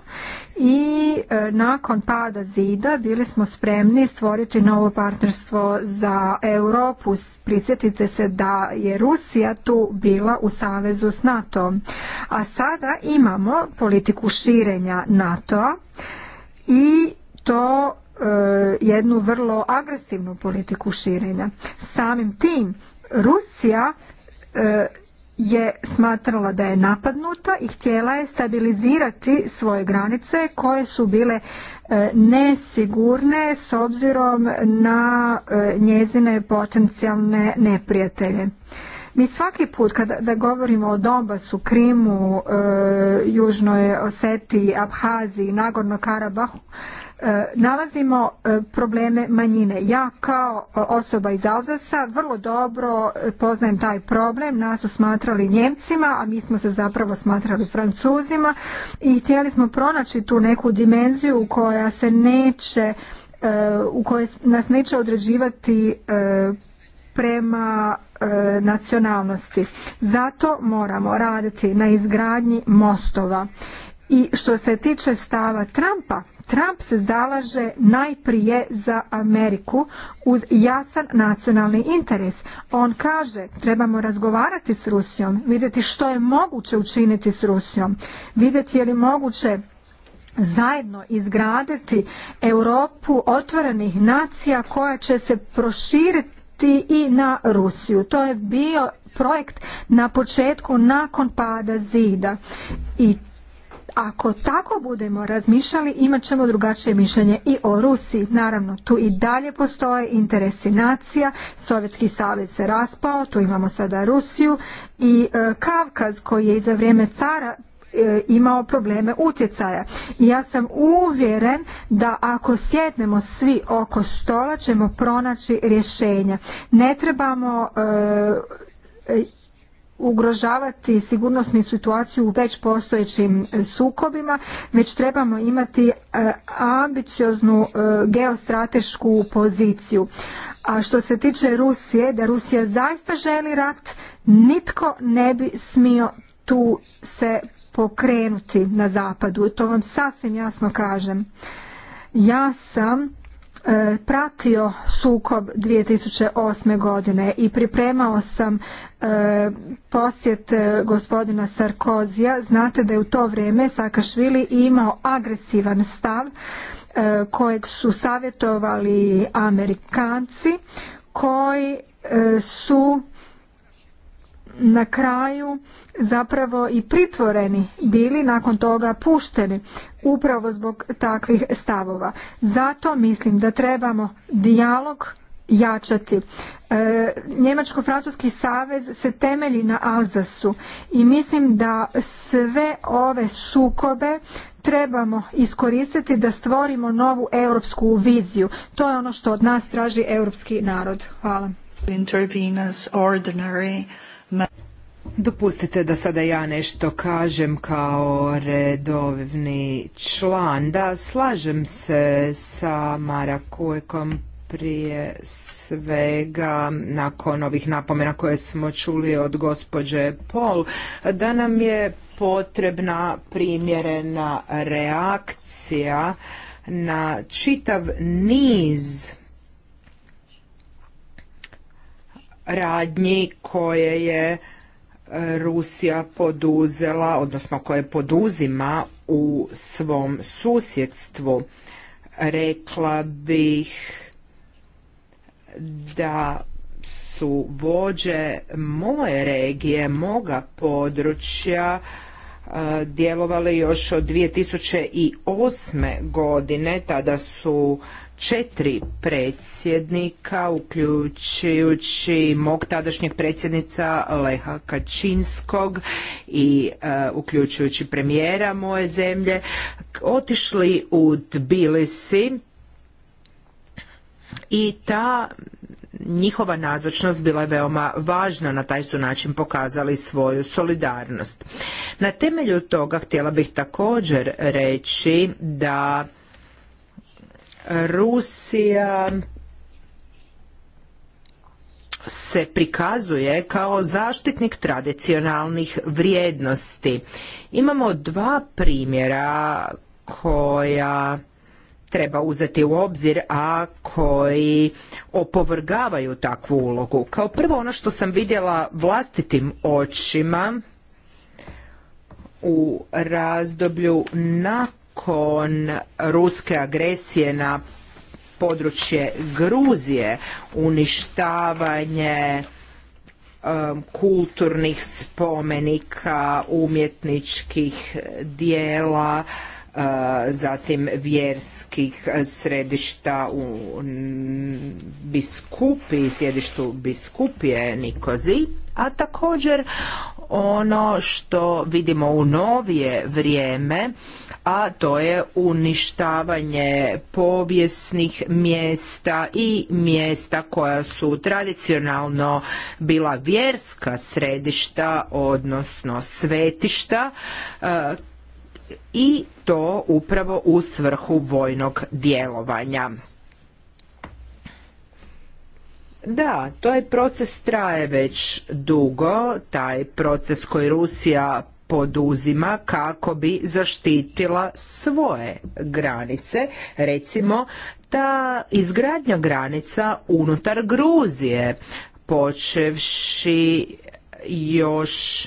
i e, nakon pada zida bili smo spremni stvoriti novo partnerstvo za Europu. Prisjetite se da je Rusija tu bila u savezu s NATO. A sada imamo politiku širenja NATO i to e, jednu vrlo agresivnu politiku širenja. Samim tim Rusija e, je smatrala da je napadnuta i htjela je stabilizirati svoje granice koje su bile e, nesigurne s obzirom na e, njezine potencijalne neprijatelje. Mi svaki put kada da govorimo o Donbasu, Krimu, e, Južnoj Osetiji, Abhaziji, Nagorno Karabahu, E, nalazimo e, probleme manjine. Ja kao e, osoba iz Alzasa vrlo dobro poznajem taj problem. Nas su smatrali Njemcima, a mi smo se zapravo smatrali Francuzima i htjeli smo pronaći tu neku dimenziju koja se neće u kojoj nas neće određivati prema nacionalnosti. Zato moramo raditi na izgradnji mostova. I što se tiče stava Trumpa, Trump se zalaže najprije za Ameriku uz jasan nacionalni interes. On kaže trebamo razgovarati s Rusijom, vidjeti što je moguće učiniti s Rusijom, vidjeti je li moguće zajedno izgraditi Europu otvorenih nacija koja će se proširiti i na Rusiju. To je bio projekt na početku nakon pada zida i ako tako budemo razmišljali, imat ćemo drugačije mišljenje i o Rusiji. Naravno, tu i dalje postoje interesi nacija, Sovjetski savez se raspao, tu imamo sada Rusiju i e, Kavkaz koji je i za vrijeme cara e, imao probleme utjecaja. I ja sam uvjeren da ako sjednemo svi oko stola ćemo pronaći rješenja. Ne trebamo e, ugrožavati sigurnosnu situaciju u već postojećim sukobima, već trebamo imati e, ambicioznu e, geostratešku poziciju. A što se tiče Rusije, da Rusija zaista želi rat, nitko ne bi smio tu se pokrenuti na zapadu. To vam sasvim jasno kažem. Ja sam E, pratio sukob 2008. godine i pripremao sam e, posjet e, gospodina Sarkozija. Znate da je u to vrijeme Sakašvili imao agresivan stav kojeg su savjetovali Amerikanci koji su na kraju zapravo i pritvoreni bili nakon toga pušteni upravo zbog takvih stavova zato mislim da trebamo dijalog jačati e, njemačko francuski savez se temelji na Alzasu i mislim da sve ove sukobe trebamo iskoristiti da stvorimo novu europsku viziju to je ono što od nas traži europski narod hvala Dopustite da sada ja nešto kažem kao redovni član. Da, slažem se sa Mara prije svega nakon ovih napomena koje smo čuli od gospođe Pol, da nam je potrebna primjerena reakcija na čitav niz radnji koje je Rusija poduzela, odnosno koje poduzima u svom susjedstvu. Rekla bih da su vođe moje regije, moga područja e, djelovali još od 2008. godine, tada su četiri predsjednika, uključujući mog tadašnjeg predsjednica Leha Kačinskog i e, uključujući premijera moje zemlje, otišli u Tbilisi i ta njihova nazočnost bila je veoma važna, na taj su način pokazali svoju solidarnost. Na temelju toga htjela bih također reći da Rusija se prikazuje kao zaštitnik tradicionalnih vrijednosti. Imamo dva primjera koja treba uzeti u obzir, a koji opovrgavaju takvu ulogu. Kao prvo ono što sam vidjela vlastitim očima u razdoblju nakon ...kon ruske agresije na područje Gruzije, uništavanje um, kulturnih spomenika, umjetničkih dijela, zatim vjerskih središta u Biskupi, sjedištu Biskupije Nikozi, a također ono što vidimo u novije vrijeme, a to je uništavanje povijesnih mjesta i mjesta koja su tradicionalno bila vjerska središta, odnosno svetišta, i to upravo u svrhu vojnog djelovanja. Da, taj proces traje već dugo, taj proces koji Rusija poduzima kako bi zaštitila svoje granice, recimo ta izgradnja granica unutar Gruzije, počevši još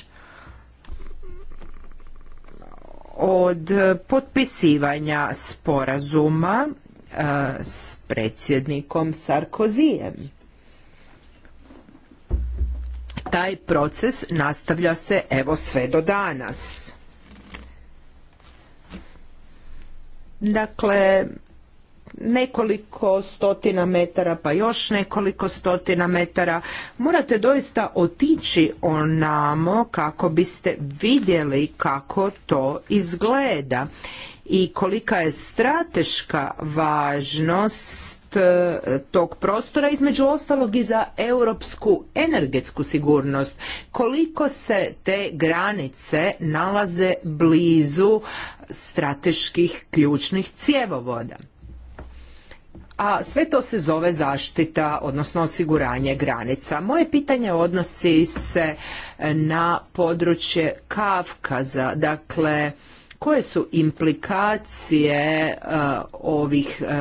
od potpisivanja sporazuma e, s predsjednikom Sarkozijem. Taj proces nastavlja se evo sve do danas. Dakle, nekoliko stotina metara pa još nekoliko stotina metara. Morate doista otići onamo kako biste vidjeli kako to izgleda i kolika je strateška važnost e, tog prostora između ostalog i za europsku energetsku sigurnost koliko se te granice nalaze blizu strateških ključnih cjevovoda a sve to se zove zaštita, odnosno osiguranje granica. Moje pitanje odnosi se e, na područje Kavkaza, dakle koje su implikacije e, ovih e,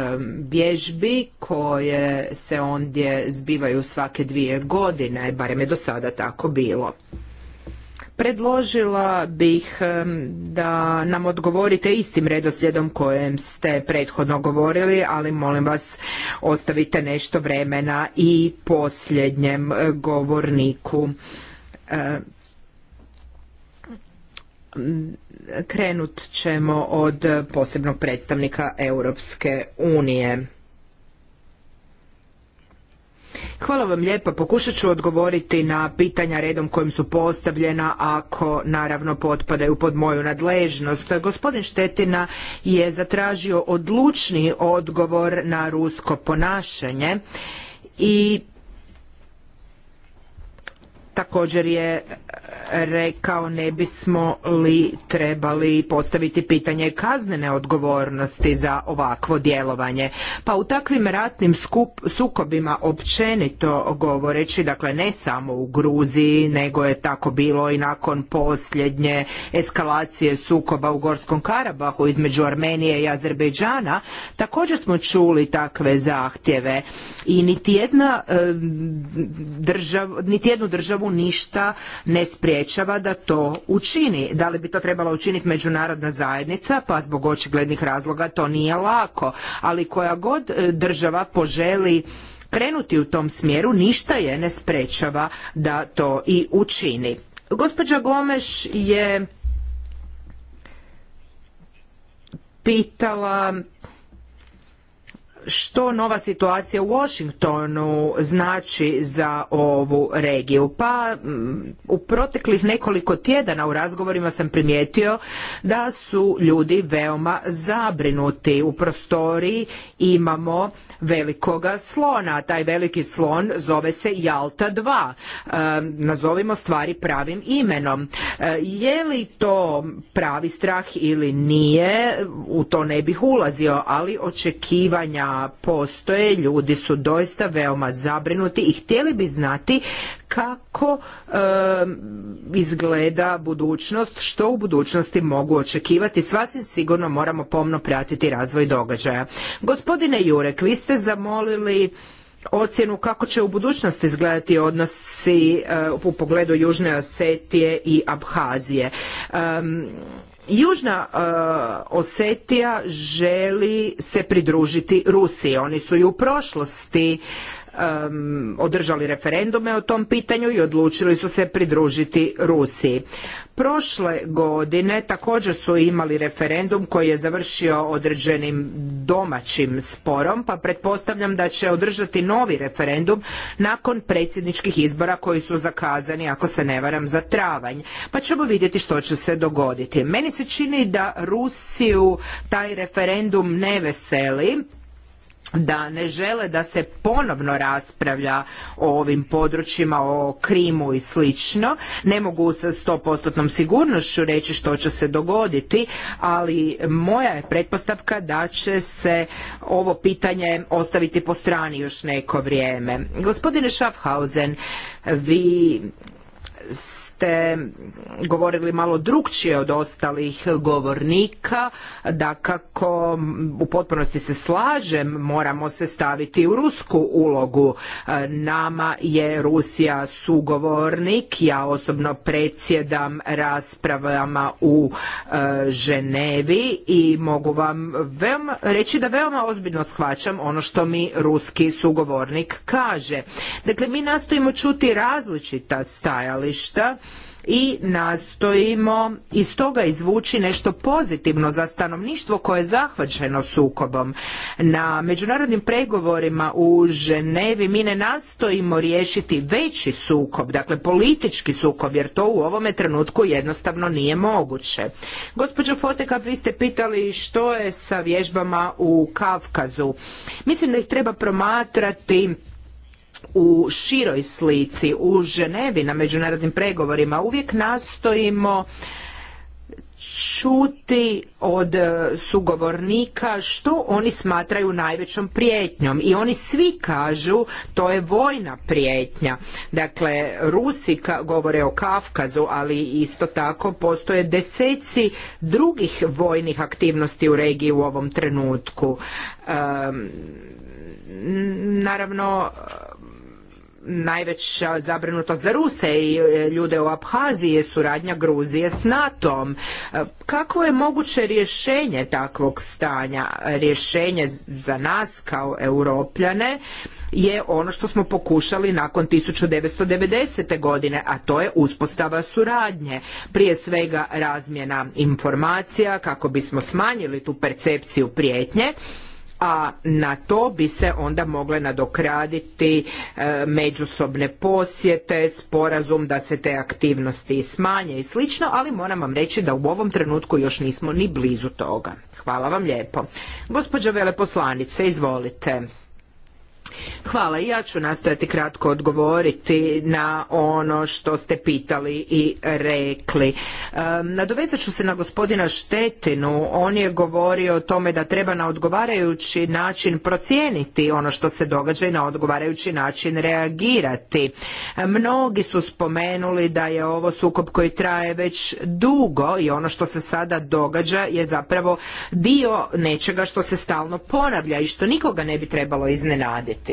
vježbi koje se ondje zbivaju svake dvije godine, barem je do sada tako bilo. Predložila bih da nam odgovorite istim redoslijedom kojem ste prethodno govorili, ali molim vas ostavite nešto vremena i posljednjem e, govorniku. E, krenut ćemo od posebnog predstavnika Europske unije. Hvala vam lijepa. Pokušat ću odgovoriti na pitanja redom kojim su postavljena ako naravno potpadaju pod moju nadležnost. Gospodin Štetina je zatražio odlučni odgovor na rusko ponašanje i također je rekao ne bismo li trebali postaviti pitanje kaznene odgovornosti za ovakvo djelovanje. Pa u takvim ratnim sukobima općenito govoreći, dakle ne samo u Gruziji, nego je tako bilo i nakon posljednje eskalacije sukoba u Gorskom Karabahu između Armenije i Azerbejdžana, također smo čuli takve zahtjeve i niti jedna e, država niti jednu državu ništa ne ne spriječava da to učini. Da li bi to trebala učiniti međunarodna zajednica? Pa zbog očiglednih razloga to nije lako. Ali koja god e, država poželi krenuti u tom smjeru, ništa je ne sprječava da to i učini. Gospođa Gomeš je pitala što nova situacija u Washingtonu znači za ovu regiju. Pa mm, u proteklih nekoliko tjedana u razgovorima sam primijetio da su ljudi veoma zabrinuti. U prostoriji imamo velikoga slona. Taj veliki slon zove se Jalta 2. E, nazovimo stvari pravim imenom. E, je li to pravi strah ili nije, u to ne bih ulazio, ali očekivanja postoje, ljudi su doista veoma zabrinuti i htjeli bi znati kako izgleda budućnost, što u budućnosti mogu očekivati. Svasim sigurno moramo pomno pratiti razvoj događaja. Gospodine Jurek, vi ste zamolili ocjenu kako će u budućnosti izgledati odnosi eh, u pogledu Južne Asetije i Abhazije. E, Južna e, Osetija želi se pridružiti Rusiji. Oni su i u prošlosti održali referendume o tom pitanju i odlučili su se pridružiti Rusiji. Prošle godine također su imali referendum koji je završio određenim domaćim sporom, pa pretpostavljam da će održati novi referendum nakon predsjedničkih izbora koji su zakazani, ako se ne varam, za travanj. Pa ćemo vidjeti što će se dogoditi. Meni se čini da Rusiju taj referendum ne veseli, da ne žele da se ponovno raspravlja o ovim područjima, o Krimu i slično. Ne mogu sa 100% sigurnošću reći što će se dogoditi, ali moja je pretpostavka da će se ovo pitanje ostaviti po strani još neko vrijeme. Gospodine Schaffhausen, vi ste govorili malo drukčije od ostalih govornika, da kako u potpunosti se slažem, moramo se staviti u rusku ulogu. E, nama je Rusija sugovornik, ja osobno predsjedam raspravama u e, Ženevi i mogu vam reći da veoma ozbiljno shvaćam ono što mi ruski sugovornik kaže. Dakle, mi nastojimo čuti različita stajališta tržišta i nastojimo iz toga izvući nešto pozitivno za stanovništvo koje je zahvaćeno sukobom. Na međunarodnim pregovorima u Ženevi mi ne nastojimo riješiti veći sukob, dakle politički sukob, jer to u ovome trenutku jednostavno nije moguće. Gospođo Foteka, vi ste pitali što je sa vježbama u Kavkazu. Mislim da ih treba promatrati u široj slici u Ženevi na međunarodnim pregovorima uvijek nastojimo čuti od e, sugovornika što oni smatraju najvećom prijetnjom i oni svi kažu to je vojna prijetnja. Dakle, Rusi govore o Kafkazu, ali isto tako postoje deseci drugih vojnih aktivnosti u regiji u ovom trenutku. naravno najveća zabrinutost za Ruse i e, ljude u Abhaziji je suradnja Gruzije s NATO-om. E, kako je moguće rješenje takvog stanja? Rješenje za nas kao europljane je ono što smo pokušali nakon 1990. godine, a to je uspostava suradnje. Prije svega razmjena informacija kako bismo smanjili tu percepciju prijetnje, a na to bi se onda mogle nadokraditi e, međusobne posjete, sporazum da se te aktivnosti smanje i slično, ali moram vam reći da u ovom trenutku još nismo ni blizu toga. Hvala vam lijepo. Gospođo veleposlanice, izvolite. Hvala i ja ću nastojati kratko odgovoriti na ono što ste pitali i rekli. Nadovezat ću se na gospodina Štetinu. On je govorio o tome da treba na odgovarajući način procijeniti ono što se događa i na odgovarajući način reagirati. Mnogi su spomenuli da je ovo sukob koji traje već dugo i ono što se sada događa je zapravo dio nečega što se stalno ponavlja i što nikoga ne bi trebalo iznenaditi.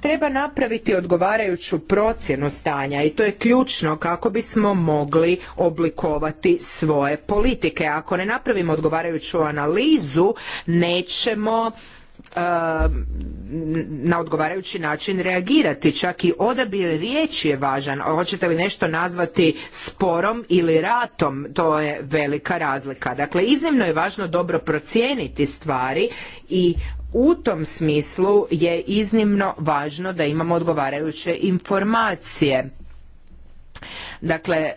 Treba napraviti odgovarajuću procjenu stanja i to je ključno kako bismo mogli oblikovati svoje politike. Ako ne napravimo odgovarajuću analizu, nećemo e, na odgovarajući način reagirati. Čak i odabir riječi je važan. Hoćete li nešto nazvati sporom ili ratom, to je velika razlika. Dakle, iznimno je važno dobro procijeniti stvari i u tom smislu je iznimno važno da imamo odgovarajuće informacije. Dakle,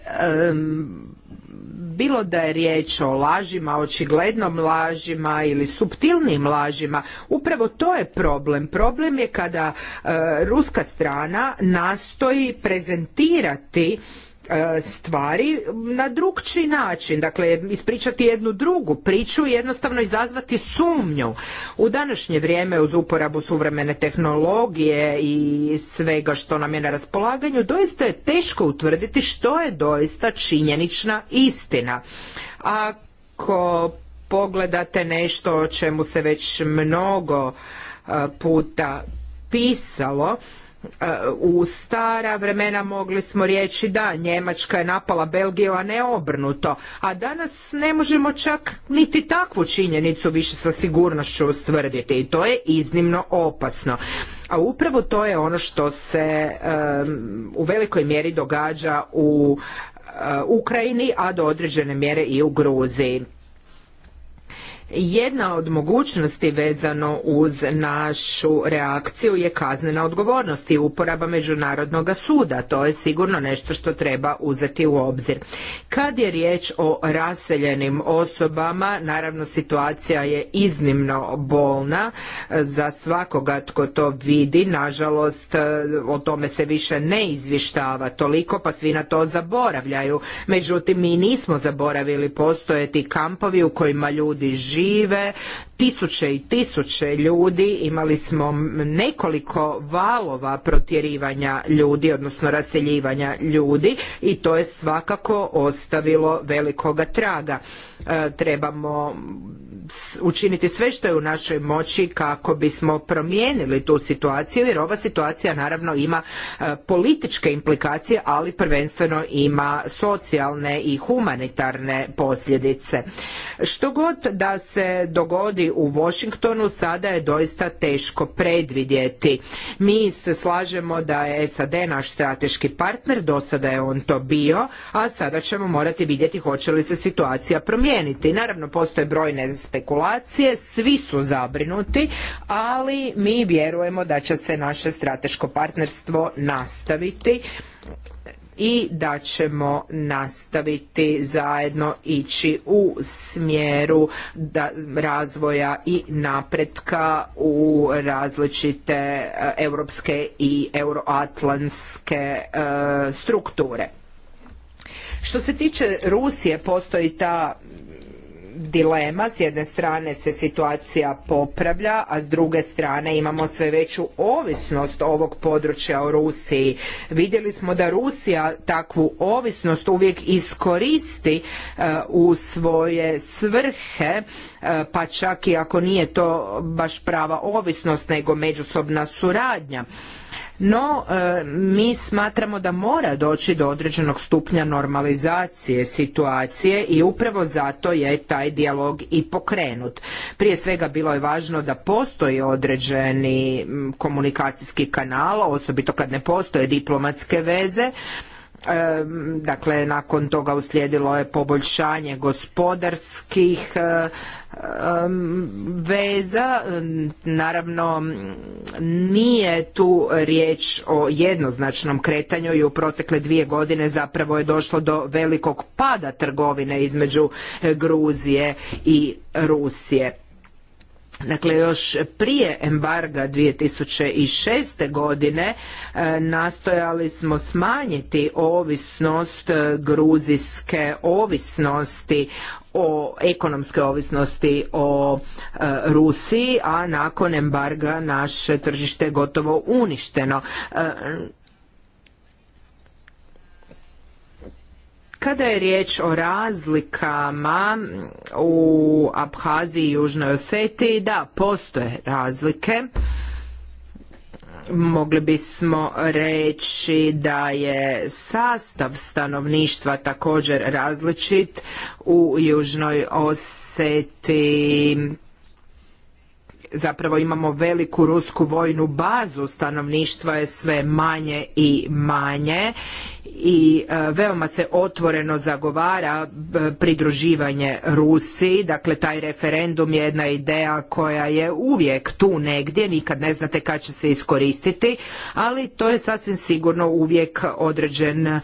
bilo da je riječ o lažima, očiglednom lažima ili subtilnim lažima, upravo to je problem. Problem je kada eh, ruska strana nastoji prezentirati E, stvari na drugčiji način. Dakle, ispričati jednu drugu priču i jednostavno izazvati sumnju. U današnje vrijeme uz uporabu suvremene tehnologije i svega što nam je na raspolaganju, doista je teško utvrditi što je doista činjenična istina. Ako pogledate nešto o čemu se već mnogo e, puta pisalo, E, u stara vremena mogli smo reći da Njemačka je napala Belgiju, a ne obrnuto. A danas ne možemo čak niti takvu činjenicu više sa sigurnošću ustvrditi i to je iznimno opasno. A upravo to je ono što se u velikoj mjeri događa u e, Ukrajini, a do određene mjere i u Gruziji. Jedna od mogućnosti vezano uz našu reakciju je kaznena odgovornost i uporaba Međunarodnog suda. To je sigurno nešto što treba uzeti u obzir. Kad je riječ o raseljenim osobama, naravno situacija je iznimno bolna za svakoga tko to vidi. Nažalost, o tome se više ne izvištava toliko, pa svi na to zaboravljaju. Međutim, mi nismo zaboravili ti kampovi u kojima ljudi žive žive tisuće i tisuće ljudi, imali smo nekoliko valova protjerivanja ljudi, odnosno raseljivanja ljudi i to je svakako ostavilo velikoga traga. E, trebamo učiniti sve što je u našoj moći kako bismo promijenili tu situaciju jer ova situacija naravno ima e, političke implikacije, ali prvenstveno ima socijalne i humanitarne posljedice. Što god da se dogodi u Washingtonu sada je doista teško predvidjeti. Mi se slažemo da je SAD naš strateški partner, do sada je on to bio, a sada ćemo morati vidjeti hoće li se situacija promijeniti. Naravno postoje brojne spekulacije, svi su zabrinuti, ali mi vjerujemo da će se naše strateško partnerstvo nastaviti i da ćemo nastaviti zajedno ići u smjeru da razvoja i napretka u različite e, europske i euroatlantske e, strukture. Što se tiče Rusije, postoji ta dilema. S jedne strane se situacija popravlja, a s druge strane imamo sve veću ovisnost ovog područja o Rusiji. Vidjeli smo da Rusija takvu ovisnost uvijek iskoristi e, u svoje svrhe, e, pa čak i ako nije to baš prava ovisnost, nego međusobna suradnja. No, e, mi smatramo da mora doći do određenog stupnja normalizacije situacije i upravo zato je taj dijalog i pokrenut. Prije svega bilo je važno da postoji određeni komunikacijski kanal, osobito kad ne postoje diplomatske veze, e, dakle nakon toga uslijedilo je poboljšanje gospodarskih e, veza naravno nije tu riječ o jednoznačnom kretanju i u protekle dvije godine zapravo je došlo do velikog pada trgovine između Gruzije i Rusije Dakle, još prije embarga 2006. godine e, nastojali smo smanjiti ovisnost e, gruzijske ovisnosti o ekonomske ovisnosti o e, Rusiji, a nakon embarga naše tržište je gotovo uništeno. E, kada je riječ o razlikama u Abhaziji i Južnoj Oseti da, postoje razlike mogli bismo reći da je sastav stanovništva također različit u Južnoj Oseti zapravo imamo veliku rusku vojnu bazu, stanovništva je sve manje i manje i e, veoma se otvoreno zagovara pridruživanje Rusiji, dakle taj referendum je jedna ideja koja je uvijek tu negdje, nikad ne znate kad će se iskoristiti, ali to je sasvim sigurno uvijek određen e,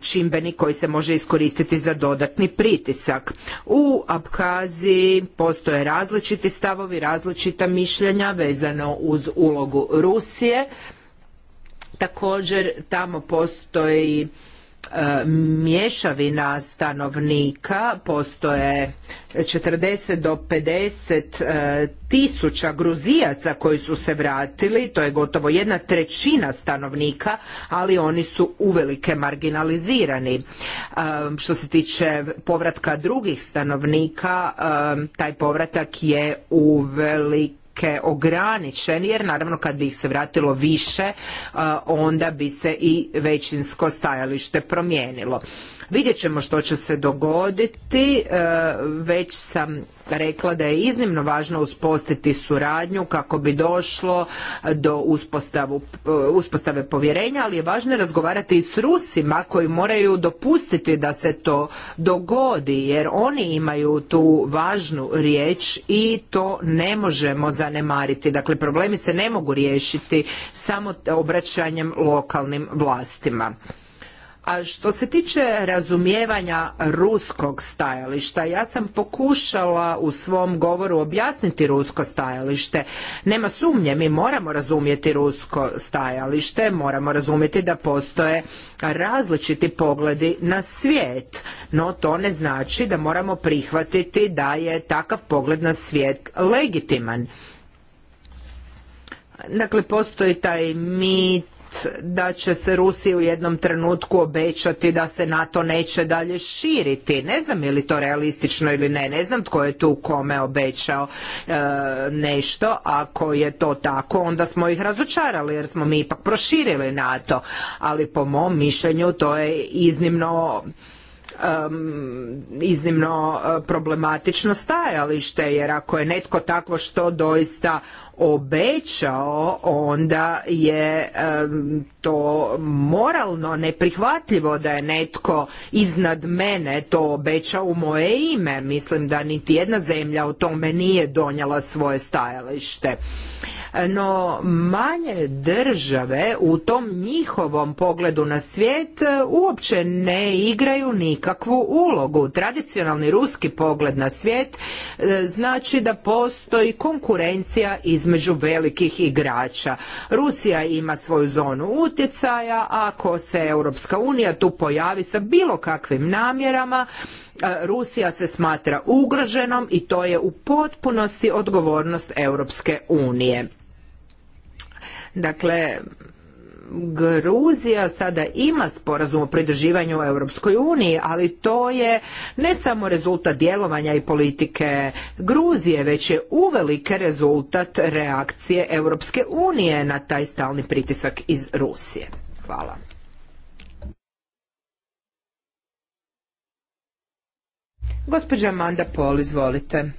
čimbenik koji se može iskoristiti za dodatni pritisak. U Abkaziji postoje različiti stavovi, različiti različita mišljenja vezano uz ulogu Rusije. Također tamo postoji E, mješavina stanovnika, postoje 40 do 50 e, tisuća gruzijaca koji su se vratili, to je gotovo jedna trećina stanovnika, ali oni su uvelike marginalizirani. E, što se tiče povratka drugih stanovnika, taj povratak je uvelik ograničeni jer naravno kad bi ih se vratilo više onda bi se i većinsko stajalište promijenilo. Vidjet ćemo što će se dogoditi. E, već sam rekla da je iznimno važno uspostiti suradnju kako bi došlo do e, uspostave povjerenja, ali je važno razgovarati i s Rusima koji moraju dopustiti da se to dogodi, jer oni imaju tu važnu riječ i to ne možemo zanemariti. Dakle, problemi se ne mogu riješiti samo obraćanjem lokalnim vlastima. A što se tiče razumijevanja ruskog stajališta, ja sam pokušala u svom govoru objasniti rusko stajalište. Nema sumnje, mi moramo razumjeti rusko stajalište, moramo razumjeti da postoje različiti pogledi na svijet, no to ne znači da moramo prihvatiti da je takav pogled na svijet legitiman. Dakle, postoji taj mit da će se Rusiji u jednom trenutku obećati da se NATO neće dalje širiti. Ne znam je li to realistično ili ne, ne znam tko je tu kome obećao e, nešto. Ako je to tako, onda smo ih razočarali jer smo mi ipak proširili NATO. Ali po mom mišljenju to je iznimno iznimno e, problematično stajalište jer ako je netko takvo što doista obećao onda je to moralno neprihvatljivo da je netko iznad mene to obećao u moje ime mislim da niti jedna zemlja o tome nije donijela svoje stajalište no manje države u tom njihovom pogledu na svijet e, uopće ne igraju nikakvu ulogu tradicionalni ruski pogled na svijet e, znači da postoji konkurencija iz između velikih igrača. Rusija ima svoju zonu utjecaja, ako se Europska unija tu pojavi sa bilo kakvim namjerama, e, Rusija se smatra ugroženom i to je u potpunosti odgovornost Europske unije. Dakle, Gruzija sada ima sporazum o pridruživanju Europskoj uniji, ali to je ne samo rezultat djelovanja i politike Gruzije, već je uvelike rezultat reakcije Europske unije na taj stalni pritisak iz Rusije. Hvala. Gospođa Amanda Pol, izvolite.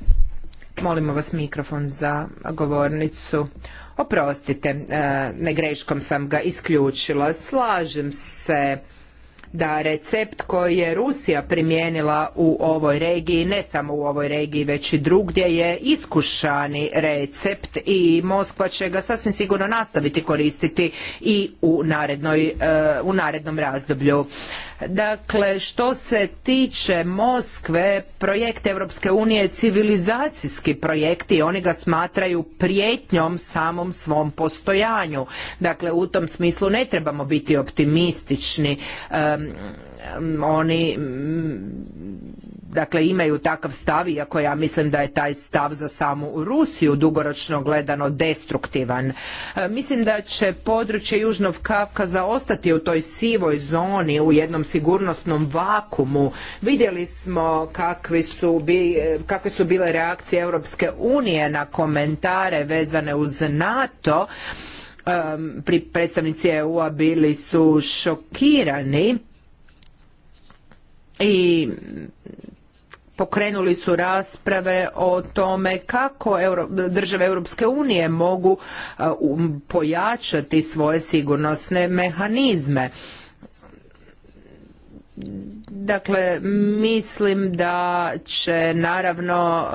Molimo vas mikrofon za govornicu. Oprostite, e, ne greškom sam ga isključila. Slažem se da recept koji je Rusija primijenila u ovoj regiji, ne samo u ovoj regiji, već i drugdje je iskušani recept i Moskva će ga sasvim sigurno nastaviti koristiti i u, narednoj, e, u narednom razdoblju. Dakle, što se tiče Moskve, projekt Europske unije je civilizacijski projekt i oni ga smatraju prijetnjom samom svom postojanju. Dakle, u tom smislu ne trebamo biti optimistični. oni dakle imaju takav stav, iako ja mislim da je taj stav za samu Rusiju dugoročno gledano destruktivan. E, mislim da će područje Južnog Kavkaza ostati u toj sivoj zoni, u jednom sigurnosnom vakumu. Vidjeli smo kakvi su, e, kakve su bile reakcije Europske unije na komentare vezane uz NATO. Pri predstavnici EU-a bili su šokirani i pokrenuli su rasprave o tome kako države Europske unije mogu e, pojačati svoje sigurnosne mehanizme Dakle, mislim da će naravno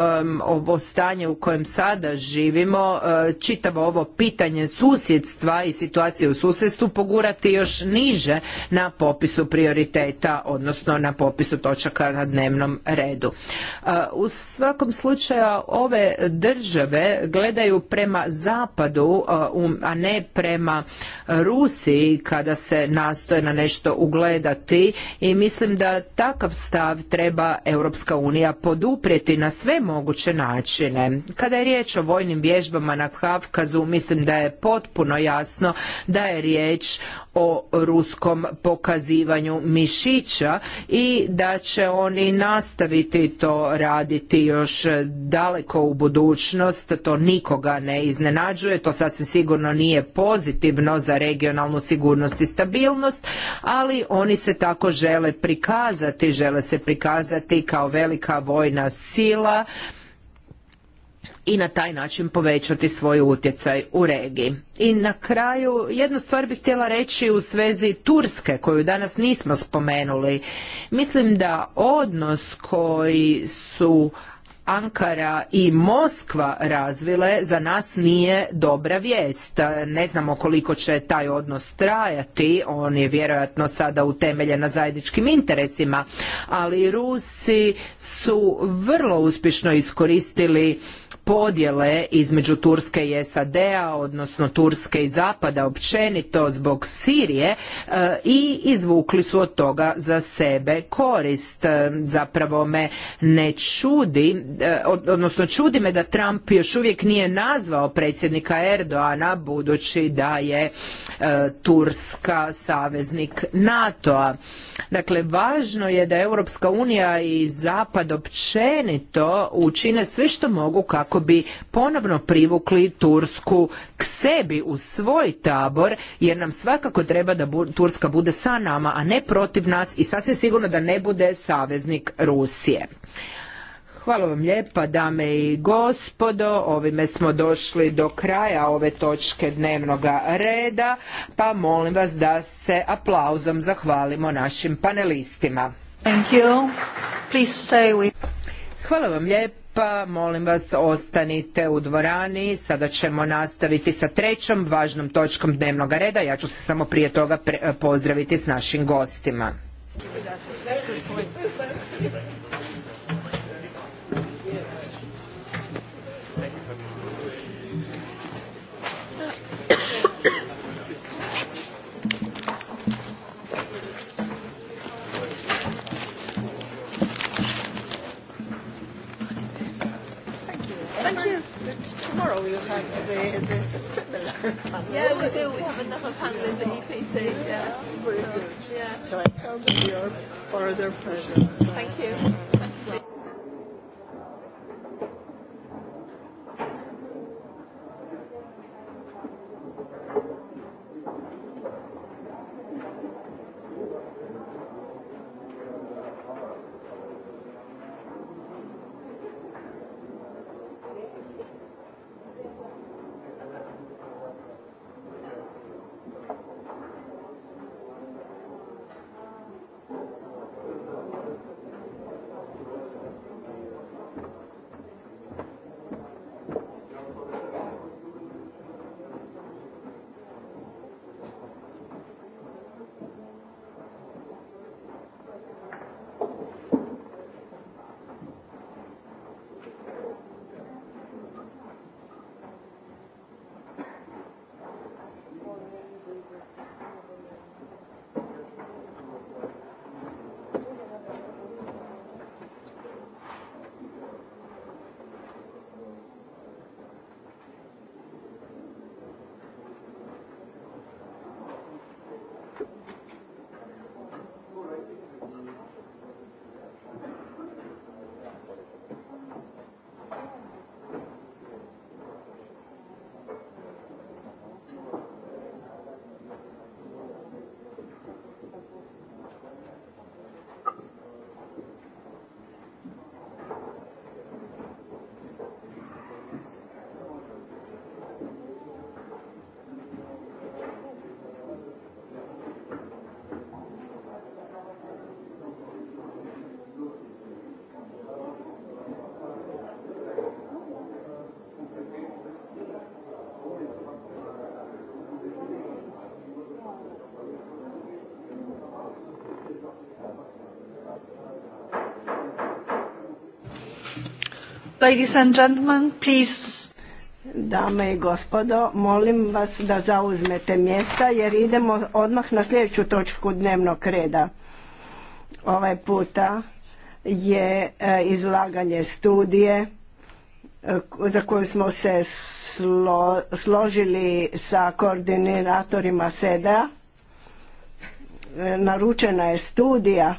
ovo stanje u kojem sada živimo, eh, čitavo ovo pitanje susjedstva i situacije u susjedstvu pogurati još niže na popisu prioriteta, odnosno na popisu točaka na dnevnom redu. Eh, u svakom slučaju ove države gledaju prema zapadu, eh, um, a ne prema Rusiji kada se nastoje na nešto ugledati i mislim da takav stav treba Europska unija poduprijeti na sve moguće načine. Kada je riječ o vojnim vježbama na Kavkazu, mislim da je potpuno jasno da je riječ o ruskom pokazivanju mišića i da će oni nastaviti to raditi još daleko u budućnost. To nikoga ne iznenađuje, to sasvim sigurno nije pozitivno za regionalnu sigurnost i stabilnost, ali oni se tako žele prikazati, žele se prikazati kao velika vojna sila i na taj način povećati svoj utjecaj u regiji. I na kraju jednu stvar bih htjela reći u svezi Turske koju danas nismo spomenuli. Mislim da odnos koji su Ankara i Moskva razvile za nas nije dobra vijest. Ne znamo koliko će taj odnos trajati, on je vjerojatno sada utemeljen na zajedničkim interesima, ali Rusi su vrlo uspješno iskoristili podjele između Turske i SAD-a, odnosno Turske i Zapada općenito zbog Sirije e, i izvukli su od toga za sebe korist. E, zapravo me ne čudi, e, odnosno čudi me da Trump još uvijek nije nazvao predsjednika Erdoana budući da je Turska saveznik NATO-a. Dakle, važno je da Europska unija i Zapad općenito učine sve što mogu kao ako bi ponovno privukli Tursku k sebi u svoj tabor jer nam svakako treba da Turska bude sa nama, a ne protiv nas i sasvim sigurno da ne bude saveznik Rusije. Hvala vam lijepa dame i gospodo, ovime smo došli do kraja ove točke dnevnog reda, pa molim vas da se aplauzom zahvalimo našim panelistima. Hvala vam lijepa lijepa. Molim vas ostanite u dvorani. Sada ćemo nastaviti sa trećom važnom točkom dnevnog reda. Ja ću se samo prije toga eh, pozdraviti s našim gostima. similar. Yeah, we do. We have another panel in the EPC. Yeah. Very good. Yeah. So I count on your further presence. Thank you. Ladies and gentlemen, please. Dame i gospodo, molim vas da zauzmete mjesta jer idemo odmah na sljedeću točku dnevnog reda. Ovaj puta je e, izlaganje studije e, za koju smo se složili sa koordinatorima SEDA. E, naručena je studija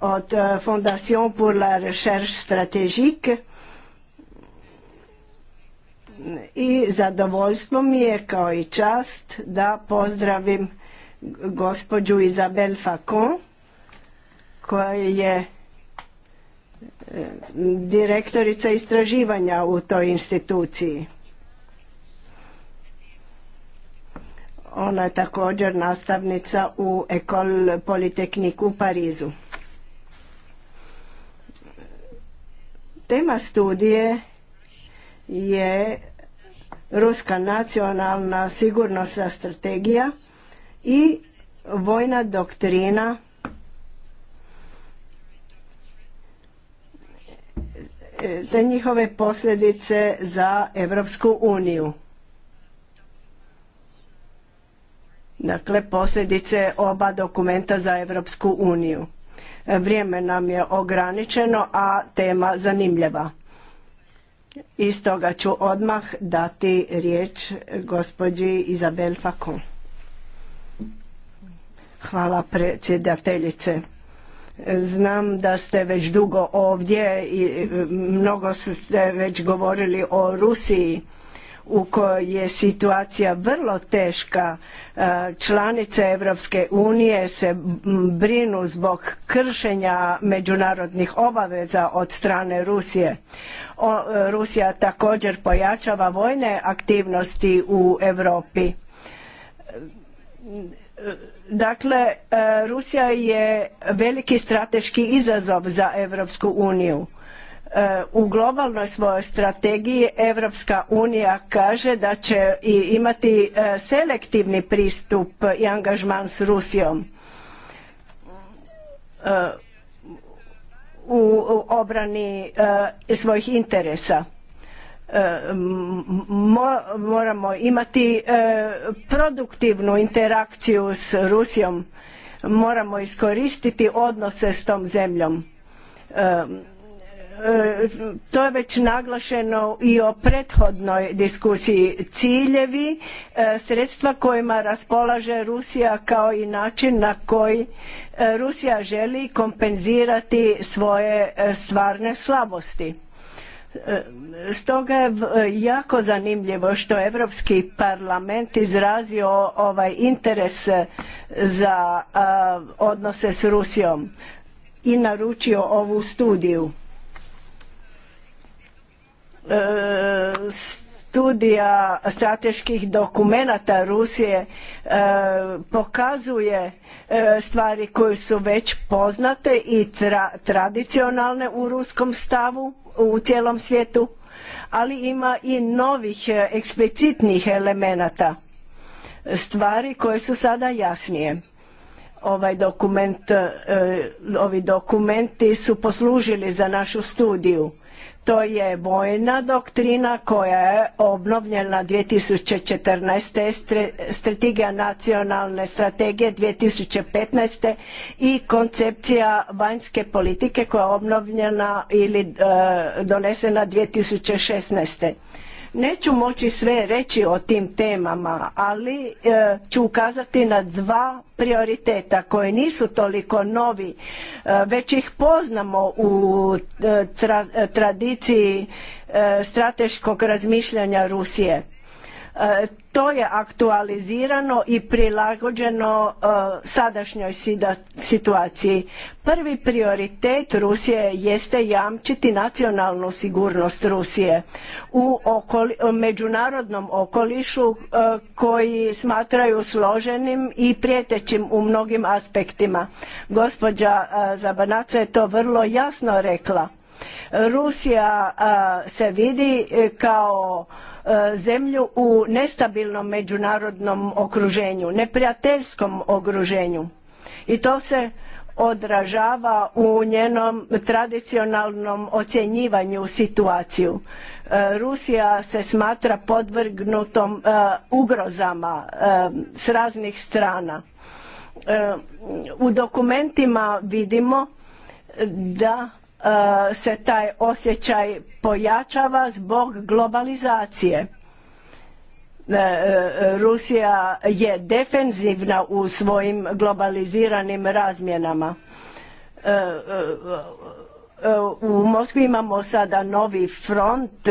od Fondation pour la recherche stratégique i zadovoljstvo mi je kao i čast da pozdravim gospođu Izabel Facon koja je e, direktorica istraživanja u toj instituciji. Ona je također nastavnica u Ecole Polytechnique u Parizu. Tema studije je Ruska nacionalna sigurnosna strategija i vojna doktrina te njihove posljedice za Evropsku uniju. Dakle, posljedice oba dokumenta za Evropsku uniju. Vrijeme nam je ograničeno, a tema zanimljiva. I stoga ću odmah dati riječ gospođi Izabel Fakon. Hvala predsjedateljice. Znam da ste već dugo ovdje i mnogo ste već govorili o Rusiji u kojoj je situacija vrlo teška. E, članice Europske unije se brinu zbog kršenja međunarodnih obaveza od strane Rusije. E, Rusija također pojačava vojne aktivnosti u Europi. E, dakle, Rusija je veliki strateški izazov za Europsku uniju E, u globalnoj svojoj strategiji Europska unija kaže da će imati e, selektivni pristup i angažman s Rusijom e, u obrani svojih interesa. Moramo imati produktivnu interakciju s Rusijom, moramo iskoristiti odnose s tom zemljom to je već naglašeno i o prethodnoj diskusiji ciljevi e, sredstva kojima raspolaže Rusija kao i način na koji e, Rusija želi kompenzirati svoje e, stvarne slabosti Stoga je jako zanimljivo što Europski parlament izrazio ovaj interes za odnose s Rusijom i naručio ovu studiju E, studija strateških dokumenata Rusije e, pokazuje e, stvari koje su već poznate i tradicionalne u ruskom stavu u cijelom svijetu, ali ima i novih eksplicitnih elemenata, stvari koje su sada jasnije ovaj dokument, ovi dokumenti su poslužili za našu studiju to je vojna doktrina koja je obnovljena 2014. strategija nacionalne strategije 2015. i koncepcija vanjske politike koja je obnovljena ili e, donesena 2016. Neću moći sve reći o tim temama, ali e, ću ukazati na dva prioriteta koji nisu toliko novi, e, već ih poznamo u e, tradiciji strateškog razmišljanja Rusije E, to je aktualizirano i prilagođeno e, sadašnjoj situaciji. Prvi prioritet Rusije jeste jamčiti nacionalnu sigurnost Rusije u međunarodnom okolišu e, koji smatraju složenim i prijetećim u mnogim aspektima. Gospođa Zabanaca je to vrlo jasno rekla. Rusija se vidi kao E, zemlju u nestabilnom međunarodnom okruženju, neprijateljskom okruženju. I to se odražava u njenom tradicionalnom ocjenjivanju situaciju. E, Rusija se smatra podvrgnutom e, ugrozama s raznih strana. U dokumentima vidimo da Eh, se taj osjećaj pojačava zbog globalizacije. Eh, eh, Rusija je defenzivna u svojim globaliziranim razmjenama. U Moskvi imamo sada novi front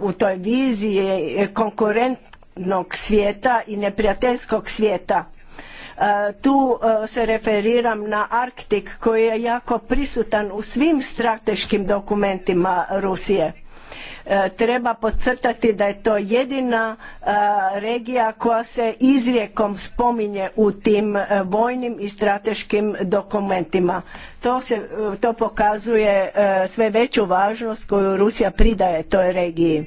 u toj viziji konkurentnog svijeta i neprijateljskog svijeta tu e, se referiram na Arktik koji je jako prisutan u svim strateškim dokumentima Rusije. E, treba podcrtati da je to jedina e, regija koja se izrijekom spominje u tim vojnim i strateškim dokumentima. To, to pokazuje sve veću važnost koju Rusija pridaje toj regiji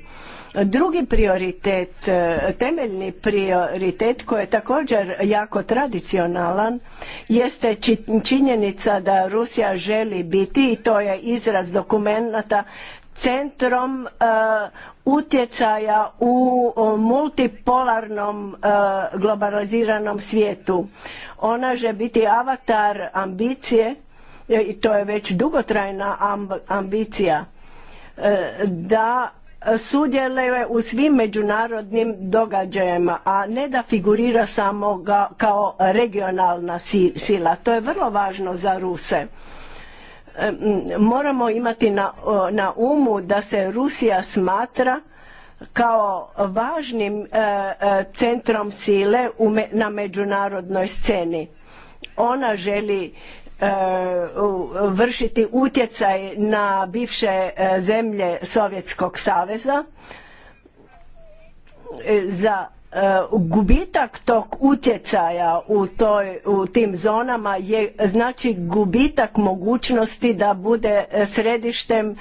Drugi prioritet, e, temeljni prioritet koji je također jako tradicionalan jeste činjenica da Rusija želi biti i to je izraz dokumenata centrom e, utjecaja u multipolarnom e, globaliziranom svijetu. Ona će biti avatar ambicije i to je već dugotrajna ambicija da sudjeluje u svim međunarodnim događajima, a ne da figurira samo kao regionalna sila. To je vrlo važno za Ruse. E, moramo imati na, umu da se Rusija smatra kao važnim e, e, centrom sile na međunarodnoj sceni. Ona želi E, vršiti utjecaj na bivše e, zemlje Sovjetskog saveza e, za gubitak tog utjecaja u, toj, u tim zonama je znači gubitak mogućnosti da bude središtem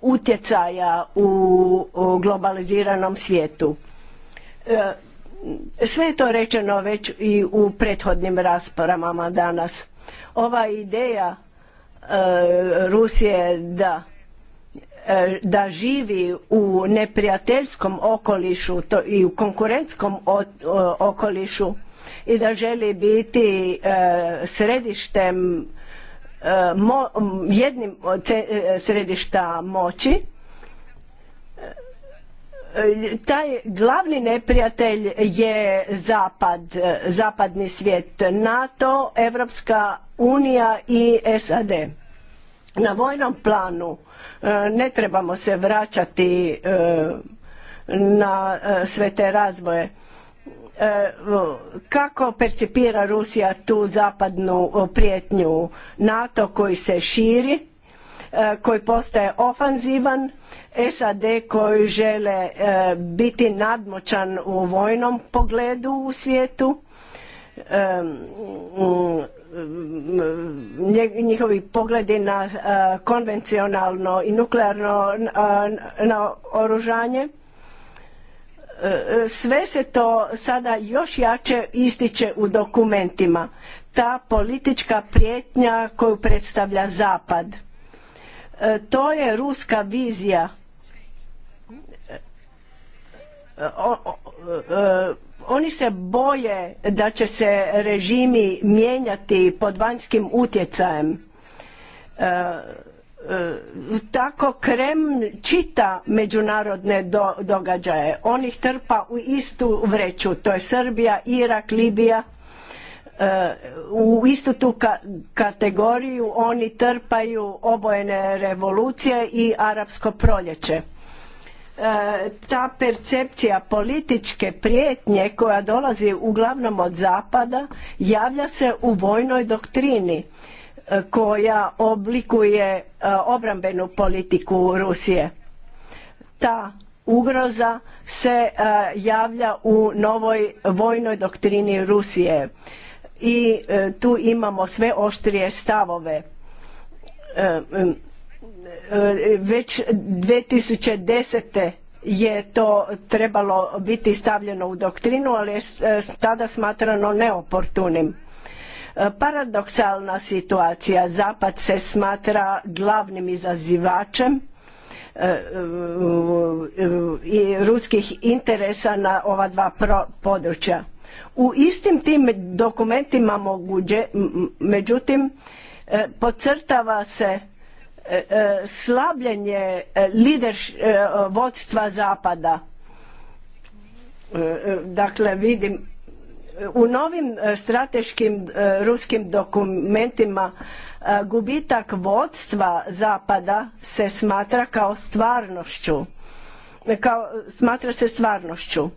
utjecaja u, globaliziranom svijetu. sve je to rečeno već i u prethodnim raspravama danas. Ova ideja e, Rusije da e, da živi u neprijateljskom okolišu to i u konkurentskom okolišu i da želi biti e, središtem jednim od središta moći taj glavni neprijatelj je zapad, zapadni svijet, NATO, Evropska unija i SAD. Na vojnom planu e, ne trebamo se vraćati e, na e, sve te razvoje. Kako percipira Rusija tu zapadnu prijetnju NATO koji se širi? koji postaje ofanzivan, SAD koji žele eh, biti nadmoćan u vojnom pogledu u svijetu, mm, mm, mm, njihovi pogledi na eh, konvencionalno i nuklearno eh, na oružanje. Sve se to sada još jače ističe u dokumentima. Ta politička prijetnja koju predstavlja Zapad E, to je ruska vizija. E, e, oni se boje da će se režimi mijenjati pod vanjskim utjecajem. tako krem čita međunarodne događaje. On ih trpa u istu vreću. To je Srbija, Irak, Libija Eh, u istu tu kategoriju oni trpaju obojene revolucije i arapsko proljeće. Eh, ta percepcija političke prijetnje koja dolazi uglavnom od zapada javlja se u vojnoj doktrini eh, koja oblikuje obrambenu politiku Rusije. Ta ugroza se javlja u novoj vojnoj doktrini Rusije i e, tu imamo sve oštrije stavove e, e, već 2010. je to trebalo biti stavljeno u doktrinu, ali je tada smatrano neoportunim. Paradoksalna situacija, Zapad se smatra glavnim izazivačem i ruskih interesa na ova dva područja u istim tim dokumentima moguđe, međutim, e, podcrtava se e, e, slabljenje lider vodstva zapada. Dakle, vidim u novim strateškim ruskim dokumentima gubitak vodstva zapada se smatra kao stvarnošću kao smatra se stvarnošću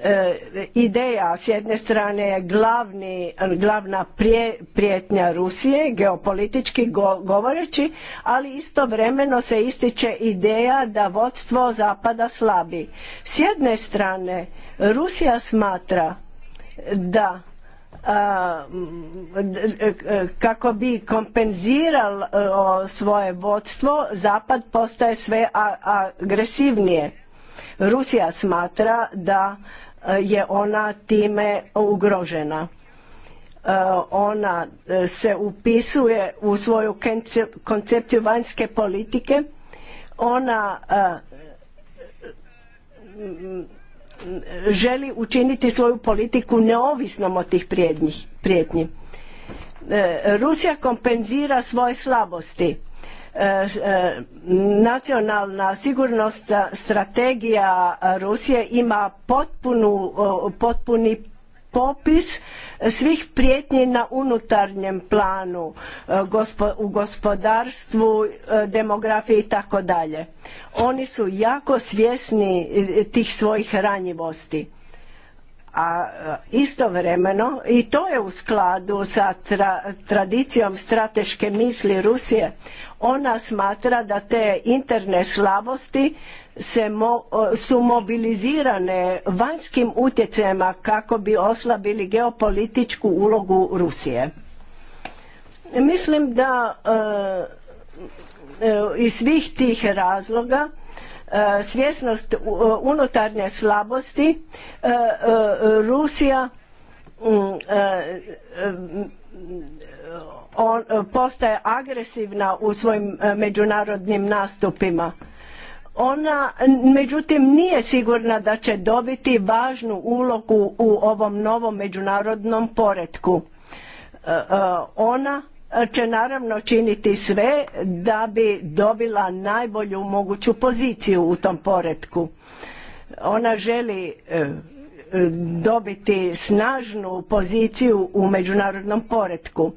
E, ideja s jedne strane je glavni, glavna prijetnja Rusije, geopolitički govoreći, ali istovremeno se ističe ideja da vodstvo zapada slabi. S jedne strane Rusija smatra da kako bi kompenziralo e, svoje vodstvo, zapad postaje sve agresivnije Rusija smatra da e, je ona time ugrožena. E, ona e, se upisuje u svoju koncepciju vanjske politike. Ona želi učiniti svoju politiku neovisnom od tih prijetnji. Rusija kompenzira svoje slabosti E, e, nacionalna sigurnost strategija Rusije ima potpunu, potpuni popis svih prijetnji na unutarnjem planu e, u gospodarstvu, demografiji i tako dalje. Oni su jako svjesni tih svojih ranjivosti a e, istovremeno i to je u skladu sa tradicijom strateške misli Rusije ona smatra da te interne slabosti e, su mobilizirane vanjskim utjecajima kako bi oslabili geopolitičku ulogu Rusije mislim da e, e iz svih tih razloga E, svjesnost e, unutarnje slabosti e, Rusija mm, postaje agresivna u svojim međunarodnim nastupima. Ona međutim nije sigurna da će dobiti važnu ulogu u ovom novom međunarodnom poretku. Ona će naravno činiti sve da bi dobila najbolju moguću poziciju u tom poretku. Ona želi e, e, dobiti snažnu poziciju u međunarodnom poretku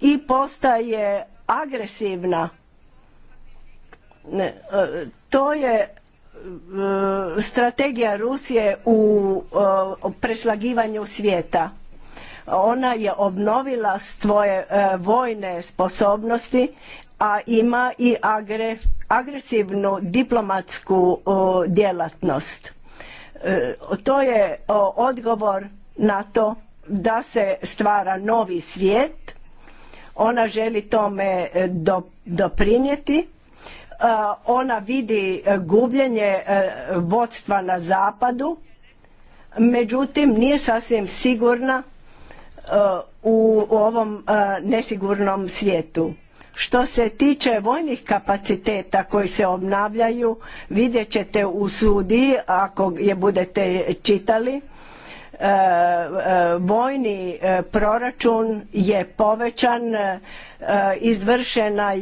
i postaje agresivna. E, to je strategija Rusije u preslagivanju svijeta ona je obnovila svoje e, vojne sposobnosti, a ima i agresivnu diplomatsku djelatnost. E, to je odgovor na to da se stvara novi svijet, ona želi tome e, doprinijeti, ona vidi gubljenje vodstva na zapadu, međutim nije sasvim sigurna u ovom e, nesigurnom svijetu. Što se tiče vojnih kapaciteta koji se obnavljaju, vidjet ćete u sudi, ako je budete čitali, e, e, vojni proračun je povećan, izvršena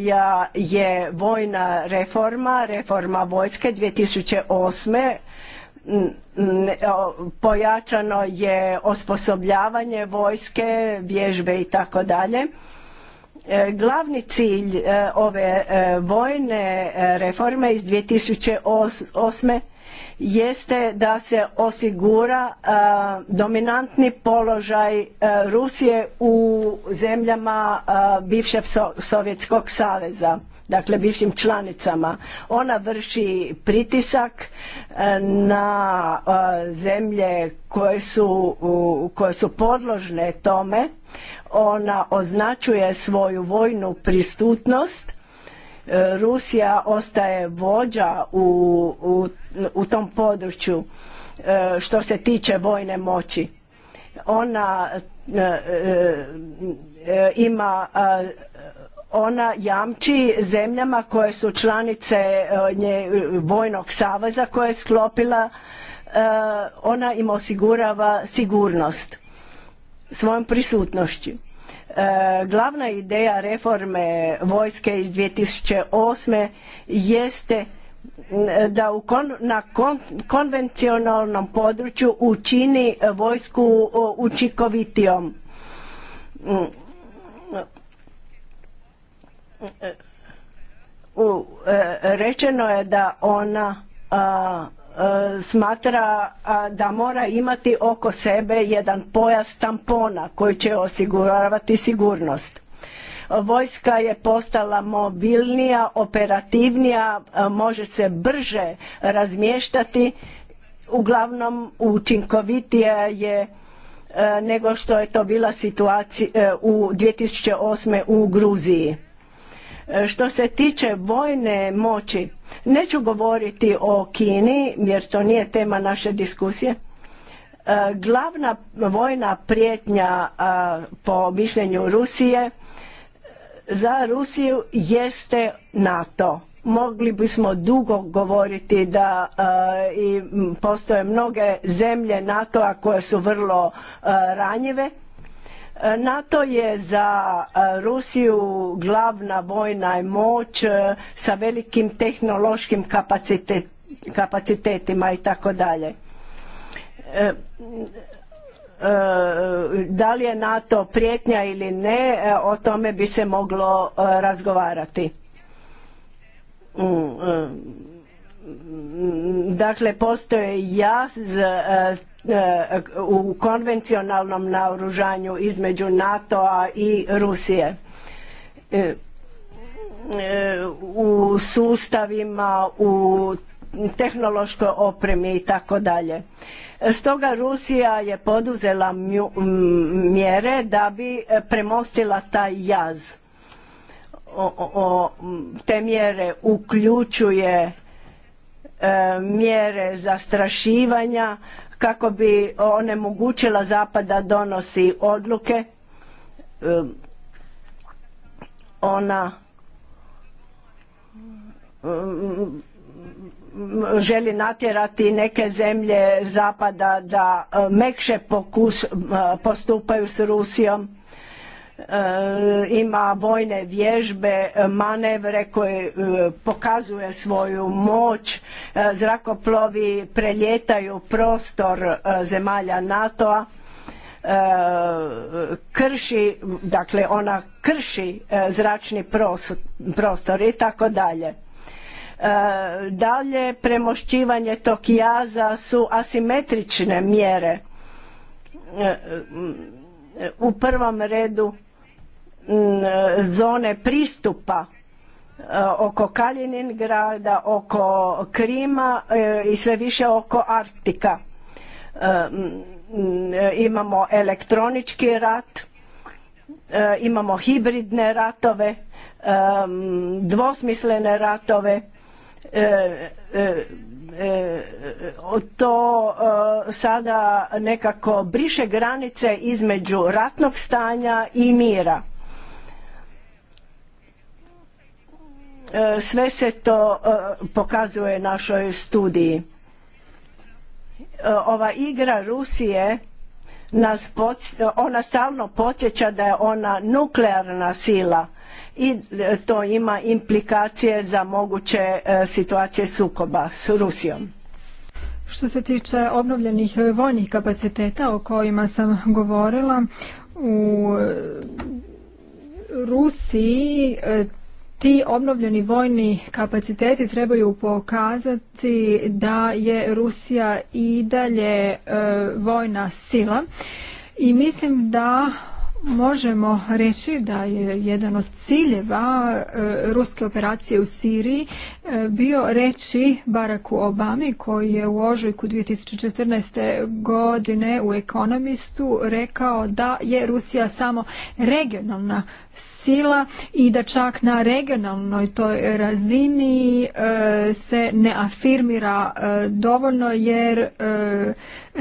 je vojna reforma, reforma vojske 2008 pojačano je osposobljavanje vojske, vježbe i tako dalje. E, glavni cilj e, ove e, vojne reforme iz 2008. jeste da se osigura dominantni položaj Rusije u zemljama bivšeg Sovjetskog saveza dakle bivšim članicama. Ona vrši pritisak e, na e, zemlje koje su, koje su podložne tome. Ona označuje svoju vojnu prisutnost. E, Rusija ostaje vođa u, u, u tom području što se tiče vojne moći. Ona ima ona jamči zemljama koje su članice e, vojnog saveza koje je sklopila e, ona im osigurava sigurnost svojom prisutnošću. E, glavna ideja reforme vojske iz 2008. jeste da na konvencionalnom području učini vojsku učinkovitijom mm u, e, rečeno je da ona e, smatra da mora imati oko sebe jedan pojas tampona koji će osiguravati sigurnost. Vojska je postala mobilnija, operativnija, može se brže razmještati, uglavnom učinkovitija je e, nego što je to bila situacija u 2008. u Gruziji što se tiče vojne moći, neću govoriti o Kini jer to nije tema naše diskusije. E, glavna vojna prijetnja e, po mišljenju Rusije e, za Rusiju jeste NATO. Mogli bismo dugo govoriti da i postoje mnoge zemlje NATO-a koje su vrlo ranjive NATO je za Rusiju glavna vojna moć sa velikim tehnološkim kapacitetima i tako dalje. Da li je NATO prijetnja ili ne, o tome bi se moglo razgovarati. Dakle, postoje jaz E, u konvencionalnom naoružanju između NATO-a i Rusije e, e, u sustavima u tehnološkoj opremi i tako dalje. Stoga Rusija je poduzela mjere da bi premostila taj jaz. O, te mjere uključuje mjere zastrašivanja kako bi onemogućila zapada donosi odluke ona želi natjerati neke zemlje zapada da mekše postupaju s Rusijom E, ima vojne vježbe, manevre koje e, pokazuje svoju moć, e, zrakoplovi preljetaju prostor zemalja NATO-a, krši, dakle ona krši zračni prostor i tako dalje. Dalje premošćivanje tog jaza su asimetrične mjere. U prvom redu zone pristupa e, oko Kaliningrada, oko Krima e, i sve više oko Arktika. E, imamo elektronički rat, imamo hibridne ratove, dvosmislene ratove, to sada nekako briše granice između ratnog stanja i mira E, sve se to e, pokazuje našoj studiji. E, ova igra Rusije nas ona stalno podsjeća da je ona nuklearna sila i to ima implikacije za moguće situacije sukoba s Rusijom. Što se tiče obnovljenih vojnih kapaciteta o kojima sam govorila, u Rusiji ti obnovljeni vojni kapaciteti trebaju pokazati da je Rusija i dalje e, vojna sila i mislim da možemo reći da je jedan od ciljeva e, ruske operacije u Siriji e, bio reći Baracku Obami koji je u ožujku 2014. godine u Ekonomistu rekao da je Rusija samo regionalna sila i da čak na regionalnoj toj razini e, se ne afirmira e, dovoljno jer e,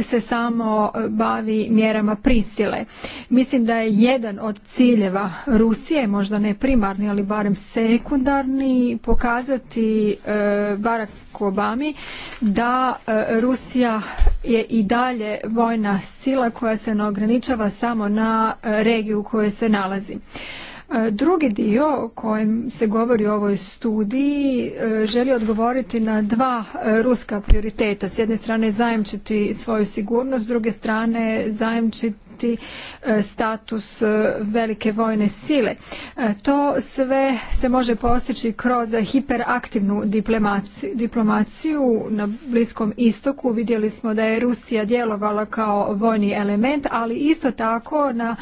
se samo bavi mjerama prisile. Mislim da je jedan od ciljeva Rusije, možda ne primarni, ali barem sekundarni, pokazati Barack Obami da Rusija je i dalje vojna sila koja se ne ograničava samo na regiju u kojoj se nalazi. E, drugi dio o kojem se govori o ovoj studiji e, želi odgovoriti na dva e, ruska prioriteta. S jedne strane zajamčiti svoju sigurnost, s druge strane zajamčiti imati e, status e, velike vojne sile. E, to sve se može postići kroz hiperaktivnu diplomaciju na Bliskom istoku. Vidjeli smo da je Rusija djelovala kao vojni element, ali isto tako na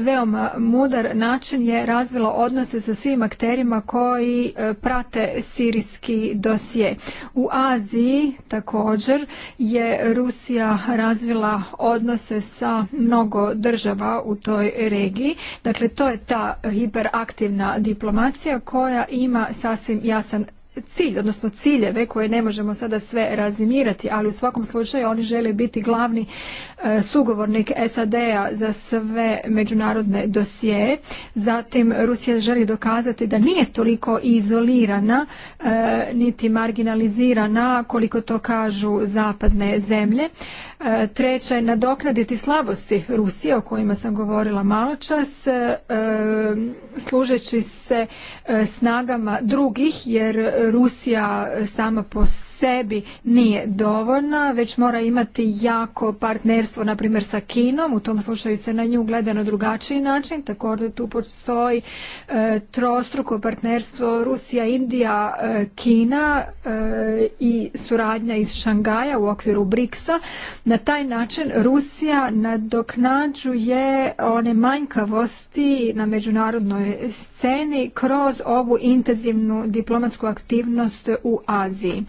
veoma mudar način je razvila odnose sa svim akterima koji prate sirijski dosje. U Aziji također je Rusija razvila odnose sa mnogo mnogo država u toj regiji. Dakle, to je ta hiperaktivna diplomacija koja ima sasvim jasan cilj, odnosno ciljeve koje ne možemo sada sve razimirati, ali u svakom slučaju oni žele biti glavni e, sugovornik SAD-a za sve međunarodne dosije. Zatim Rusija želi dokazati da nije toliko izolirana e, niti marginalizirana koliko to kažu zapadne zemlje. E, Treća je nadoknaditi slabosti Rusije o kojima sam govorila malo čas, e, služeći se e, snagama drugih jer Rusija sama po sebi nije dovoljna, već mora imati jako partnerstvo, na primjer sa Kinom, u tom slučaju se na nju gleda na drugačiji način, također tu postoji e, trostruko partnerstvo Rusija, Indija, e, Kina e, i suradnja iz Šangaja u okviru BRICS-a. Na taj način Rusija nadoknađuje one manjkavosti na međunarodnoj sceni kroz ovu intenzivnu diplomatsku aktivnost u Aziji.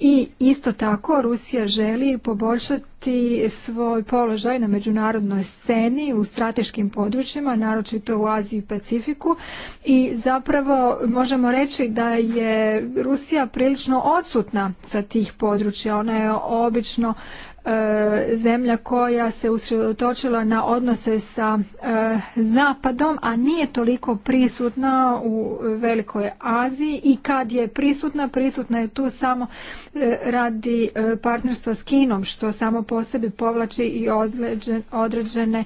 I isto tako Rusija želi poboljšati svoj položaj na međunarodnoj sceni u strateškim područjima, naročito u Aziji i Pacifiku. I zapravo možemo reći da je Rusija prilično odsutna sa tih područja. Ona je obično E, zemlja koja se usredotočila na odnose sa e, zapadom a nije toliko prisutna u velikoj Aziji i kad je prisutna prisutna je tu samo e, radi partnerstva s Kinom što samo po sebi povlači i određene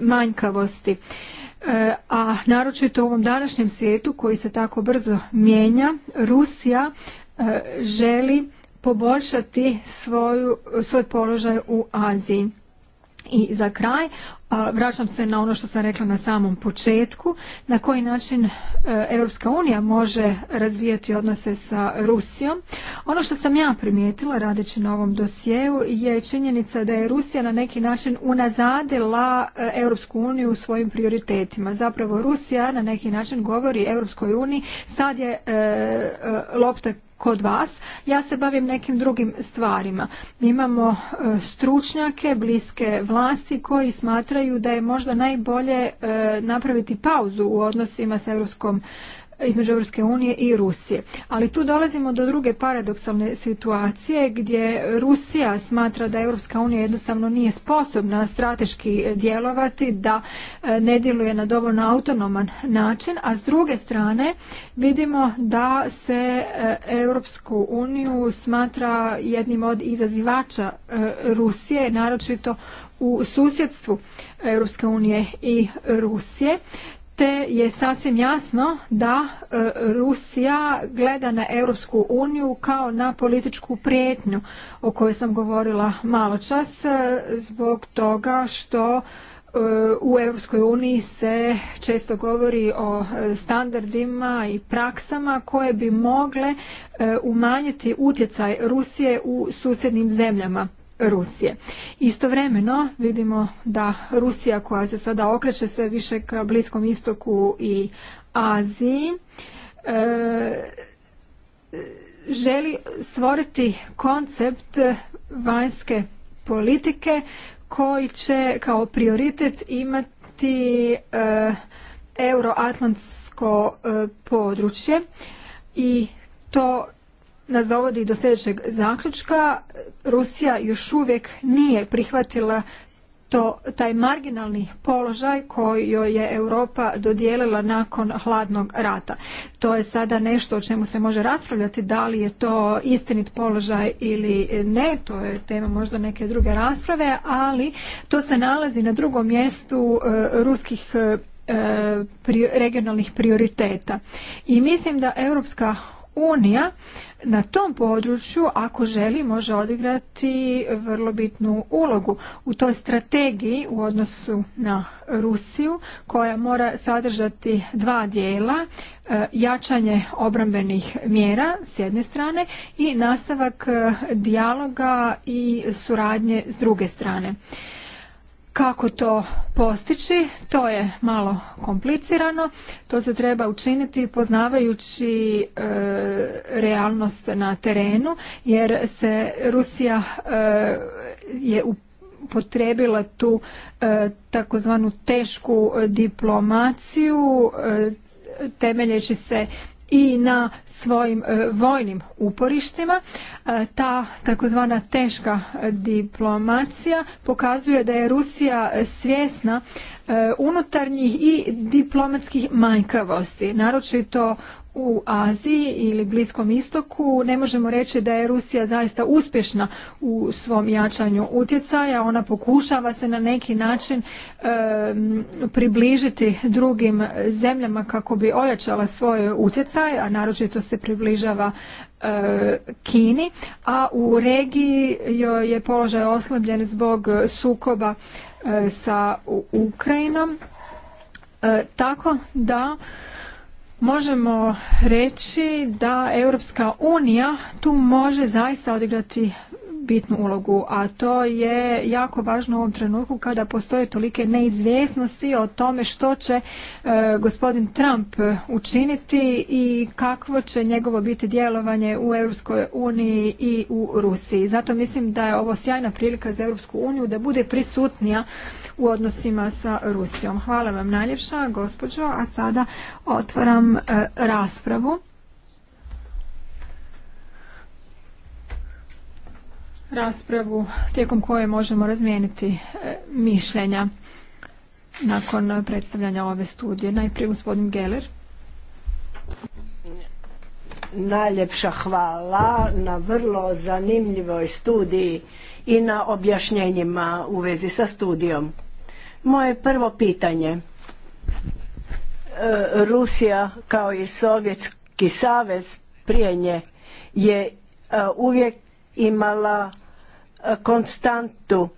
manjkavosti a naročito u ovom današnjem svijetu koji se tako brzo mijenja Rusija želi poboljšati svoju, svoj položaj u Aziji. I za kraj, vraćam se na ono što sam rekla na samom početku, na koji način e, Europska unija može razvijati odnose sa Rusijom. Ono što sam ja primijetila radeći na ovom dosjeu je činjenica da je Rusija na neki način unazadila e, Europsku uniju u svojim prioritetima. Zapravo Rusija na neki način govori Europskoj uniji sad je e, e kod vas. Ja se bavim nekim drugim stvarima. imamo e, stručnjake, bliske vlasti koji smatraju da je možda najbolje e, napraviti pauzu u odnosima s Europskom između Europske unije i Rusije. Ali tu dolazimo do druge paradoksalne situacije gdje Rusija smatra da Europska unija jednostavno nije sposobna strateški djelovati, da e, ne djeluje na dovoljno autonoman način, a s druge strane vidimo da se e, Europsku uniju smatra jednim od izazivača e, Rusije, naročito u susjedstvu Europske unije i Rusije te je sasvim jasno da e, Rusija gleda na Europsku uniju kao na političku prijetnju o kojoj sam govorila malo čas e, zbog toga što e, u Europskoj uniji se često govori o standardima i praksama koje bi mogle umanjiti utjecaj Rusije u susjednim zemljama. Rusije. Istovremeno vidimo da Rusija koja se sada okreće sve više ka Bliskom istoku i Aziji e, želi stvoriti koncept vanjske politike koji će kao prioritet imati e, euroatlantsko e, područje i to nas dovodi do sljedećeg zaključka. Rusija još uvijek nije prihvatila to taj marginalni položaj koji joj je Europa dodijelila nakon hladnog rata. To je sada nešto o čemu se može raspravljati, da li je to istinit položaj ili ne, to je tema možda neke druge rasprave, ali to se nalazi na drugom mjestu e, ruskih e, regionalnih prioriteta. I mislim da Europska unija na tom području ako želi može odigrati vrlo bitnu ulogu u toj strategiji u odnosu na Rusiju koja mora sadržati dva dijela e, jačanje obrambenih mjera s jedne strane i nastavak e, dijaloga i suradnje s druge strane. Kako to postići? To je malo komplicirano. To se treba učiniti poznavajući e, realnost na terenu jer se Rusija e, je upotrebila tu e, takozvanu tešku diplomaciju e, temeljeći se i na svojim e, vojnim uporištima. E, ta takozvana teška diplomacija pokazuje da je Rusija svjesna e, unutarnjih i diplomatskih manjkavosti, naročito u Aziji ili Bliskom istoku ne možemo reći da je Rusija zaista uspješna u svom jačanju utjecaja. Ona pokušava se na neki način približiti drugim zemljama kako bi ojačala svoj utjecaj, a naročito se približava e, Kini, a u regiji joj je položaj oslabljen zbog sukoba e, sa Ukrajinom. E, tako da možemo reći da Europska unija tu može zaista odigrati bitnu ulogu, a to je jako važno u ovom trenutku kada postoje tolike neizvjesnosti o tome što će e, gospodin Trump učiniti i kakvo će njegovo biti djelovanje u Europskoj uniji i u Rusiji. Zato mislim da je ovo sjajna prilika za Europsku uniju da bude prisutnija u odnosima sa Rusijom. Hvala vam najljepša, gospođo, a sada otvaram e, raspravu. Raspravu tijekom koje možemo razmijeniti e, mišljenja nakon predstavljanja ove studije. Najprije gospodin Geller. Najljepša hvala na vrlo zanimljivoj studiji i na objašnjenjima u vezi sa studijom. Moje prvo pitanje. E, Rusija kao i Sovjetski savez prije nje je e, uvijek imala e, konstantu,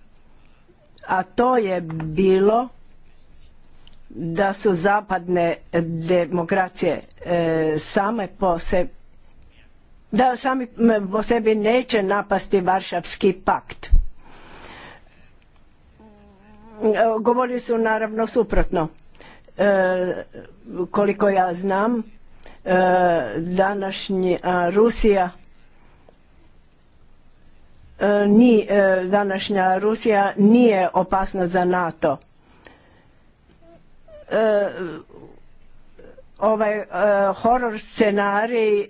a to je bilo da su zapadne demokracije same po sebi da sami po sebi neće napasti Varšavski pakt govorili su naravno suprotno. E, koliko ja znam, e, današnja Rusija e, ni, današnja Rusija nije opasna za NATO. Ovaj horor scenarij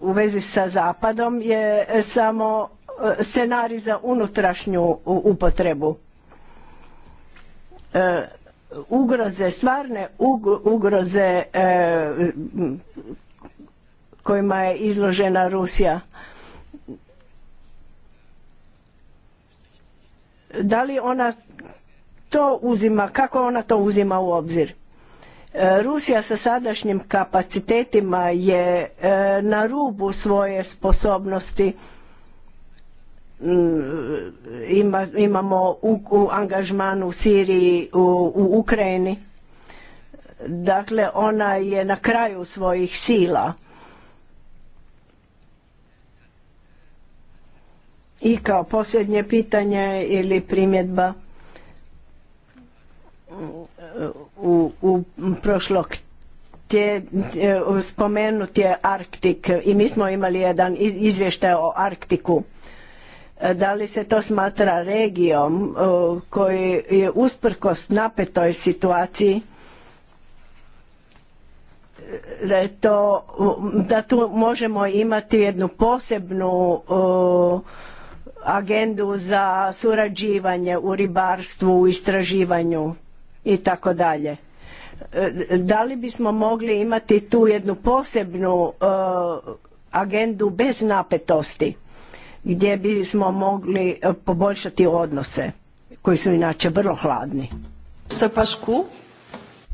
u vezi sa Zapadom je samo scenarij za unutrašnju upotrebu E, ugroze, stvarne ugroze e, kojima je izložena Rusija. Da li ona to uzima, kako ona to uzima u obzir? E, Rusija sa sadašnjim kapacitetima je na rubu svoje sposobnosti Mm, imamo u, u angažmanu u Siriji, u, Ukrajini. Dakle, ona je na kraju svojih sila. I kao posljednje pitanje ili primjedba u, u prošlog e, spomenut je Arktik i mi smo imali jedan izvještaj o Arktiku E, da li se to smatra regijom e, koji je usprkos napetoj situaciji da to, da tu možemo imati jednu posebnu e, agendu za surađivanje u ribarstvu, u istraživanju i tako dalje. Da li bismo mogli imati tu jednu posebnu agendu bez napetosti? gdje bismo mogli e, poboljšati odnose koji su inače vrlo hladni. Sa Pašku.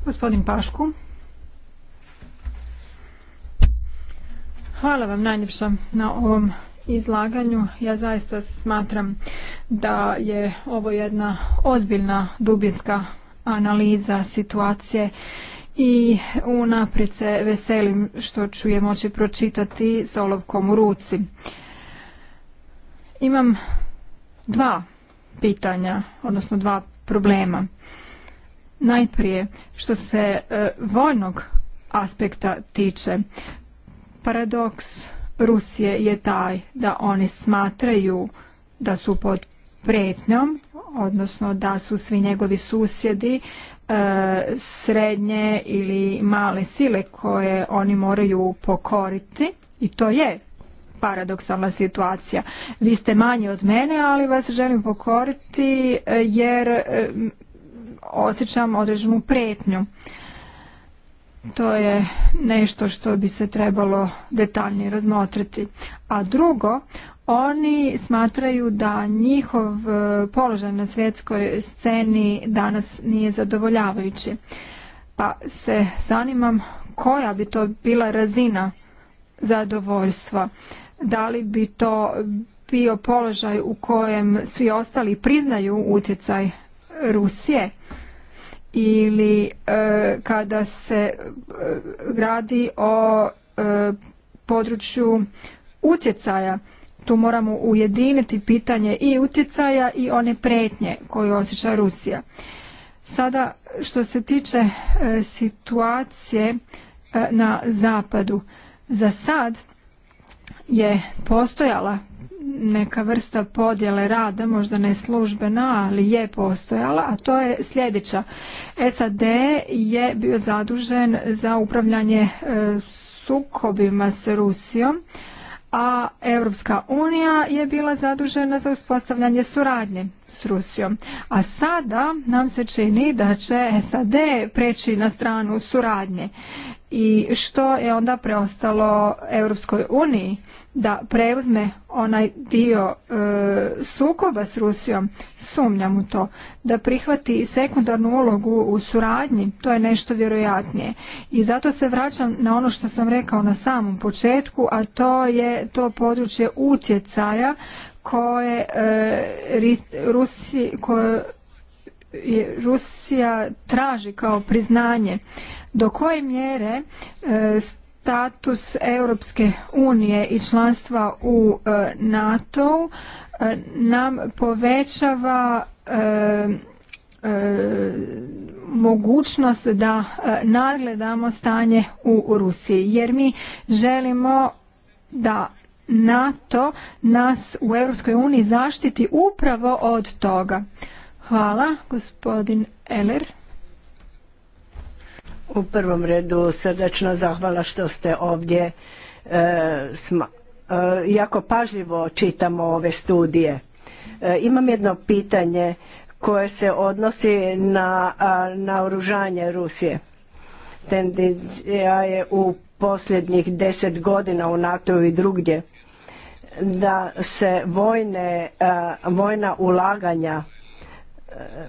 Gospodin Pašku. Hvala vam najljepša na ovom izlaganju. Ja zaista smatram da je ovo jedna ozbiljna dubinska analiza situacije i unaprijed se veselim što ću je moći pročitati s olovkom u ruci. Imam dva pitanja, odnosno dva problema. Najprije, što se e, vojnog aspekta tiče, paradoks Rusije je taj da oni smatraju da su pod pretnjom, odnosno da su svi njegovi susjedi e, srednje ili male sile koje oni moraju pokoriti i to je paradoksalna situacija. Vi ste manji od mene, ali vas želim pokoriti e, jer e, osjećam određenu pretnju. To je nešto što bi se trebalo detaljnije razmotriti. A drugo, oni smatraju da njihov e, položaj na svjetskoj sceni danas nije zadovoljavajući. Pa se zanimam koja bi to bila razina zadovoljstva da li bi to bio položaj u kojem svi ostali priznaju utjecaj Rusije ili e, kada se e, radi o e, području utjecaja tu moramo ujediniti pitanje i utjecaja i one pretnje koju osjeća Rusija. Sada što se tiče e, situacije na zapadu za sad je postojala neka vrsta podjele rada, možda ne službena, ali je postojala, a to je sljedeća. SAD je bio zadužen za upravljanje e, sukobima s Rusijom, a Europska unija je bila zadužena za uspostavljanje suradnje s Rusijom. A sada nam se čini da će SAD preći na stranu suradnje. I što je onda preostalo Europskoj uniji da preuzme onaj dio e, sukoba s Rusijom? Sumnjam u to. Da prihvati sekundarnu ulogu u suradnji, to je nešto vjerojatnije. I zato se vraćam na ono što sam rekao na samom početku, a to je to područje utjecaja koje e, koje Rusija traži kao priznanje do koje mjere e, status Europske unije i članstva u e, NATO nam povećava mogućnost da nadgledamo stanje u Rusiji jer mi želimo da NATO nas u Europskoj uniji zaštiti upravo od toga. Hvala, gospodin Eller. U prvom redu srdečno zahvala što ste ovdje. E, e, jako pažljivo čitamo ove studije. E, imam jedno pitanje koje se odnosi na oružanje Rusije. Tendencija je u posljednjih deset godina u NATO i drugdje da se vojne, e, vojna ulaganja e,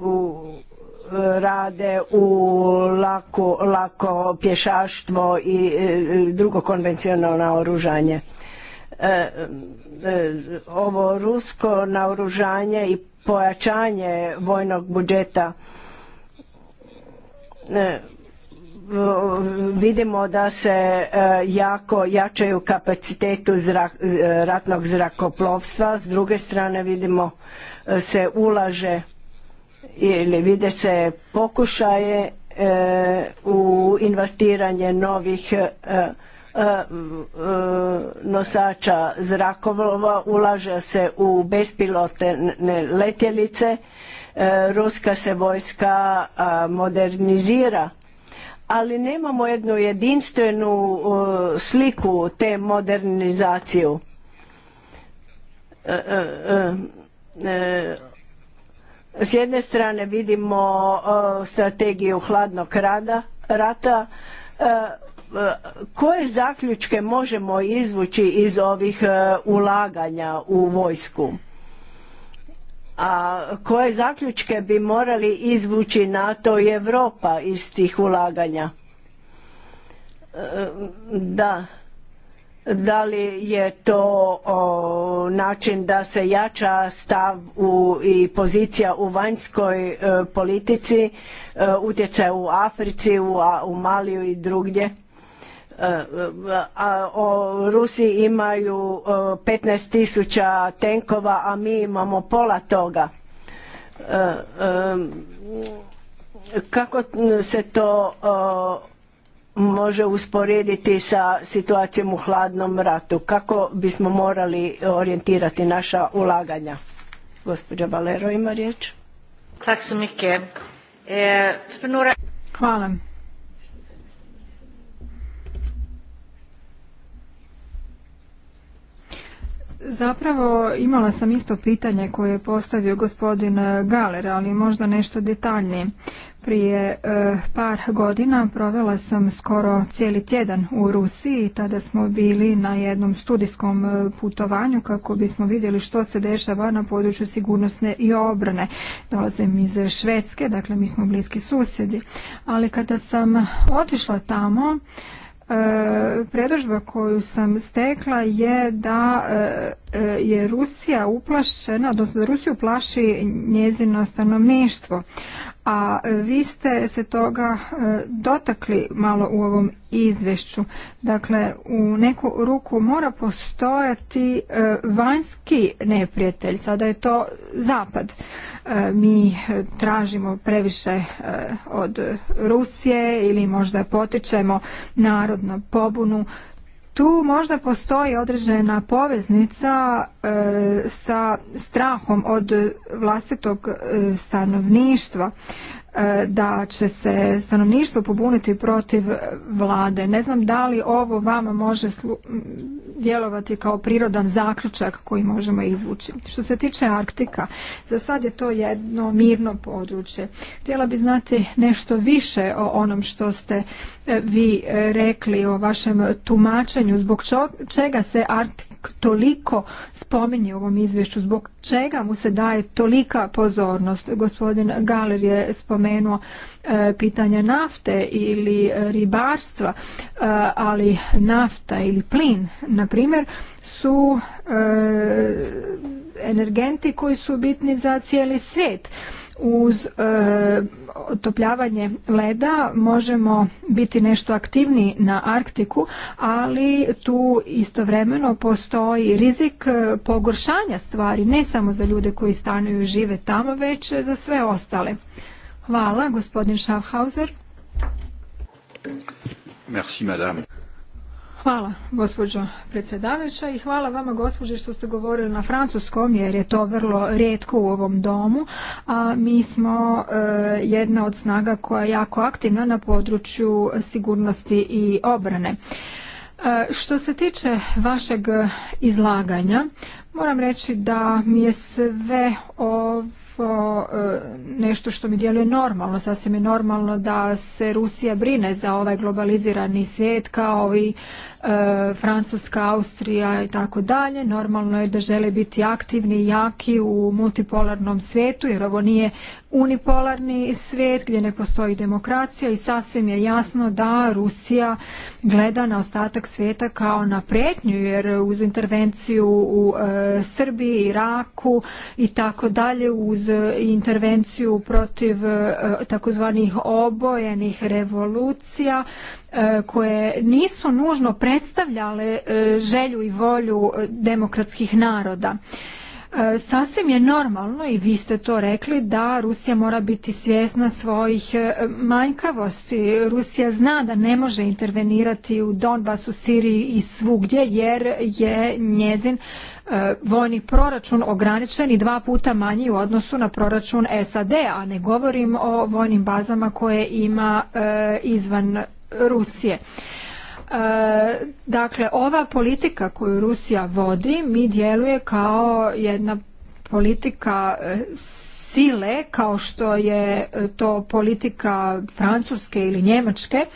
u rade u lako, lako pješaštvo i e, drugo konvencionalno oružanje. ovo rusko naoružanje i pojačanje vojnog budžeta vidimo da se e, jako jačaju kapacitetu e, ratnog zrakoplovstva, s druge strane vidimo e, se ulaže ili vide se pokušaje u investiranje novih nosača zrakovlova, ulaže se u bespilotne letjelice, ruska se vojska modernizira ali nemamo jednu jedinstvenu sliku te modernizaciju. E, e, e, s jedne strane vidimo strategiju hladnog rata, koje zaključke možemo izvući iz ovih ulaganja u vojsku? a koje zaključke bi morali izvući NATO i Europa iz tih ulaganja? E, da, da li je to način da se jača stav i pozicija u vanjskoj e, politici, e, utjecaj u Africi, u Maliju i drugdje? a o Rusi imaju petnaest tisuća tenkova, a mi imamo pola toga. E, kako se to može usporediti sa situacijom u hladnom ratu? Kako bismo morali orijentirati naša ulaganja? Gospođa Valero ima riječ. E, Hvala. Zapravo imala sam isto pitanje koje je postavio gospodin Galer, ali možda nešto detaljnije. Prije e, par godina provela sam skoro cijeli tjedan u Rusiji tada smo bili na jednom studijskom e, putovanju kako bismo vidjeli što se dešava na području sigurnosne i obrane. Dolazim iz Švedske, dakle mi smo bliski susjedi. Ali kada sam otišla tamo, E, predožba koju sam stekla je da e, e, je Rusija uplašena, odnosno da Rusiju plaši njezino stanovništvo a e, vi ste se toga e, dotakli malo u ovom izvješću. Dakle, u neku ruku mora postojati e, vanjski neprijatelj, sada je to zapad. Mi tražimo previše od Rusije ili možda potičemo narodnu pobunu tu možda postoji određena poveznica e, sa strahom od vlastitog e, stanovništva E, da će se stanovništvo pobuniti protiv vlade. Ne znam da li ovo vama može djelovati kao prirodan zaključak koji možemo izvući. Što se tiče Arktika, za sad je to jedno mirno područje. Htjela bi znati nešto više o onom što ste e, vi e, rekli o vašem tumačenju, zbog čega se Arktika, toliko spominje u ovom izvješću, zbog čega mu se daje tolika pozornost. Gospodin Galer je spomenuo e, pitanje nafte ili ribarstva, e, ali nafta ili plin, na primjer, su e, energenti koji su bitni za cijeli svijet uz e, otopljavanje leda možemo biti nešto aktivniji na Arktiku, ali tu istovremeno postoji rizik e, pogoršanja stvari, ne samo za ljude koji stanuju i žive tamo, već za sve ostale. Hvala, gospodin Schaffhauser. Merci, madame. Hvala gospođo predsjedavajuća i hvala vama gospođe što ste govorili na francuskom jer je to vrlo rijetko u ovom domu, a mi smo e, jedna od snaga koja je jako aktivna na području sigurnosti i obrane. E, što se tiče vašeg izlaganja, moram reći da mi je sve ovo e, nešto što mi djeluje normalno. Sasvim je normalno da se Rusija brine za ovaj globalizirani svijet kao i E, Francuska, Austrija i tako dalje. Normalno je da žele biti aktivni i jaki u multipolarnom svijetu jer ovo nije unipolarni svijet gdje ne postoji demokracija i sasvim je jasno da Rusija gleda na ostatak svijeta kao na prijetnju jer uz intervenciju u e, Srbiji, Iraku i tako dalje uz intervenciju protiv e, takozvanih obojenih revolucija E, koje nisu nužno predstavljale e, želju i volju e, demokratskih naroda. Sasvim je normalno i vi ste to rekli da Rusija mora biti svjesna svojih manjkavosti. Rusija zna da ne može intervenirati u u Siriji i svugdje jer je njezin vojni proračun ograničen i dva puta manji u odnosu na proračun SAD, a ne govorim o vojnim bazama koje ima izvan Rusije. E, dakle, ova politika koju Rusija vodi mi djeluje kao jedna politika e, sile, kao što je to politika Francuske ili Njemačke,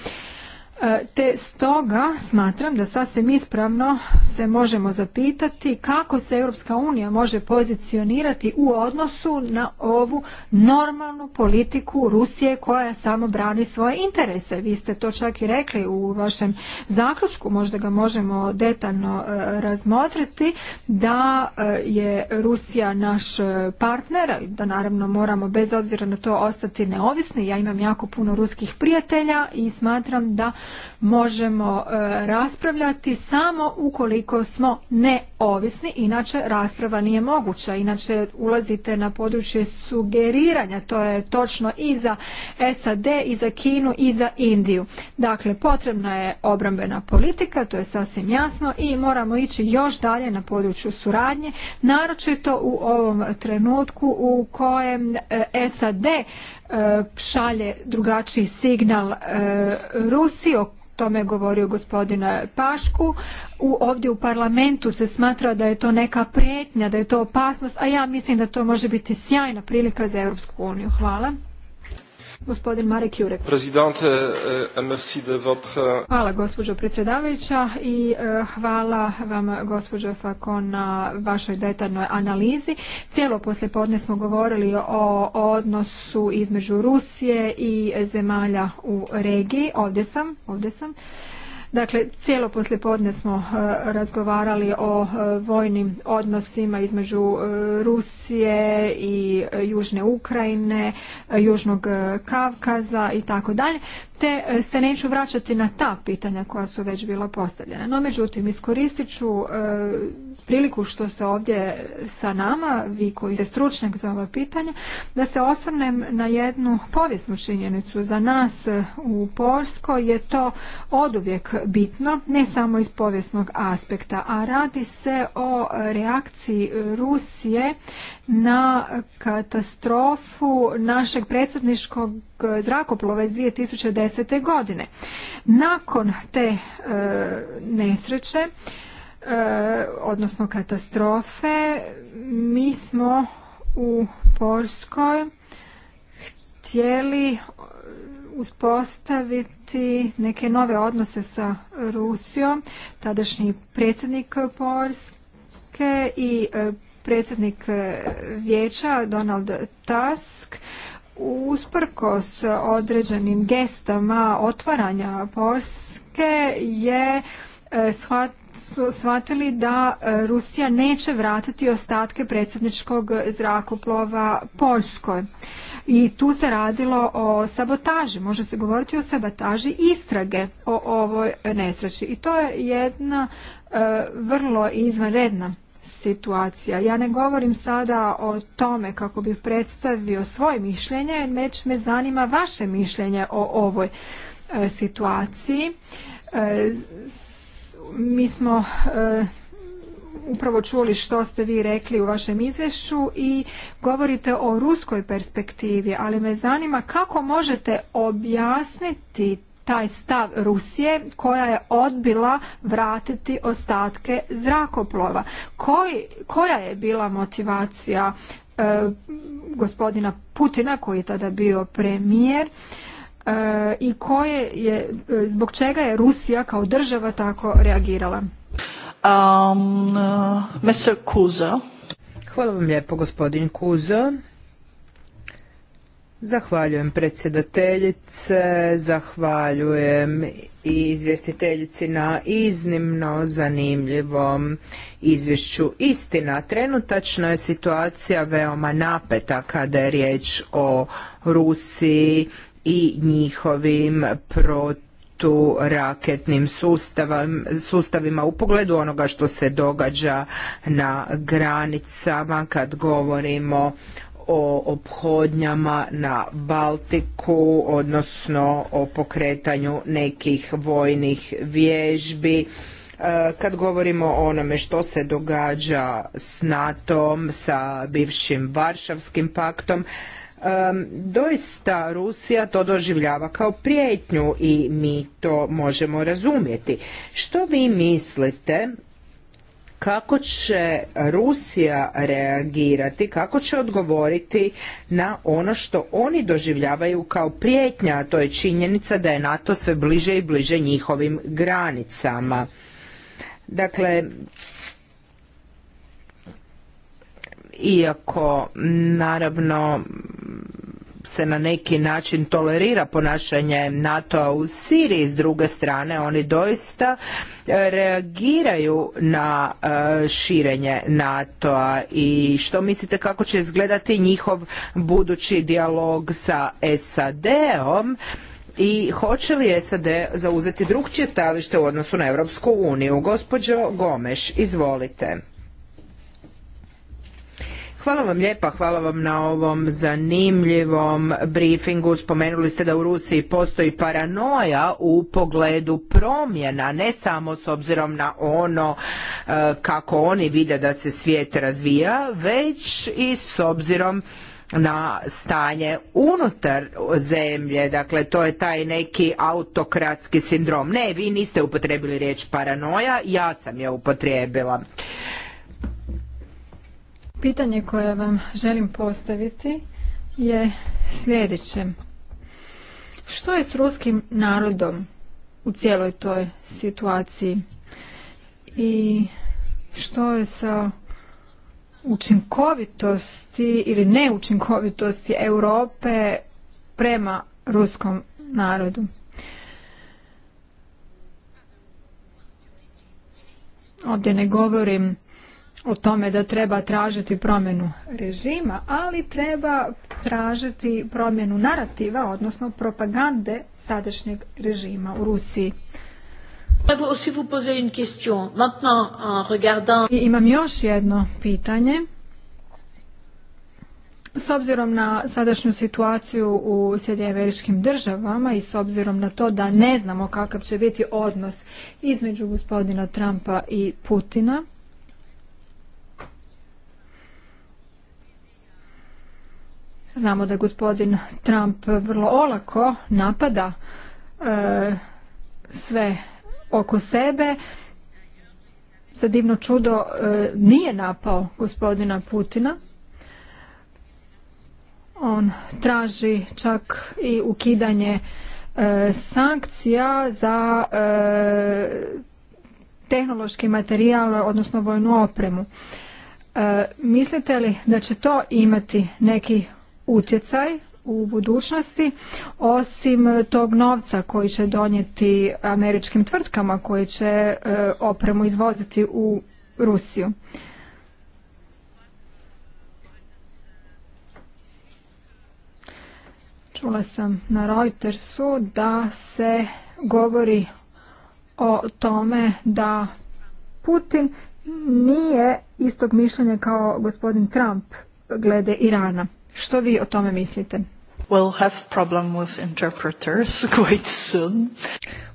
E, te stoga smatram da sasvim ispravno se možemo zapitati kako se Europska unija može pozicionirati u odnosu na ovu normalnu politiku Rusije koja samo brani svoje interese. Vi ste to čak i rekli u vašem zaključku, možda ga možemo detaljno e, razmotriti, da e, je Rusija naš partner, da naravno moramo bez obzira na to ostati neovisni. Ja imam jako puno ruskih prijatelja i smatram da možemo e, raspravljati samo ukoliko smo neovisni, inače rasprava nije moguća, inače ulazite na područje sugeriranja, to je točno i za SAD, i za Kinu, i za Indiju. Dakle, potrebna je obrambena politika, to je sasvim jasno i moramo ići još dalje na području suradnje, naročito u ovom trenutku u kojem e, SAD E, šalje drugačiji signal e, Rusiji o tome je govorio gospodin Pašku. ovdje u parlamentu se smatra da je to neka prijetnja, da je to opasnost, a ja mislim da to može biti sjajna prilika za Europsku uniju. Hvala. Gospodin Marek Jurek. Eh, eh, hvala gospođo predsjedavajuća i eh, hvala vam gospođo Fakon na vašoj detaljnoj analizi. Cijelo poslijepodne smo govorili o odnosu između Rusije i zemalja u regiji. Ovdje sam, ovdje sam. Dakle, cijelo poslijepodne smo e, razgovarali o e, vojnim odnosima između e, Rusije i Južne Ukrajine, Južnog Kavkaza i tako dalje te e, se neću vraćati na ta pitanja koja su već bila postavljena. No, međutim, iskoristit ću e, priliku što ste ovdje sa nama, vi koji ste stručnjak za ova pitanja, da se osvrnem na jednu povijesnu činjenicu. Za nas e, u Polskoj je to oduvijek bitno, ne samo iz povijesnog aspekta, a radi se o reakciji Rusije na katastrofu našeg predsjedničkog zrakoplova iz 2010 godine. Nakon te e, nesreće e, odnosno katastrofe mi smo u Poljskoj htjeli uspostaviti neke nove odnose sa Rusijom. Tadašnji predsjednik Poljske i e, predsjednik vijeća Donald Tusk usprkos određenim gestama otvaranja Polske je e, shvatili da e, Rusija neće vratiti ostatke predsjedničkog zrakoplova Poljskoj. I tu se radilo o sabotaži, može se govoriti o sabotaži istrage o ovoj nesreći. I to je jedna e, vrlo izvanredna situacija. Ja ne govorim sada o tome kako bih predstavio svoje mišljenje, već me zanima vaše mišljenje o ovoj e, situaciji. E, mi smo e, upravo čuli što ste vi rekli u vašem izvješću i govorite o ruskoj perspektivi, ali me zanima kako možete objasniti taj stav Rusije koja je odbila vratiti ostatke zrakoplova. Koji, koja je bila motivacija e, gospodina Putina koji je tada bio premijer e, i koje je, zbog čega je Rusija kao država tako reagirala? Um, uh, Mr. Hvala vam lijepo gospodin Kuzo. Zahvaljujem predsjedateljice, zahvaljujem i izvjestiteljici na iznimno zanimljivom izvješću. Istina, trenutačno je situacija veoma napeta kada je riječ o Rusiji i njihovim proturaketnim raketnim sustavima u pogledu onoga što se događa na granicama kad govorimo o ophodnjama na Baltiku, odnosno o pokretanju nekih vojnih vježbi. E, kad govorimo o onome što se događa s NATO-om, sa bivšim Varšavskim paktom, e, doista Rusija to doživljava kao prijetnju i mi to možemo razumjeti. Što vi mislite kako će Rusija reagirati, kako će odgovoriti na ono što oni doživljavaju kao prijetnja, a to je činjenica da je NATO sve bliže i bliže njihovim granicama. Dakle, iako naravno se na neki način tolerira ponašanje NATO-a u Siriji, s druge strane oni doista e, reagiraju na e, širenje NATO-a i što mislite kako će izgledati njihov budući dijalog sa SAD-om i hoće li SAD zauzeti drugčije stajalište u odnosu na Europsku uniju? Gospođo Gomeš, izvolite. Hvala vam lijepa, hvala vam na ovom zanimljivom briefingu. Spomenuli ste da u Rusiji postoji paranoja u pogledu promjena, ne samo s obzirom na ono e, kako oni vide da se svijet razvija, već i s obzirom na stanje unutar zemlje, dakle to je taj neki autokratski sindrom. Ne, vi niste upotrebili riječ paranoja, ja sam je upotrijebila. Pitanje koje vam želim postaviti je sljedeće. Što je s ruskim narodom u cijeloj toj situaciji? I što je sa učinkovitosti ili neučinkovitosti Europe prema ruskom narodu? Ovdje ne govorim o tome da treba tražiti promjenu režima, ali treba tražiti promjenu narativa, odnosno propagande sadašnjeg režima u Rusiji. I imam još jedno pitanje. S obzirom na sadašnju situaciju u Sjedinjeveričkim državama i s obzirom na to da ne znamo kakav će biti odnos između gospodina Trumpa i Putina, Znamo da gospodin Trump vrlo olako napada e, sve oko sebe. Za divno čudo e, nije napao gospodina Putina. On traži čak i ukidanje e, sankcija za tehnološki materijal, odnosno vojnu opremu. Mislite li da će to imati neki utjecaj u budućnosti osim tog novca koji će donijeti američkim tvrtkama koji će e, opremu izvoziti u Rusiju. Čula sam na Reutersu da se govori o tome da Putin nije istog mišljenja kao gospodin Trump glede Irana. Što vi o tome mislite? We'll have problem with interpreters quite soon.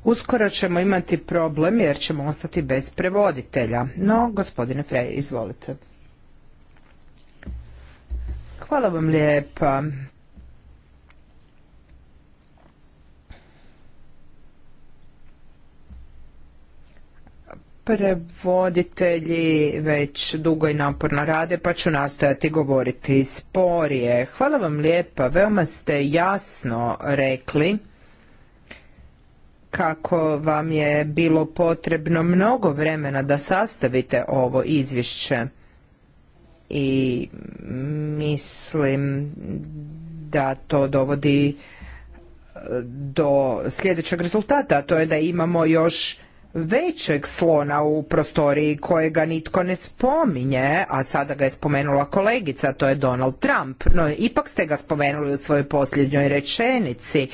Uskoro ćemo imati problem jer ćemo ostati bez prevoditelja. No, gospodine Frey, izvolite. Hvala vam lijepa. Prevoditelji već dugo i naporno rade, pa ću nastojati govoriti sporije. Hvala vam lijepa, veoma ste jasno rekli kako vam je bilo potrebno mnogo vremena da sastavite ovo izvješće i mislim da to dovodi do sljedećeg rezultata, a to je da imamo još većeg slona u prostoriji kojega nitko ne spominje, a sada ga je spomenula kolegica, to je Donald Trump, no ipak ste ga spomenuli u svojoj posljednjoj rečenici.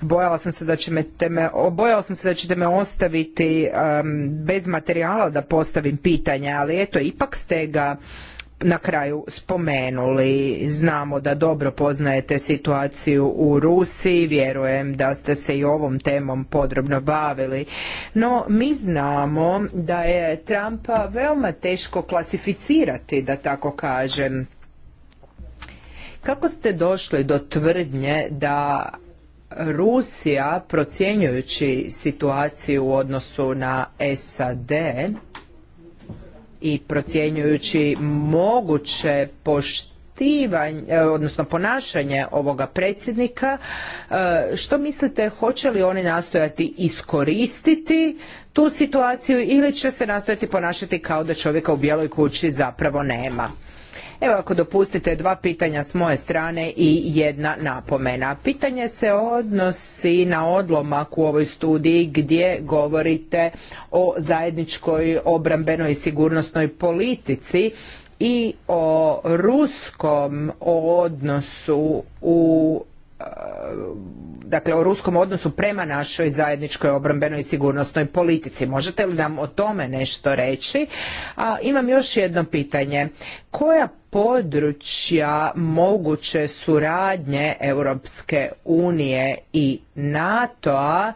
Bojala sam se da će me teme, bojao sam se da ćete me ostaviti bez materijala da postavim pitanja, ali eto, ipak ste ga na kraju spomenuli. Znamo da dobro poznajete situaciju u Rusiji, vjerujem da ste se i ovom temom podrobno bavili. No, mi znamo da je Trumpa veoma teško klasificirati, da tako kažem. Kako ste došli do tvrdnje da Rusija, procjenjujući situaciju u odnosu na SAD, i procjenjujući moguće poštivanje, e, odnosno ponašanje ovoga predsjednika, e, što mislite hoće li oni nastojati iskoristiti tu situaciju ili će se nastojati ponašati kao da čovjeka u bijeloj kući zapravo nema? Evo ako dopustite dva pitanja s moje strane i jedna napomena. Pitanje se odnosi na odlomak u ovoj studiji gdje govorite o zajedničkoj obrambenoj i sigurnosnoj politici i o ruskom odnosu u Eh, dakle o ruskom odnosu prema našoj zajedničkoj obrambenoj i sigurnosnoj politici. Možete li nam o tome nešto reći? A, imam još jedno pitanje. Koja područja moguće suradnje Europske unije i NATO-a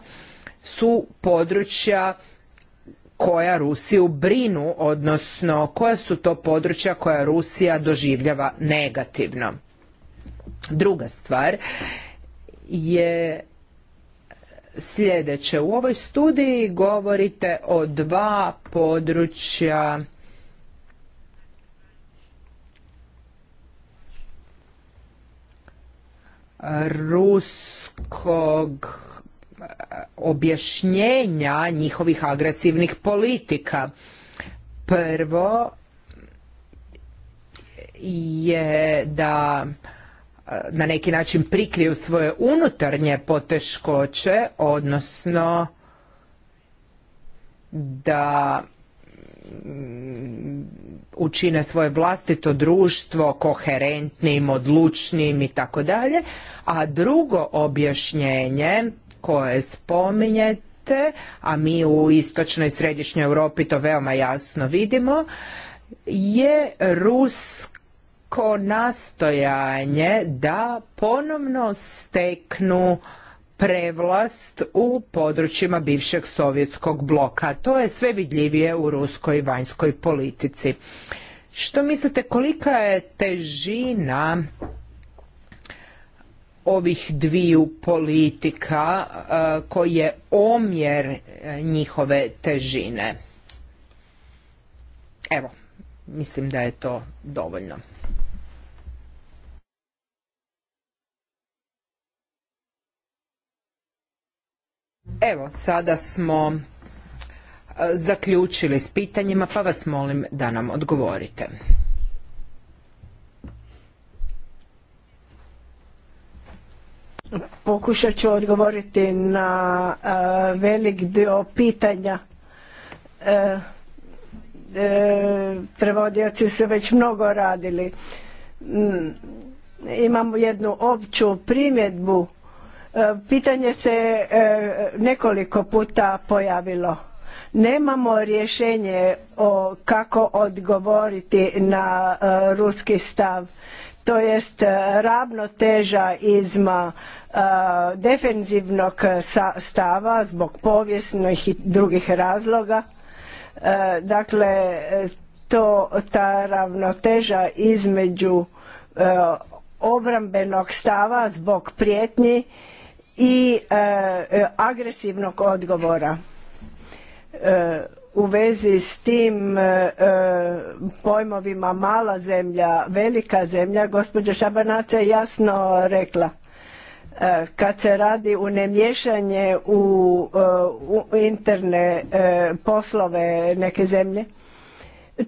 su područja koja Rusiju brinu, odnosno koja su to područja koja Rusija doživljava negativno? Druga stvar je sljedeće. U ovoj studiji govorite o dva područja ruskog objašnjenja njihovih agresivnih politika. Prvo je da Eh, na neki način prikriju svoje unutarnje poteškoće, odnosno da mm, učine svoje vlastito društvo koherentnim, odlučnim i tako dalje. A drugo objašnjenje koje spominjete, a mi u istočnoj i središnjoj Europi to veoma jasno vidimo, je rus svako nastojanje da ponovno steknu prevlast u područjima bivšeg sovjetskog bloka. To je sve vidljivije u ruskoj vanjskoj politici. Što mislite kolika je težina ovih dviju politika koji je omjer njihove težine? Evo, mislim da je to dovoljno. Evo, sada smo e, zaključili s pitanjima, pa vas molim da nam odgovorite. Pokušat ću odgovoriti na e, velik dio pitanja. E, prevodioci se već mnogo radili. Mm, imamo jednu opću primjedbu Pitanje se e, nekoliko puta pojavilo. Nemamo rješenje o kako odgovoriti na e, ruski stav. To jest e, ravnoteža izma defenzivnog stava zbog povijesnih i drugih razloga. Dakle, to ta ravnoteža između obrambenog stava zbog prijetnji i e, e, agresivnog odgovora e, u vezi s tim pojmovima mala zemlja, velika zemlja, gospođa Šabanaca je jasno rekla kad se radi u nemješanje u, u interne poslove neke zemlje.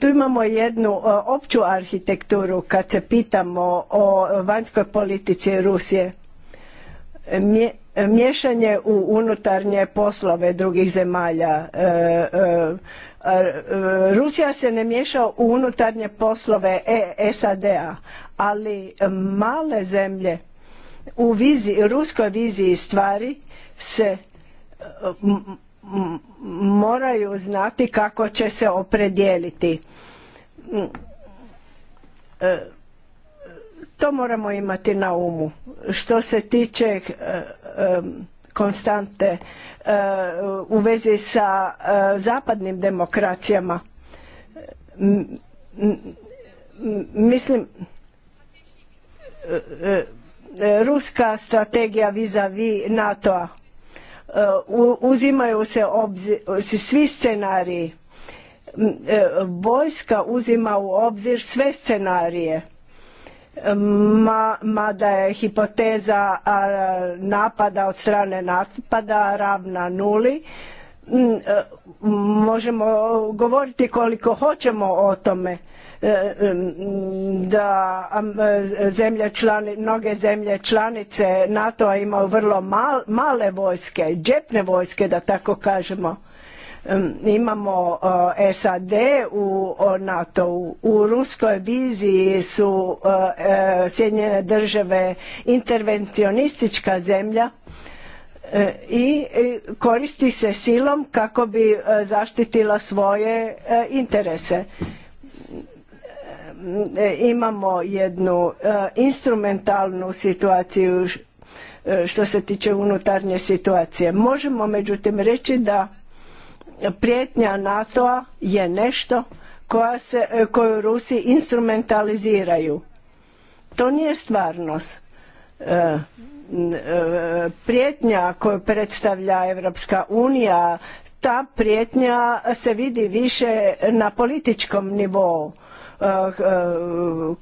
Tu imamo jednu opću arhitekturu kad se pitamo o vanjskoj politici Rusije miješanje u unutarnje poslove drugih zemalja. E, e, e, Rusija se ne miješa u unutarnje poslove SAD-a, ali male zemlje u ruskoj viziji stvari se moraju znati kako će se opredijeliti. Mm, to moramo imati na umu. Što se tiče eh, konstante eh, u vezi sa eh, zapadnim demokracijama, mislim, ruska strategija vis-a-vis NATO-a, uzimaju se obzir, svi scenariji, vojska uzima u obzir sve scenarije Ma, mada je hipoteza napada od strane napada ravna nuli, e, možemo govoriti koliko hoćemo o tome e, da e, zemlje mnoge zemlje članice NATO-a imaju vrlo male vojske, džepne vojske da tako kažemo. Imamo e, SAD u NATO, -u. u ruskoj viziji su e, e, Sjedinjene države intervencionistička zemlja i koristi se silom kako bi zaštitila svoje interese. Imamo jednu instrumentalnu situaciju što se tiče unutarnje situacije. Možemo međutim reći da prijetnja NATO-a je nešto koja se, e, koju Rusi instrumentaliziraju. To nije stvarnost. E, e prijetnja koju predstavlja Europska unija, ta prijetnja se vidi više na političkom nivou e,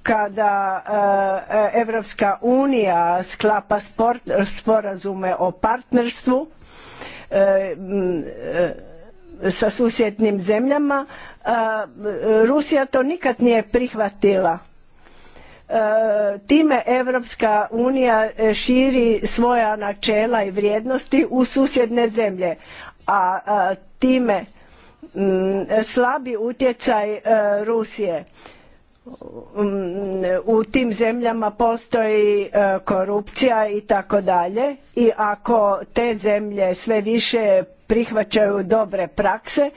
kada Evropska unija sklapa sporazume o partnerstvu sa susjednim zemljama. Rusija to nikad nije prihvatila. Time Evropska unija širi svoja načela i vrijednosti u susjedne zemlje, a time slabi utjecaj e, Rusije. U tim zemljama postoji e, korupcija i tako dalje i ako te zemlje sve više prihvaćaju dobre prakse,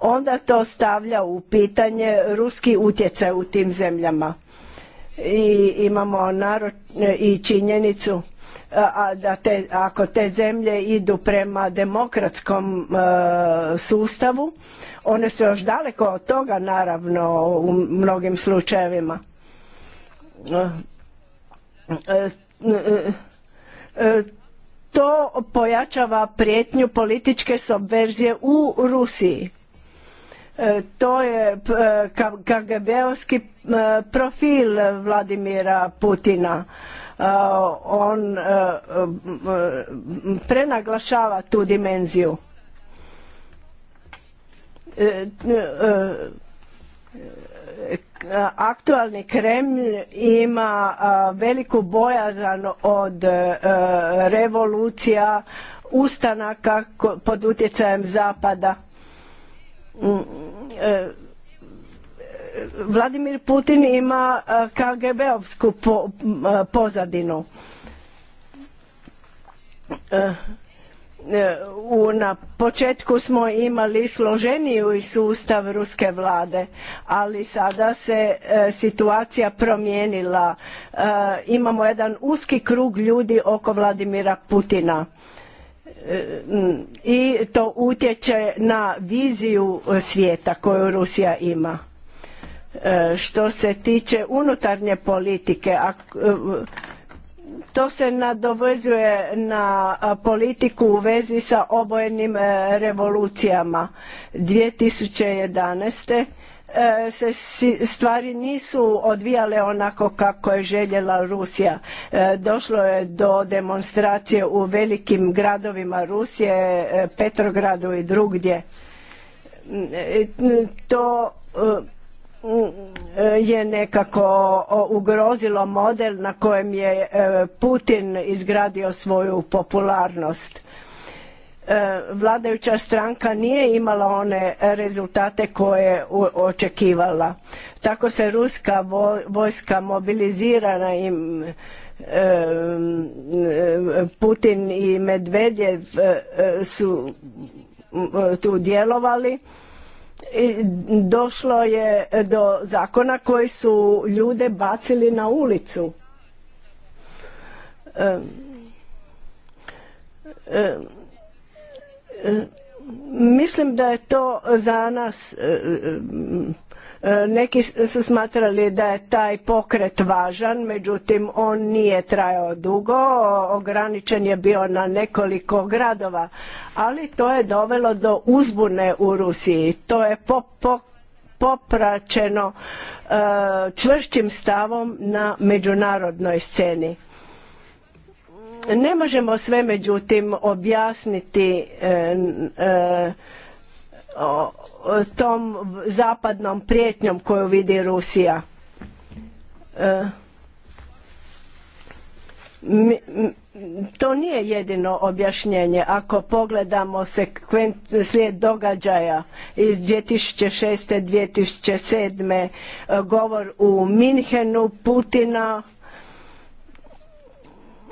onda to stavlja u pitanje ruski utjecaj u tim zemljama. I imamo narod i činjenicu da te, ako te zemlje idu prema demokratskom e, sustavu, one su još daleko od toga naravno u mnogim slučajevima. E, e, e to pojačava prijetnju političke subverzije u Rusiji. E, to je e, KGB-ovski e, profil Vladimira Putina. On prenaglašava tu dimenziju aktualni Kremlj ima veliku bojazan od e, revolucija, ustanaka pod utjecajem Zapada. Mm, e, Vladimir Putin ima KGB-ovsku pozadinu e, E, u, na početku smo imali složeniju sustav ruske vlade, ali sada se e, situacija promijenila. E, imamo jedan uski krug ljudi oko Vladimira Putina i to utječe na viziju svijeta koju Rusija ima. Što se tiče unutarnje politike, to se nadovezuje na politiku u vezi sa obojenim e, revolucijama. 2011 e, se stvari nisu odvijale onako kako je željela Rusija. E, došlo je do demonstracije u velikim gradovima Rusije, Petrogradu i drugdje. To E, je nekako ugrozilo model na kojem je e, Putin izgradio svoju popularnost. E, vladajuća stranka nije imala one rezultate koje je očekivala. Tako se ruska vojska mobilizirana im Putin i Medvedjev su tu djelovali došlo je do zakona koji su ljude bacili na ulicu. mislim da je to za nas E, neki su smatrali da je taj pokret važan, međutim on nije trajao dugo, ograničen je bio na nekoliko gradova, ali to je dovelo do uzbune u Rusiji. To je po, popraćeno e, čvršćim stavom na međunarodnoj sceni. Ne možemo sve međutim objasniti e, tom zapadnom prijetnjom koju vidi Rusija. E, to nije jedino objašnjenje. Ako pogledamo slijed događaja iz 2006. 2007. E, govor u Minhenu Putina,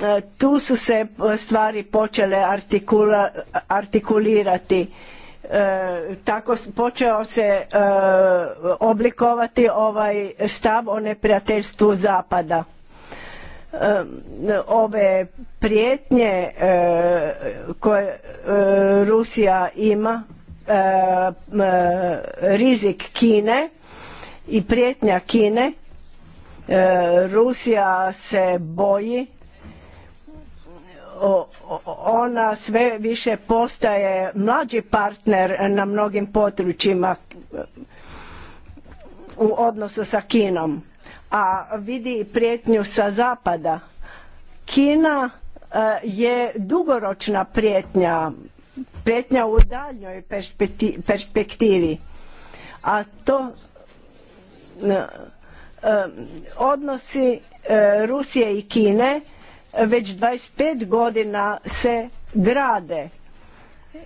e, tu su se stvari počele artikulirati E, tako počeo se e, oblikovati ovaj stav o neprijateljstvu zapada e, ove prijetnje koje Rusija ima rizik Kine i prijetnja Kine Rusija se boji ona sve više postaje mlađi partner na mnogim područjima u odnosu sa Kinom, a vidi prijetnju sa zapada. Kina e, je dugoročna prijetnja, prijetnja u daljnjoj perspektivi, a to e, e, odnosi Rusije i Kine već 25 godina se grade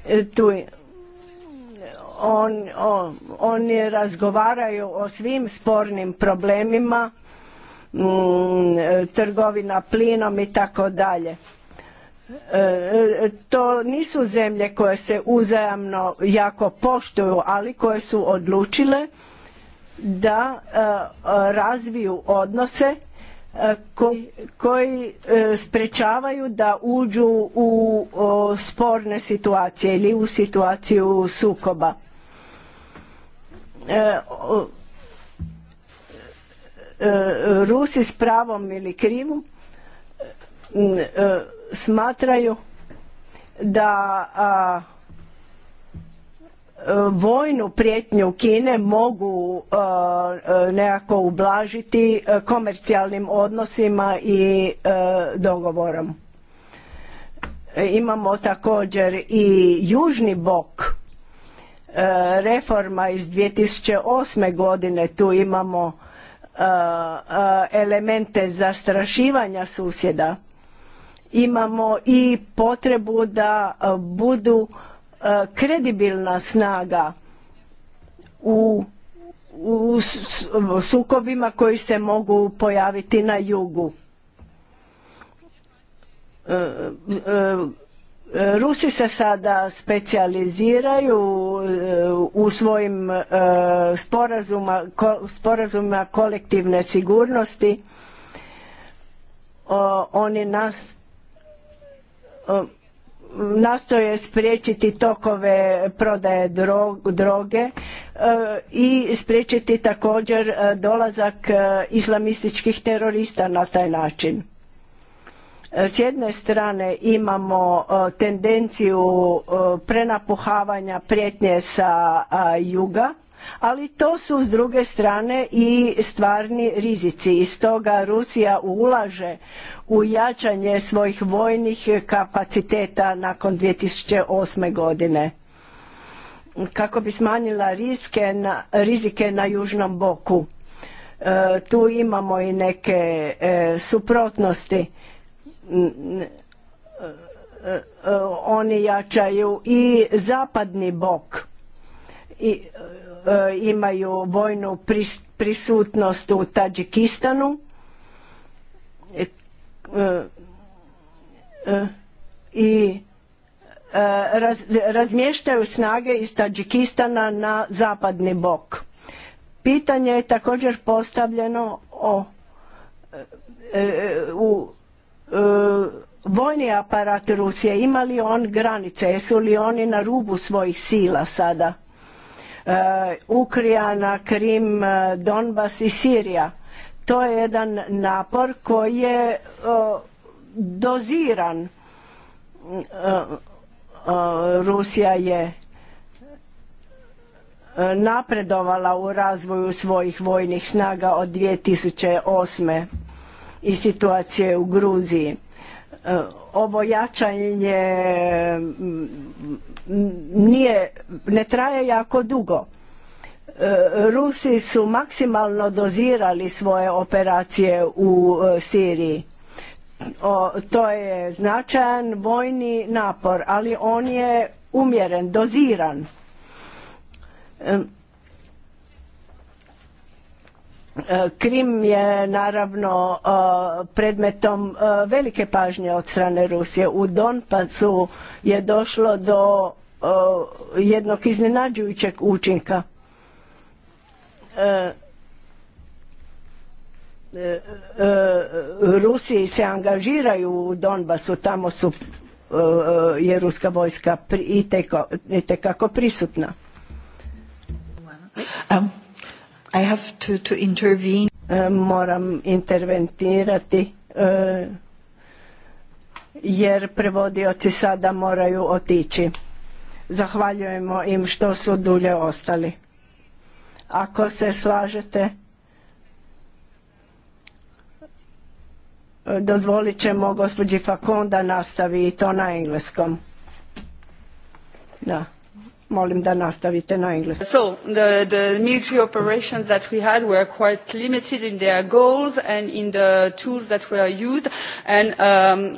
e, tu on, oni razgovaraju o svim spornim problemima mm, e, trgovina plinom i tako dalje e, to nisu zemlje koje se uzajamno jako poštuju ali koje su odlučile da razviju odnose E, koji, e, sprečavaju da uđu u sporne situacije ili u situaciju sukoba. E, Rusi s pravom ili krivom smatraju da vojnu prijetnju Kine mogu e, e, nekako ublažiti e, komercijalnim odnosima i dogovorom. Imamo također i južni bok reforma iz 2008. godine tu imamo elemente zastrašivanja susjeda imamo i potrebu da budu kredibilna snaga u, sukobima koji se mogu pojaviti na jugu. E, e, Rusi se sada specijaliziraju e, u svojim sporazuma, sporazuma kolektivne sigurnosti. Oni nas nastoje spriječiti tokove prodaje droge e, i spriječiti također e, dolazak e, islamističkih terorista na taj način. S jedne strane imamo tendenciju prenapuhavanja prijetnje sa juga ali to su s druge strane i stvarni rizici i stoga Rusija ulaže u jačanje svojih vojnih kapaciteta nakon 2008. godine kako bi smanjila rizike na, rizike na južnom boku. E, tu imamo i neke e, suprotnosti. E, oni jačaju i zapadni bok i E, imaju vojnu prisutnost u Tadžikistanu e, e, i razmještaju snage iz Tadžikistana na zapadni bok. Pitanje je također postavljeno o u vojni aparat Rusije, ima li on granice, jesu li oni na rubu svojih sila sada? Eh, Ukrijana, Krim, eh, Donbas i Sirija. To je jedan napor koji je eh, doziran. Rusija je napredovala u razvoju svojih vojnih snaga od 2008. i situacije u Gruziji. E, ovo jačanje mm, mm, nije, ne traje jako dugo. E, Rusi su maksimalno dozirali svoje operacije u e, Siriji. to je značajan vojni napor, ali on je umjeren, doziran. E, Krim je naravno e, predmetom e, velike pažnje od strane Rusije. U Donpacu je došlo do jednog iznenađujućeg učinka. Rusiji se angažiraju u Donbasu, tamo su je ruska vojska i tekako prisutna. Um, have to, e, Moram intervenirati e, jer prevodioci sada moraju otići. Zahvaljujemo im što su dulje ostali. Ako se slažete, e, dozvolit ćemo gospođi Fakon da nastavi i to na engleskom. Da. Molim da nastavite na engleski. So, the, the military operations that we had were quite limited in their goals and in the tools that were used. And um,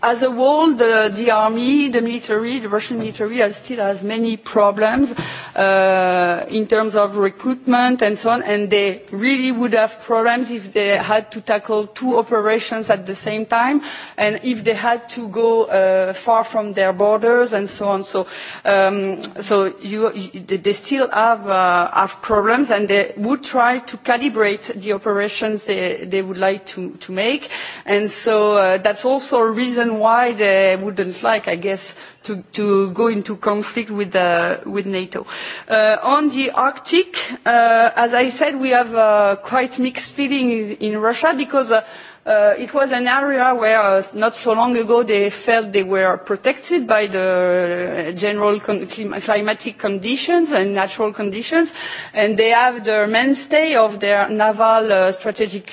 as a whole, the, the army, the military, the Russian military still has many problems uh, in terms of recruitment and so on. And they really would have problems if they had to tackle two operations at the same time and if they had to go uh, far from their borders and so on. So um, so you, they still have, uh, have problems and they would try to calibrate the operations they, they would like to, to make. And so uh, that's also a reason why they wouldn't like, I guess, to, to go into conflict with, uh, with NATO. Uh, on the Arctic, uh, as I said, we have uh, quite mixed feelings in Russia because uh, Uh, it was an area where uh, not so long ago they felt they were protected by the general climatic conditions and natural conditions and they have the mainstay of their naval uh, strategic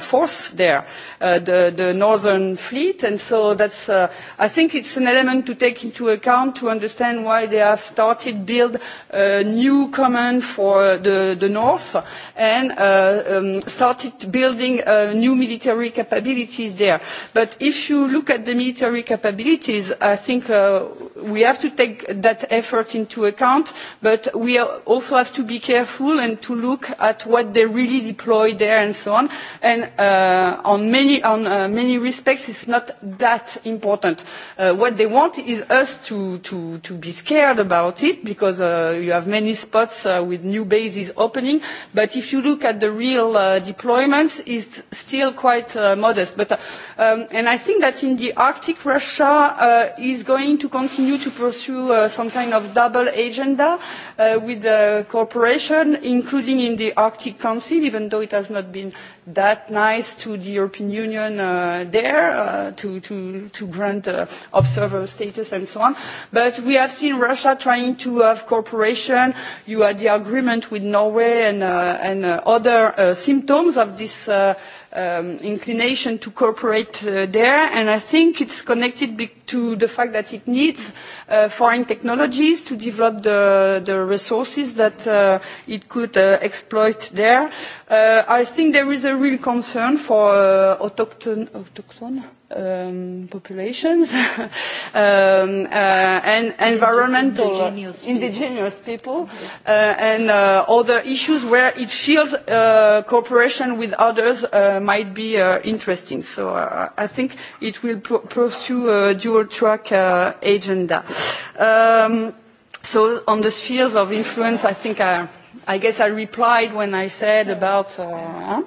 force there the, northern fleet and so that's i think it's an element to take into account to understand why they have started build a new command for the, north and um, started building a new military military capabilities there. But if you look at the military capabilities, I think uh, we have to take that effort into account but we also have to be careful and to look at what they really deploy there and so on and uh, on many on uh, many respects it's not that important uh, what they want is us to to be scared about it because you have many spots with new bases opening but if you look at the real deployments it's still quite modest but um, and i think that in the arctic russia is going to continue continue to pursue uh, some kind of double agenda uh, with the cooperation, including in the Arctic Council, even though it has not been that nice to the European Union uh, there uh, to, to, to grant uh, observer status and so on. But we have seen Russia trying to have cooperation. You had the agreement with Norway and, and other symptoms of this um, inclination to cooperate uh, there and i think it's connected to the fact that it needs uh, foreign technologies to develop the, the resources that uh, it could uh, exploit there. Uh, i think there is a real concern for autochthon, autochthon um, populations um, uh, and environmental indigenous, indigenous people, uh, and uh, other issues where it feels uh, cooperation with others uh, might be uh, interesting. So uh, I think it will pursue a dual track uh, agenda. Um, so on the spheres of influence, I think I uh, i guess I replied when I said about, uh,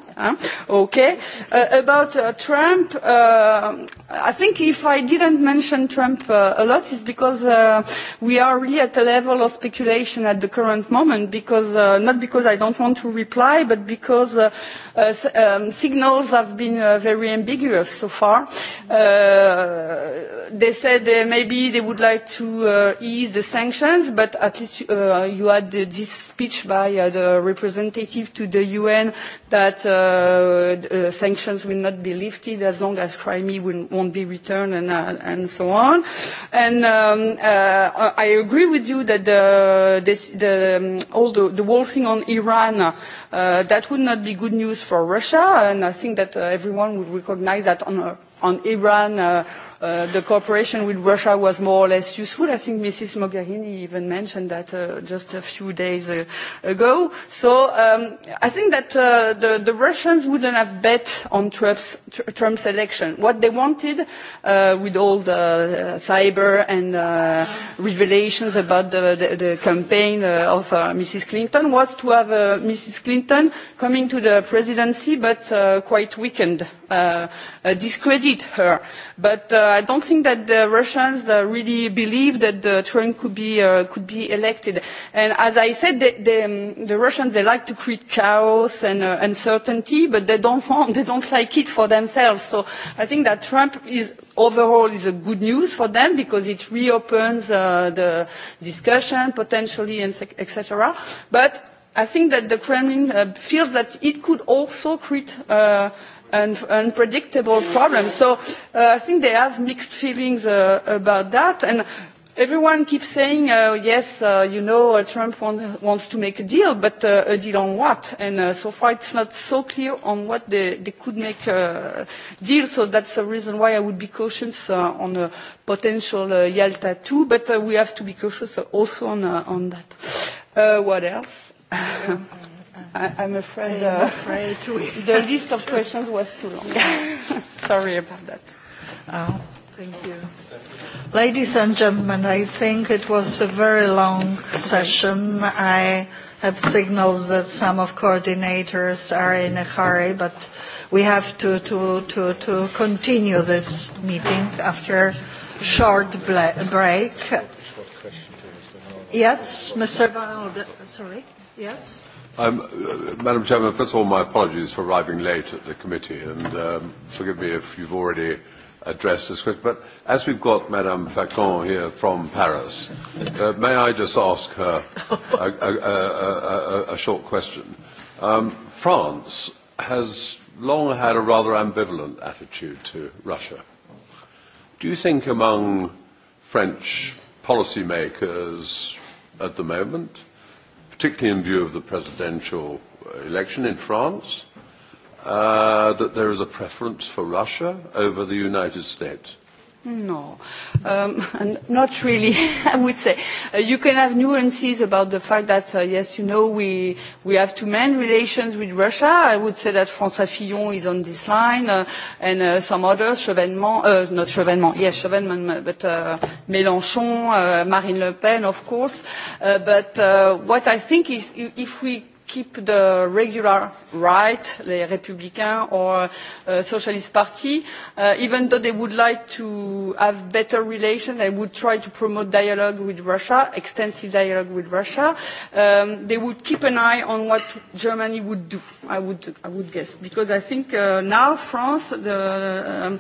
okay, uh, about uh, Trump, uh, i think if I didn't mention Trump uh, a lot, is because uh, we are really at a level of speculation at the current moment, because uh, not because I don't want to reply, but because uh, um, signals have been very ambiguous so far. They said maybe they would like to ease the sanctions, but at least you had this speech by the representative to the UN that uh, uh, sanctions will not be lifted as long as Crimea will, won't be returned and, uh, and so on. And um, uh, I agree with you that the, this, the, um, all the, the whole thing on Iran, that would not be good news for Russia, and I think that everyone would recognize that on, on Iran Uh, the cooperation with Russia was more or less useful. I think Mrs. Mogherini even mentioned that uh, just a few days uh, ago. So um, I think that uh, the, the Russians wouldn't have bet on Trump's, Trump's election. What they wanted uh, with all the cyber and revelations about the, the, the campaign of Mrs. Clinton was to have Mrs. Clinton coming to the presidency but quite weakened Uh, uh, discredit her. But uh, I don't think that the Russians uh, really believe that Trump could be uh, could be elected. And as I said, um, the Russians they like to create chaos and uh, uncertainty, but they don't want they don't like it for themselves. So I think that Trump is overall is a good news for them because it reopens uh, the discussion potentially and etc. But I think that the Kremlin uh, feels that it could also create uh, and unpredictable problems. So uh, I think they have mixed feelings uh, about that. And everyone keeps saying uh, yes uh, you know uh, trump want, wants to make a deal but uh, a deal on what and so far it's not so clear on what they, they could make a deal so that's the reason why i would be cautious on a potential yalta too but we have to be cautious also on, on that. what else? I, I'm afraid, I'm uh, afraid the list of questions was too long. Sorry about that. Uh, thank you. Ladies and gentlemen, I think it was a very long session. I have signals that some of coordinators are in a hurry, but we have to, to, to, to continue this meeting after a short break. Yes, Mr. Sorry. Yes. Um, uh, Madam Chairman, first of all, my apologies for arriving late at the committee, and um, forgive me if you've already addressed this question. But as we've got Madame Facon here from Paris, uh, may I just ask her a, a, a, a, a short question? Um, France has long had a rather ambivalent attitude to Russia. Do you think among French policymakers at the moment particularly in view of the presidential uh, election in France, uh, that there is a preference for Russia over the United States. No, um, not really, I would say. Uh, you can have nuances about the fact that, uh, yes, you know, we, we have to mend relations with Russia. I would say that François Fillon is on this line, uh, and uh, some others, Chevènement, not Chevènement, yes, Chevènement, but Mélenchon, Marine Le Pen, of course. But what I think is if we keep the regular right, the Républicains or uh, Socialist Party, uh, even though they would like to have better relations, they would try to promote dialogue with Russia, extensive dialogue with Russia. Um, they would keep an eye on what Germany would do, I would, I would guess, because I think uh, now France, the,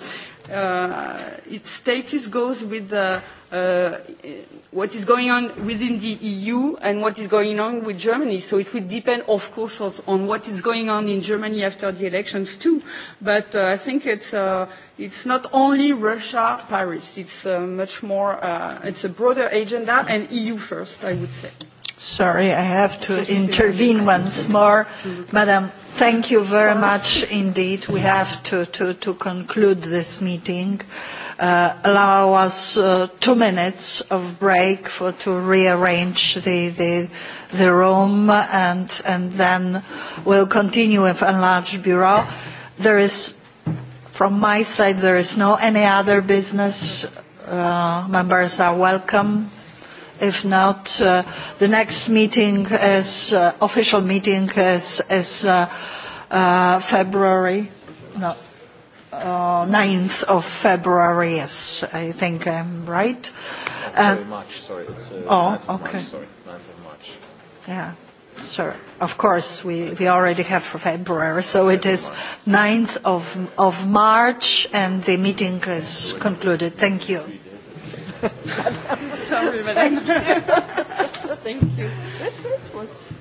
um, its status goes with the what is going on within the EU and what is going on with Germany. So it will depend, of course, on what is going on in Germany after the elections too. But uh, I think it's, uh, it's not only Russia, Paris. It's uh, much more, uh, it's a broader agenda and EU first, I would say. Sorry, I have to intervene once more. Madam, thank you very much indeed. We have to, to, conclude this meeting. Uh, allow us uh, two minutes of break for, to rearrange the, the, the room and, and then we'll continue with enlarged bureau. There is, from my side, there is no any other business. Uh, members are welcome. If not, uh, the next meeting is, uh, official meeting is, is uh, uh February. No. 9th uh, of February, yes, I think I'm right. Very uh, much, sorry. Uh, oh, okay. oh, 9th okay. March, sorry, 9th of March. Yeah, sir. Of course, we, already have February, so it is 9th of, of March, and the meeting is concluded. Thank you. sorry, madam. Thank Thank you. That was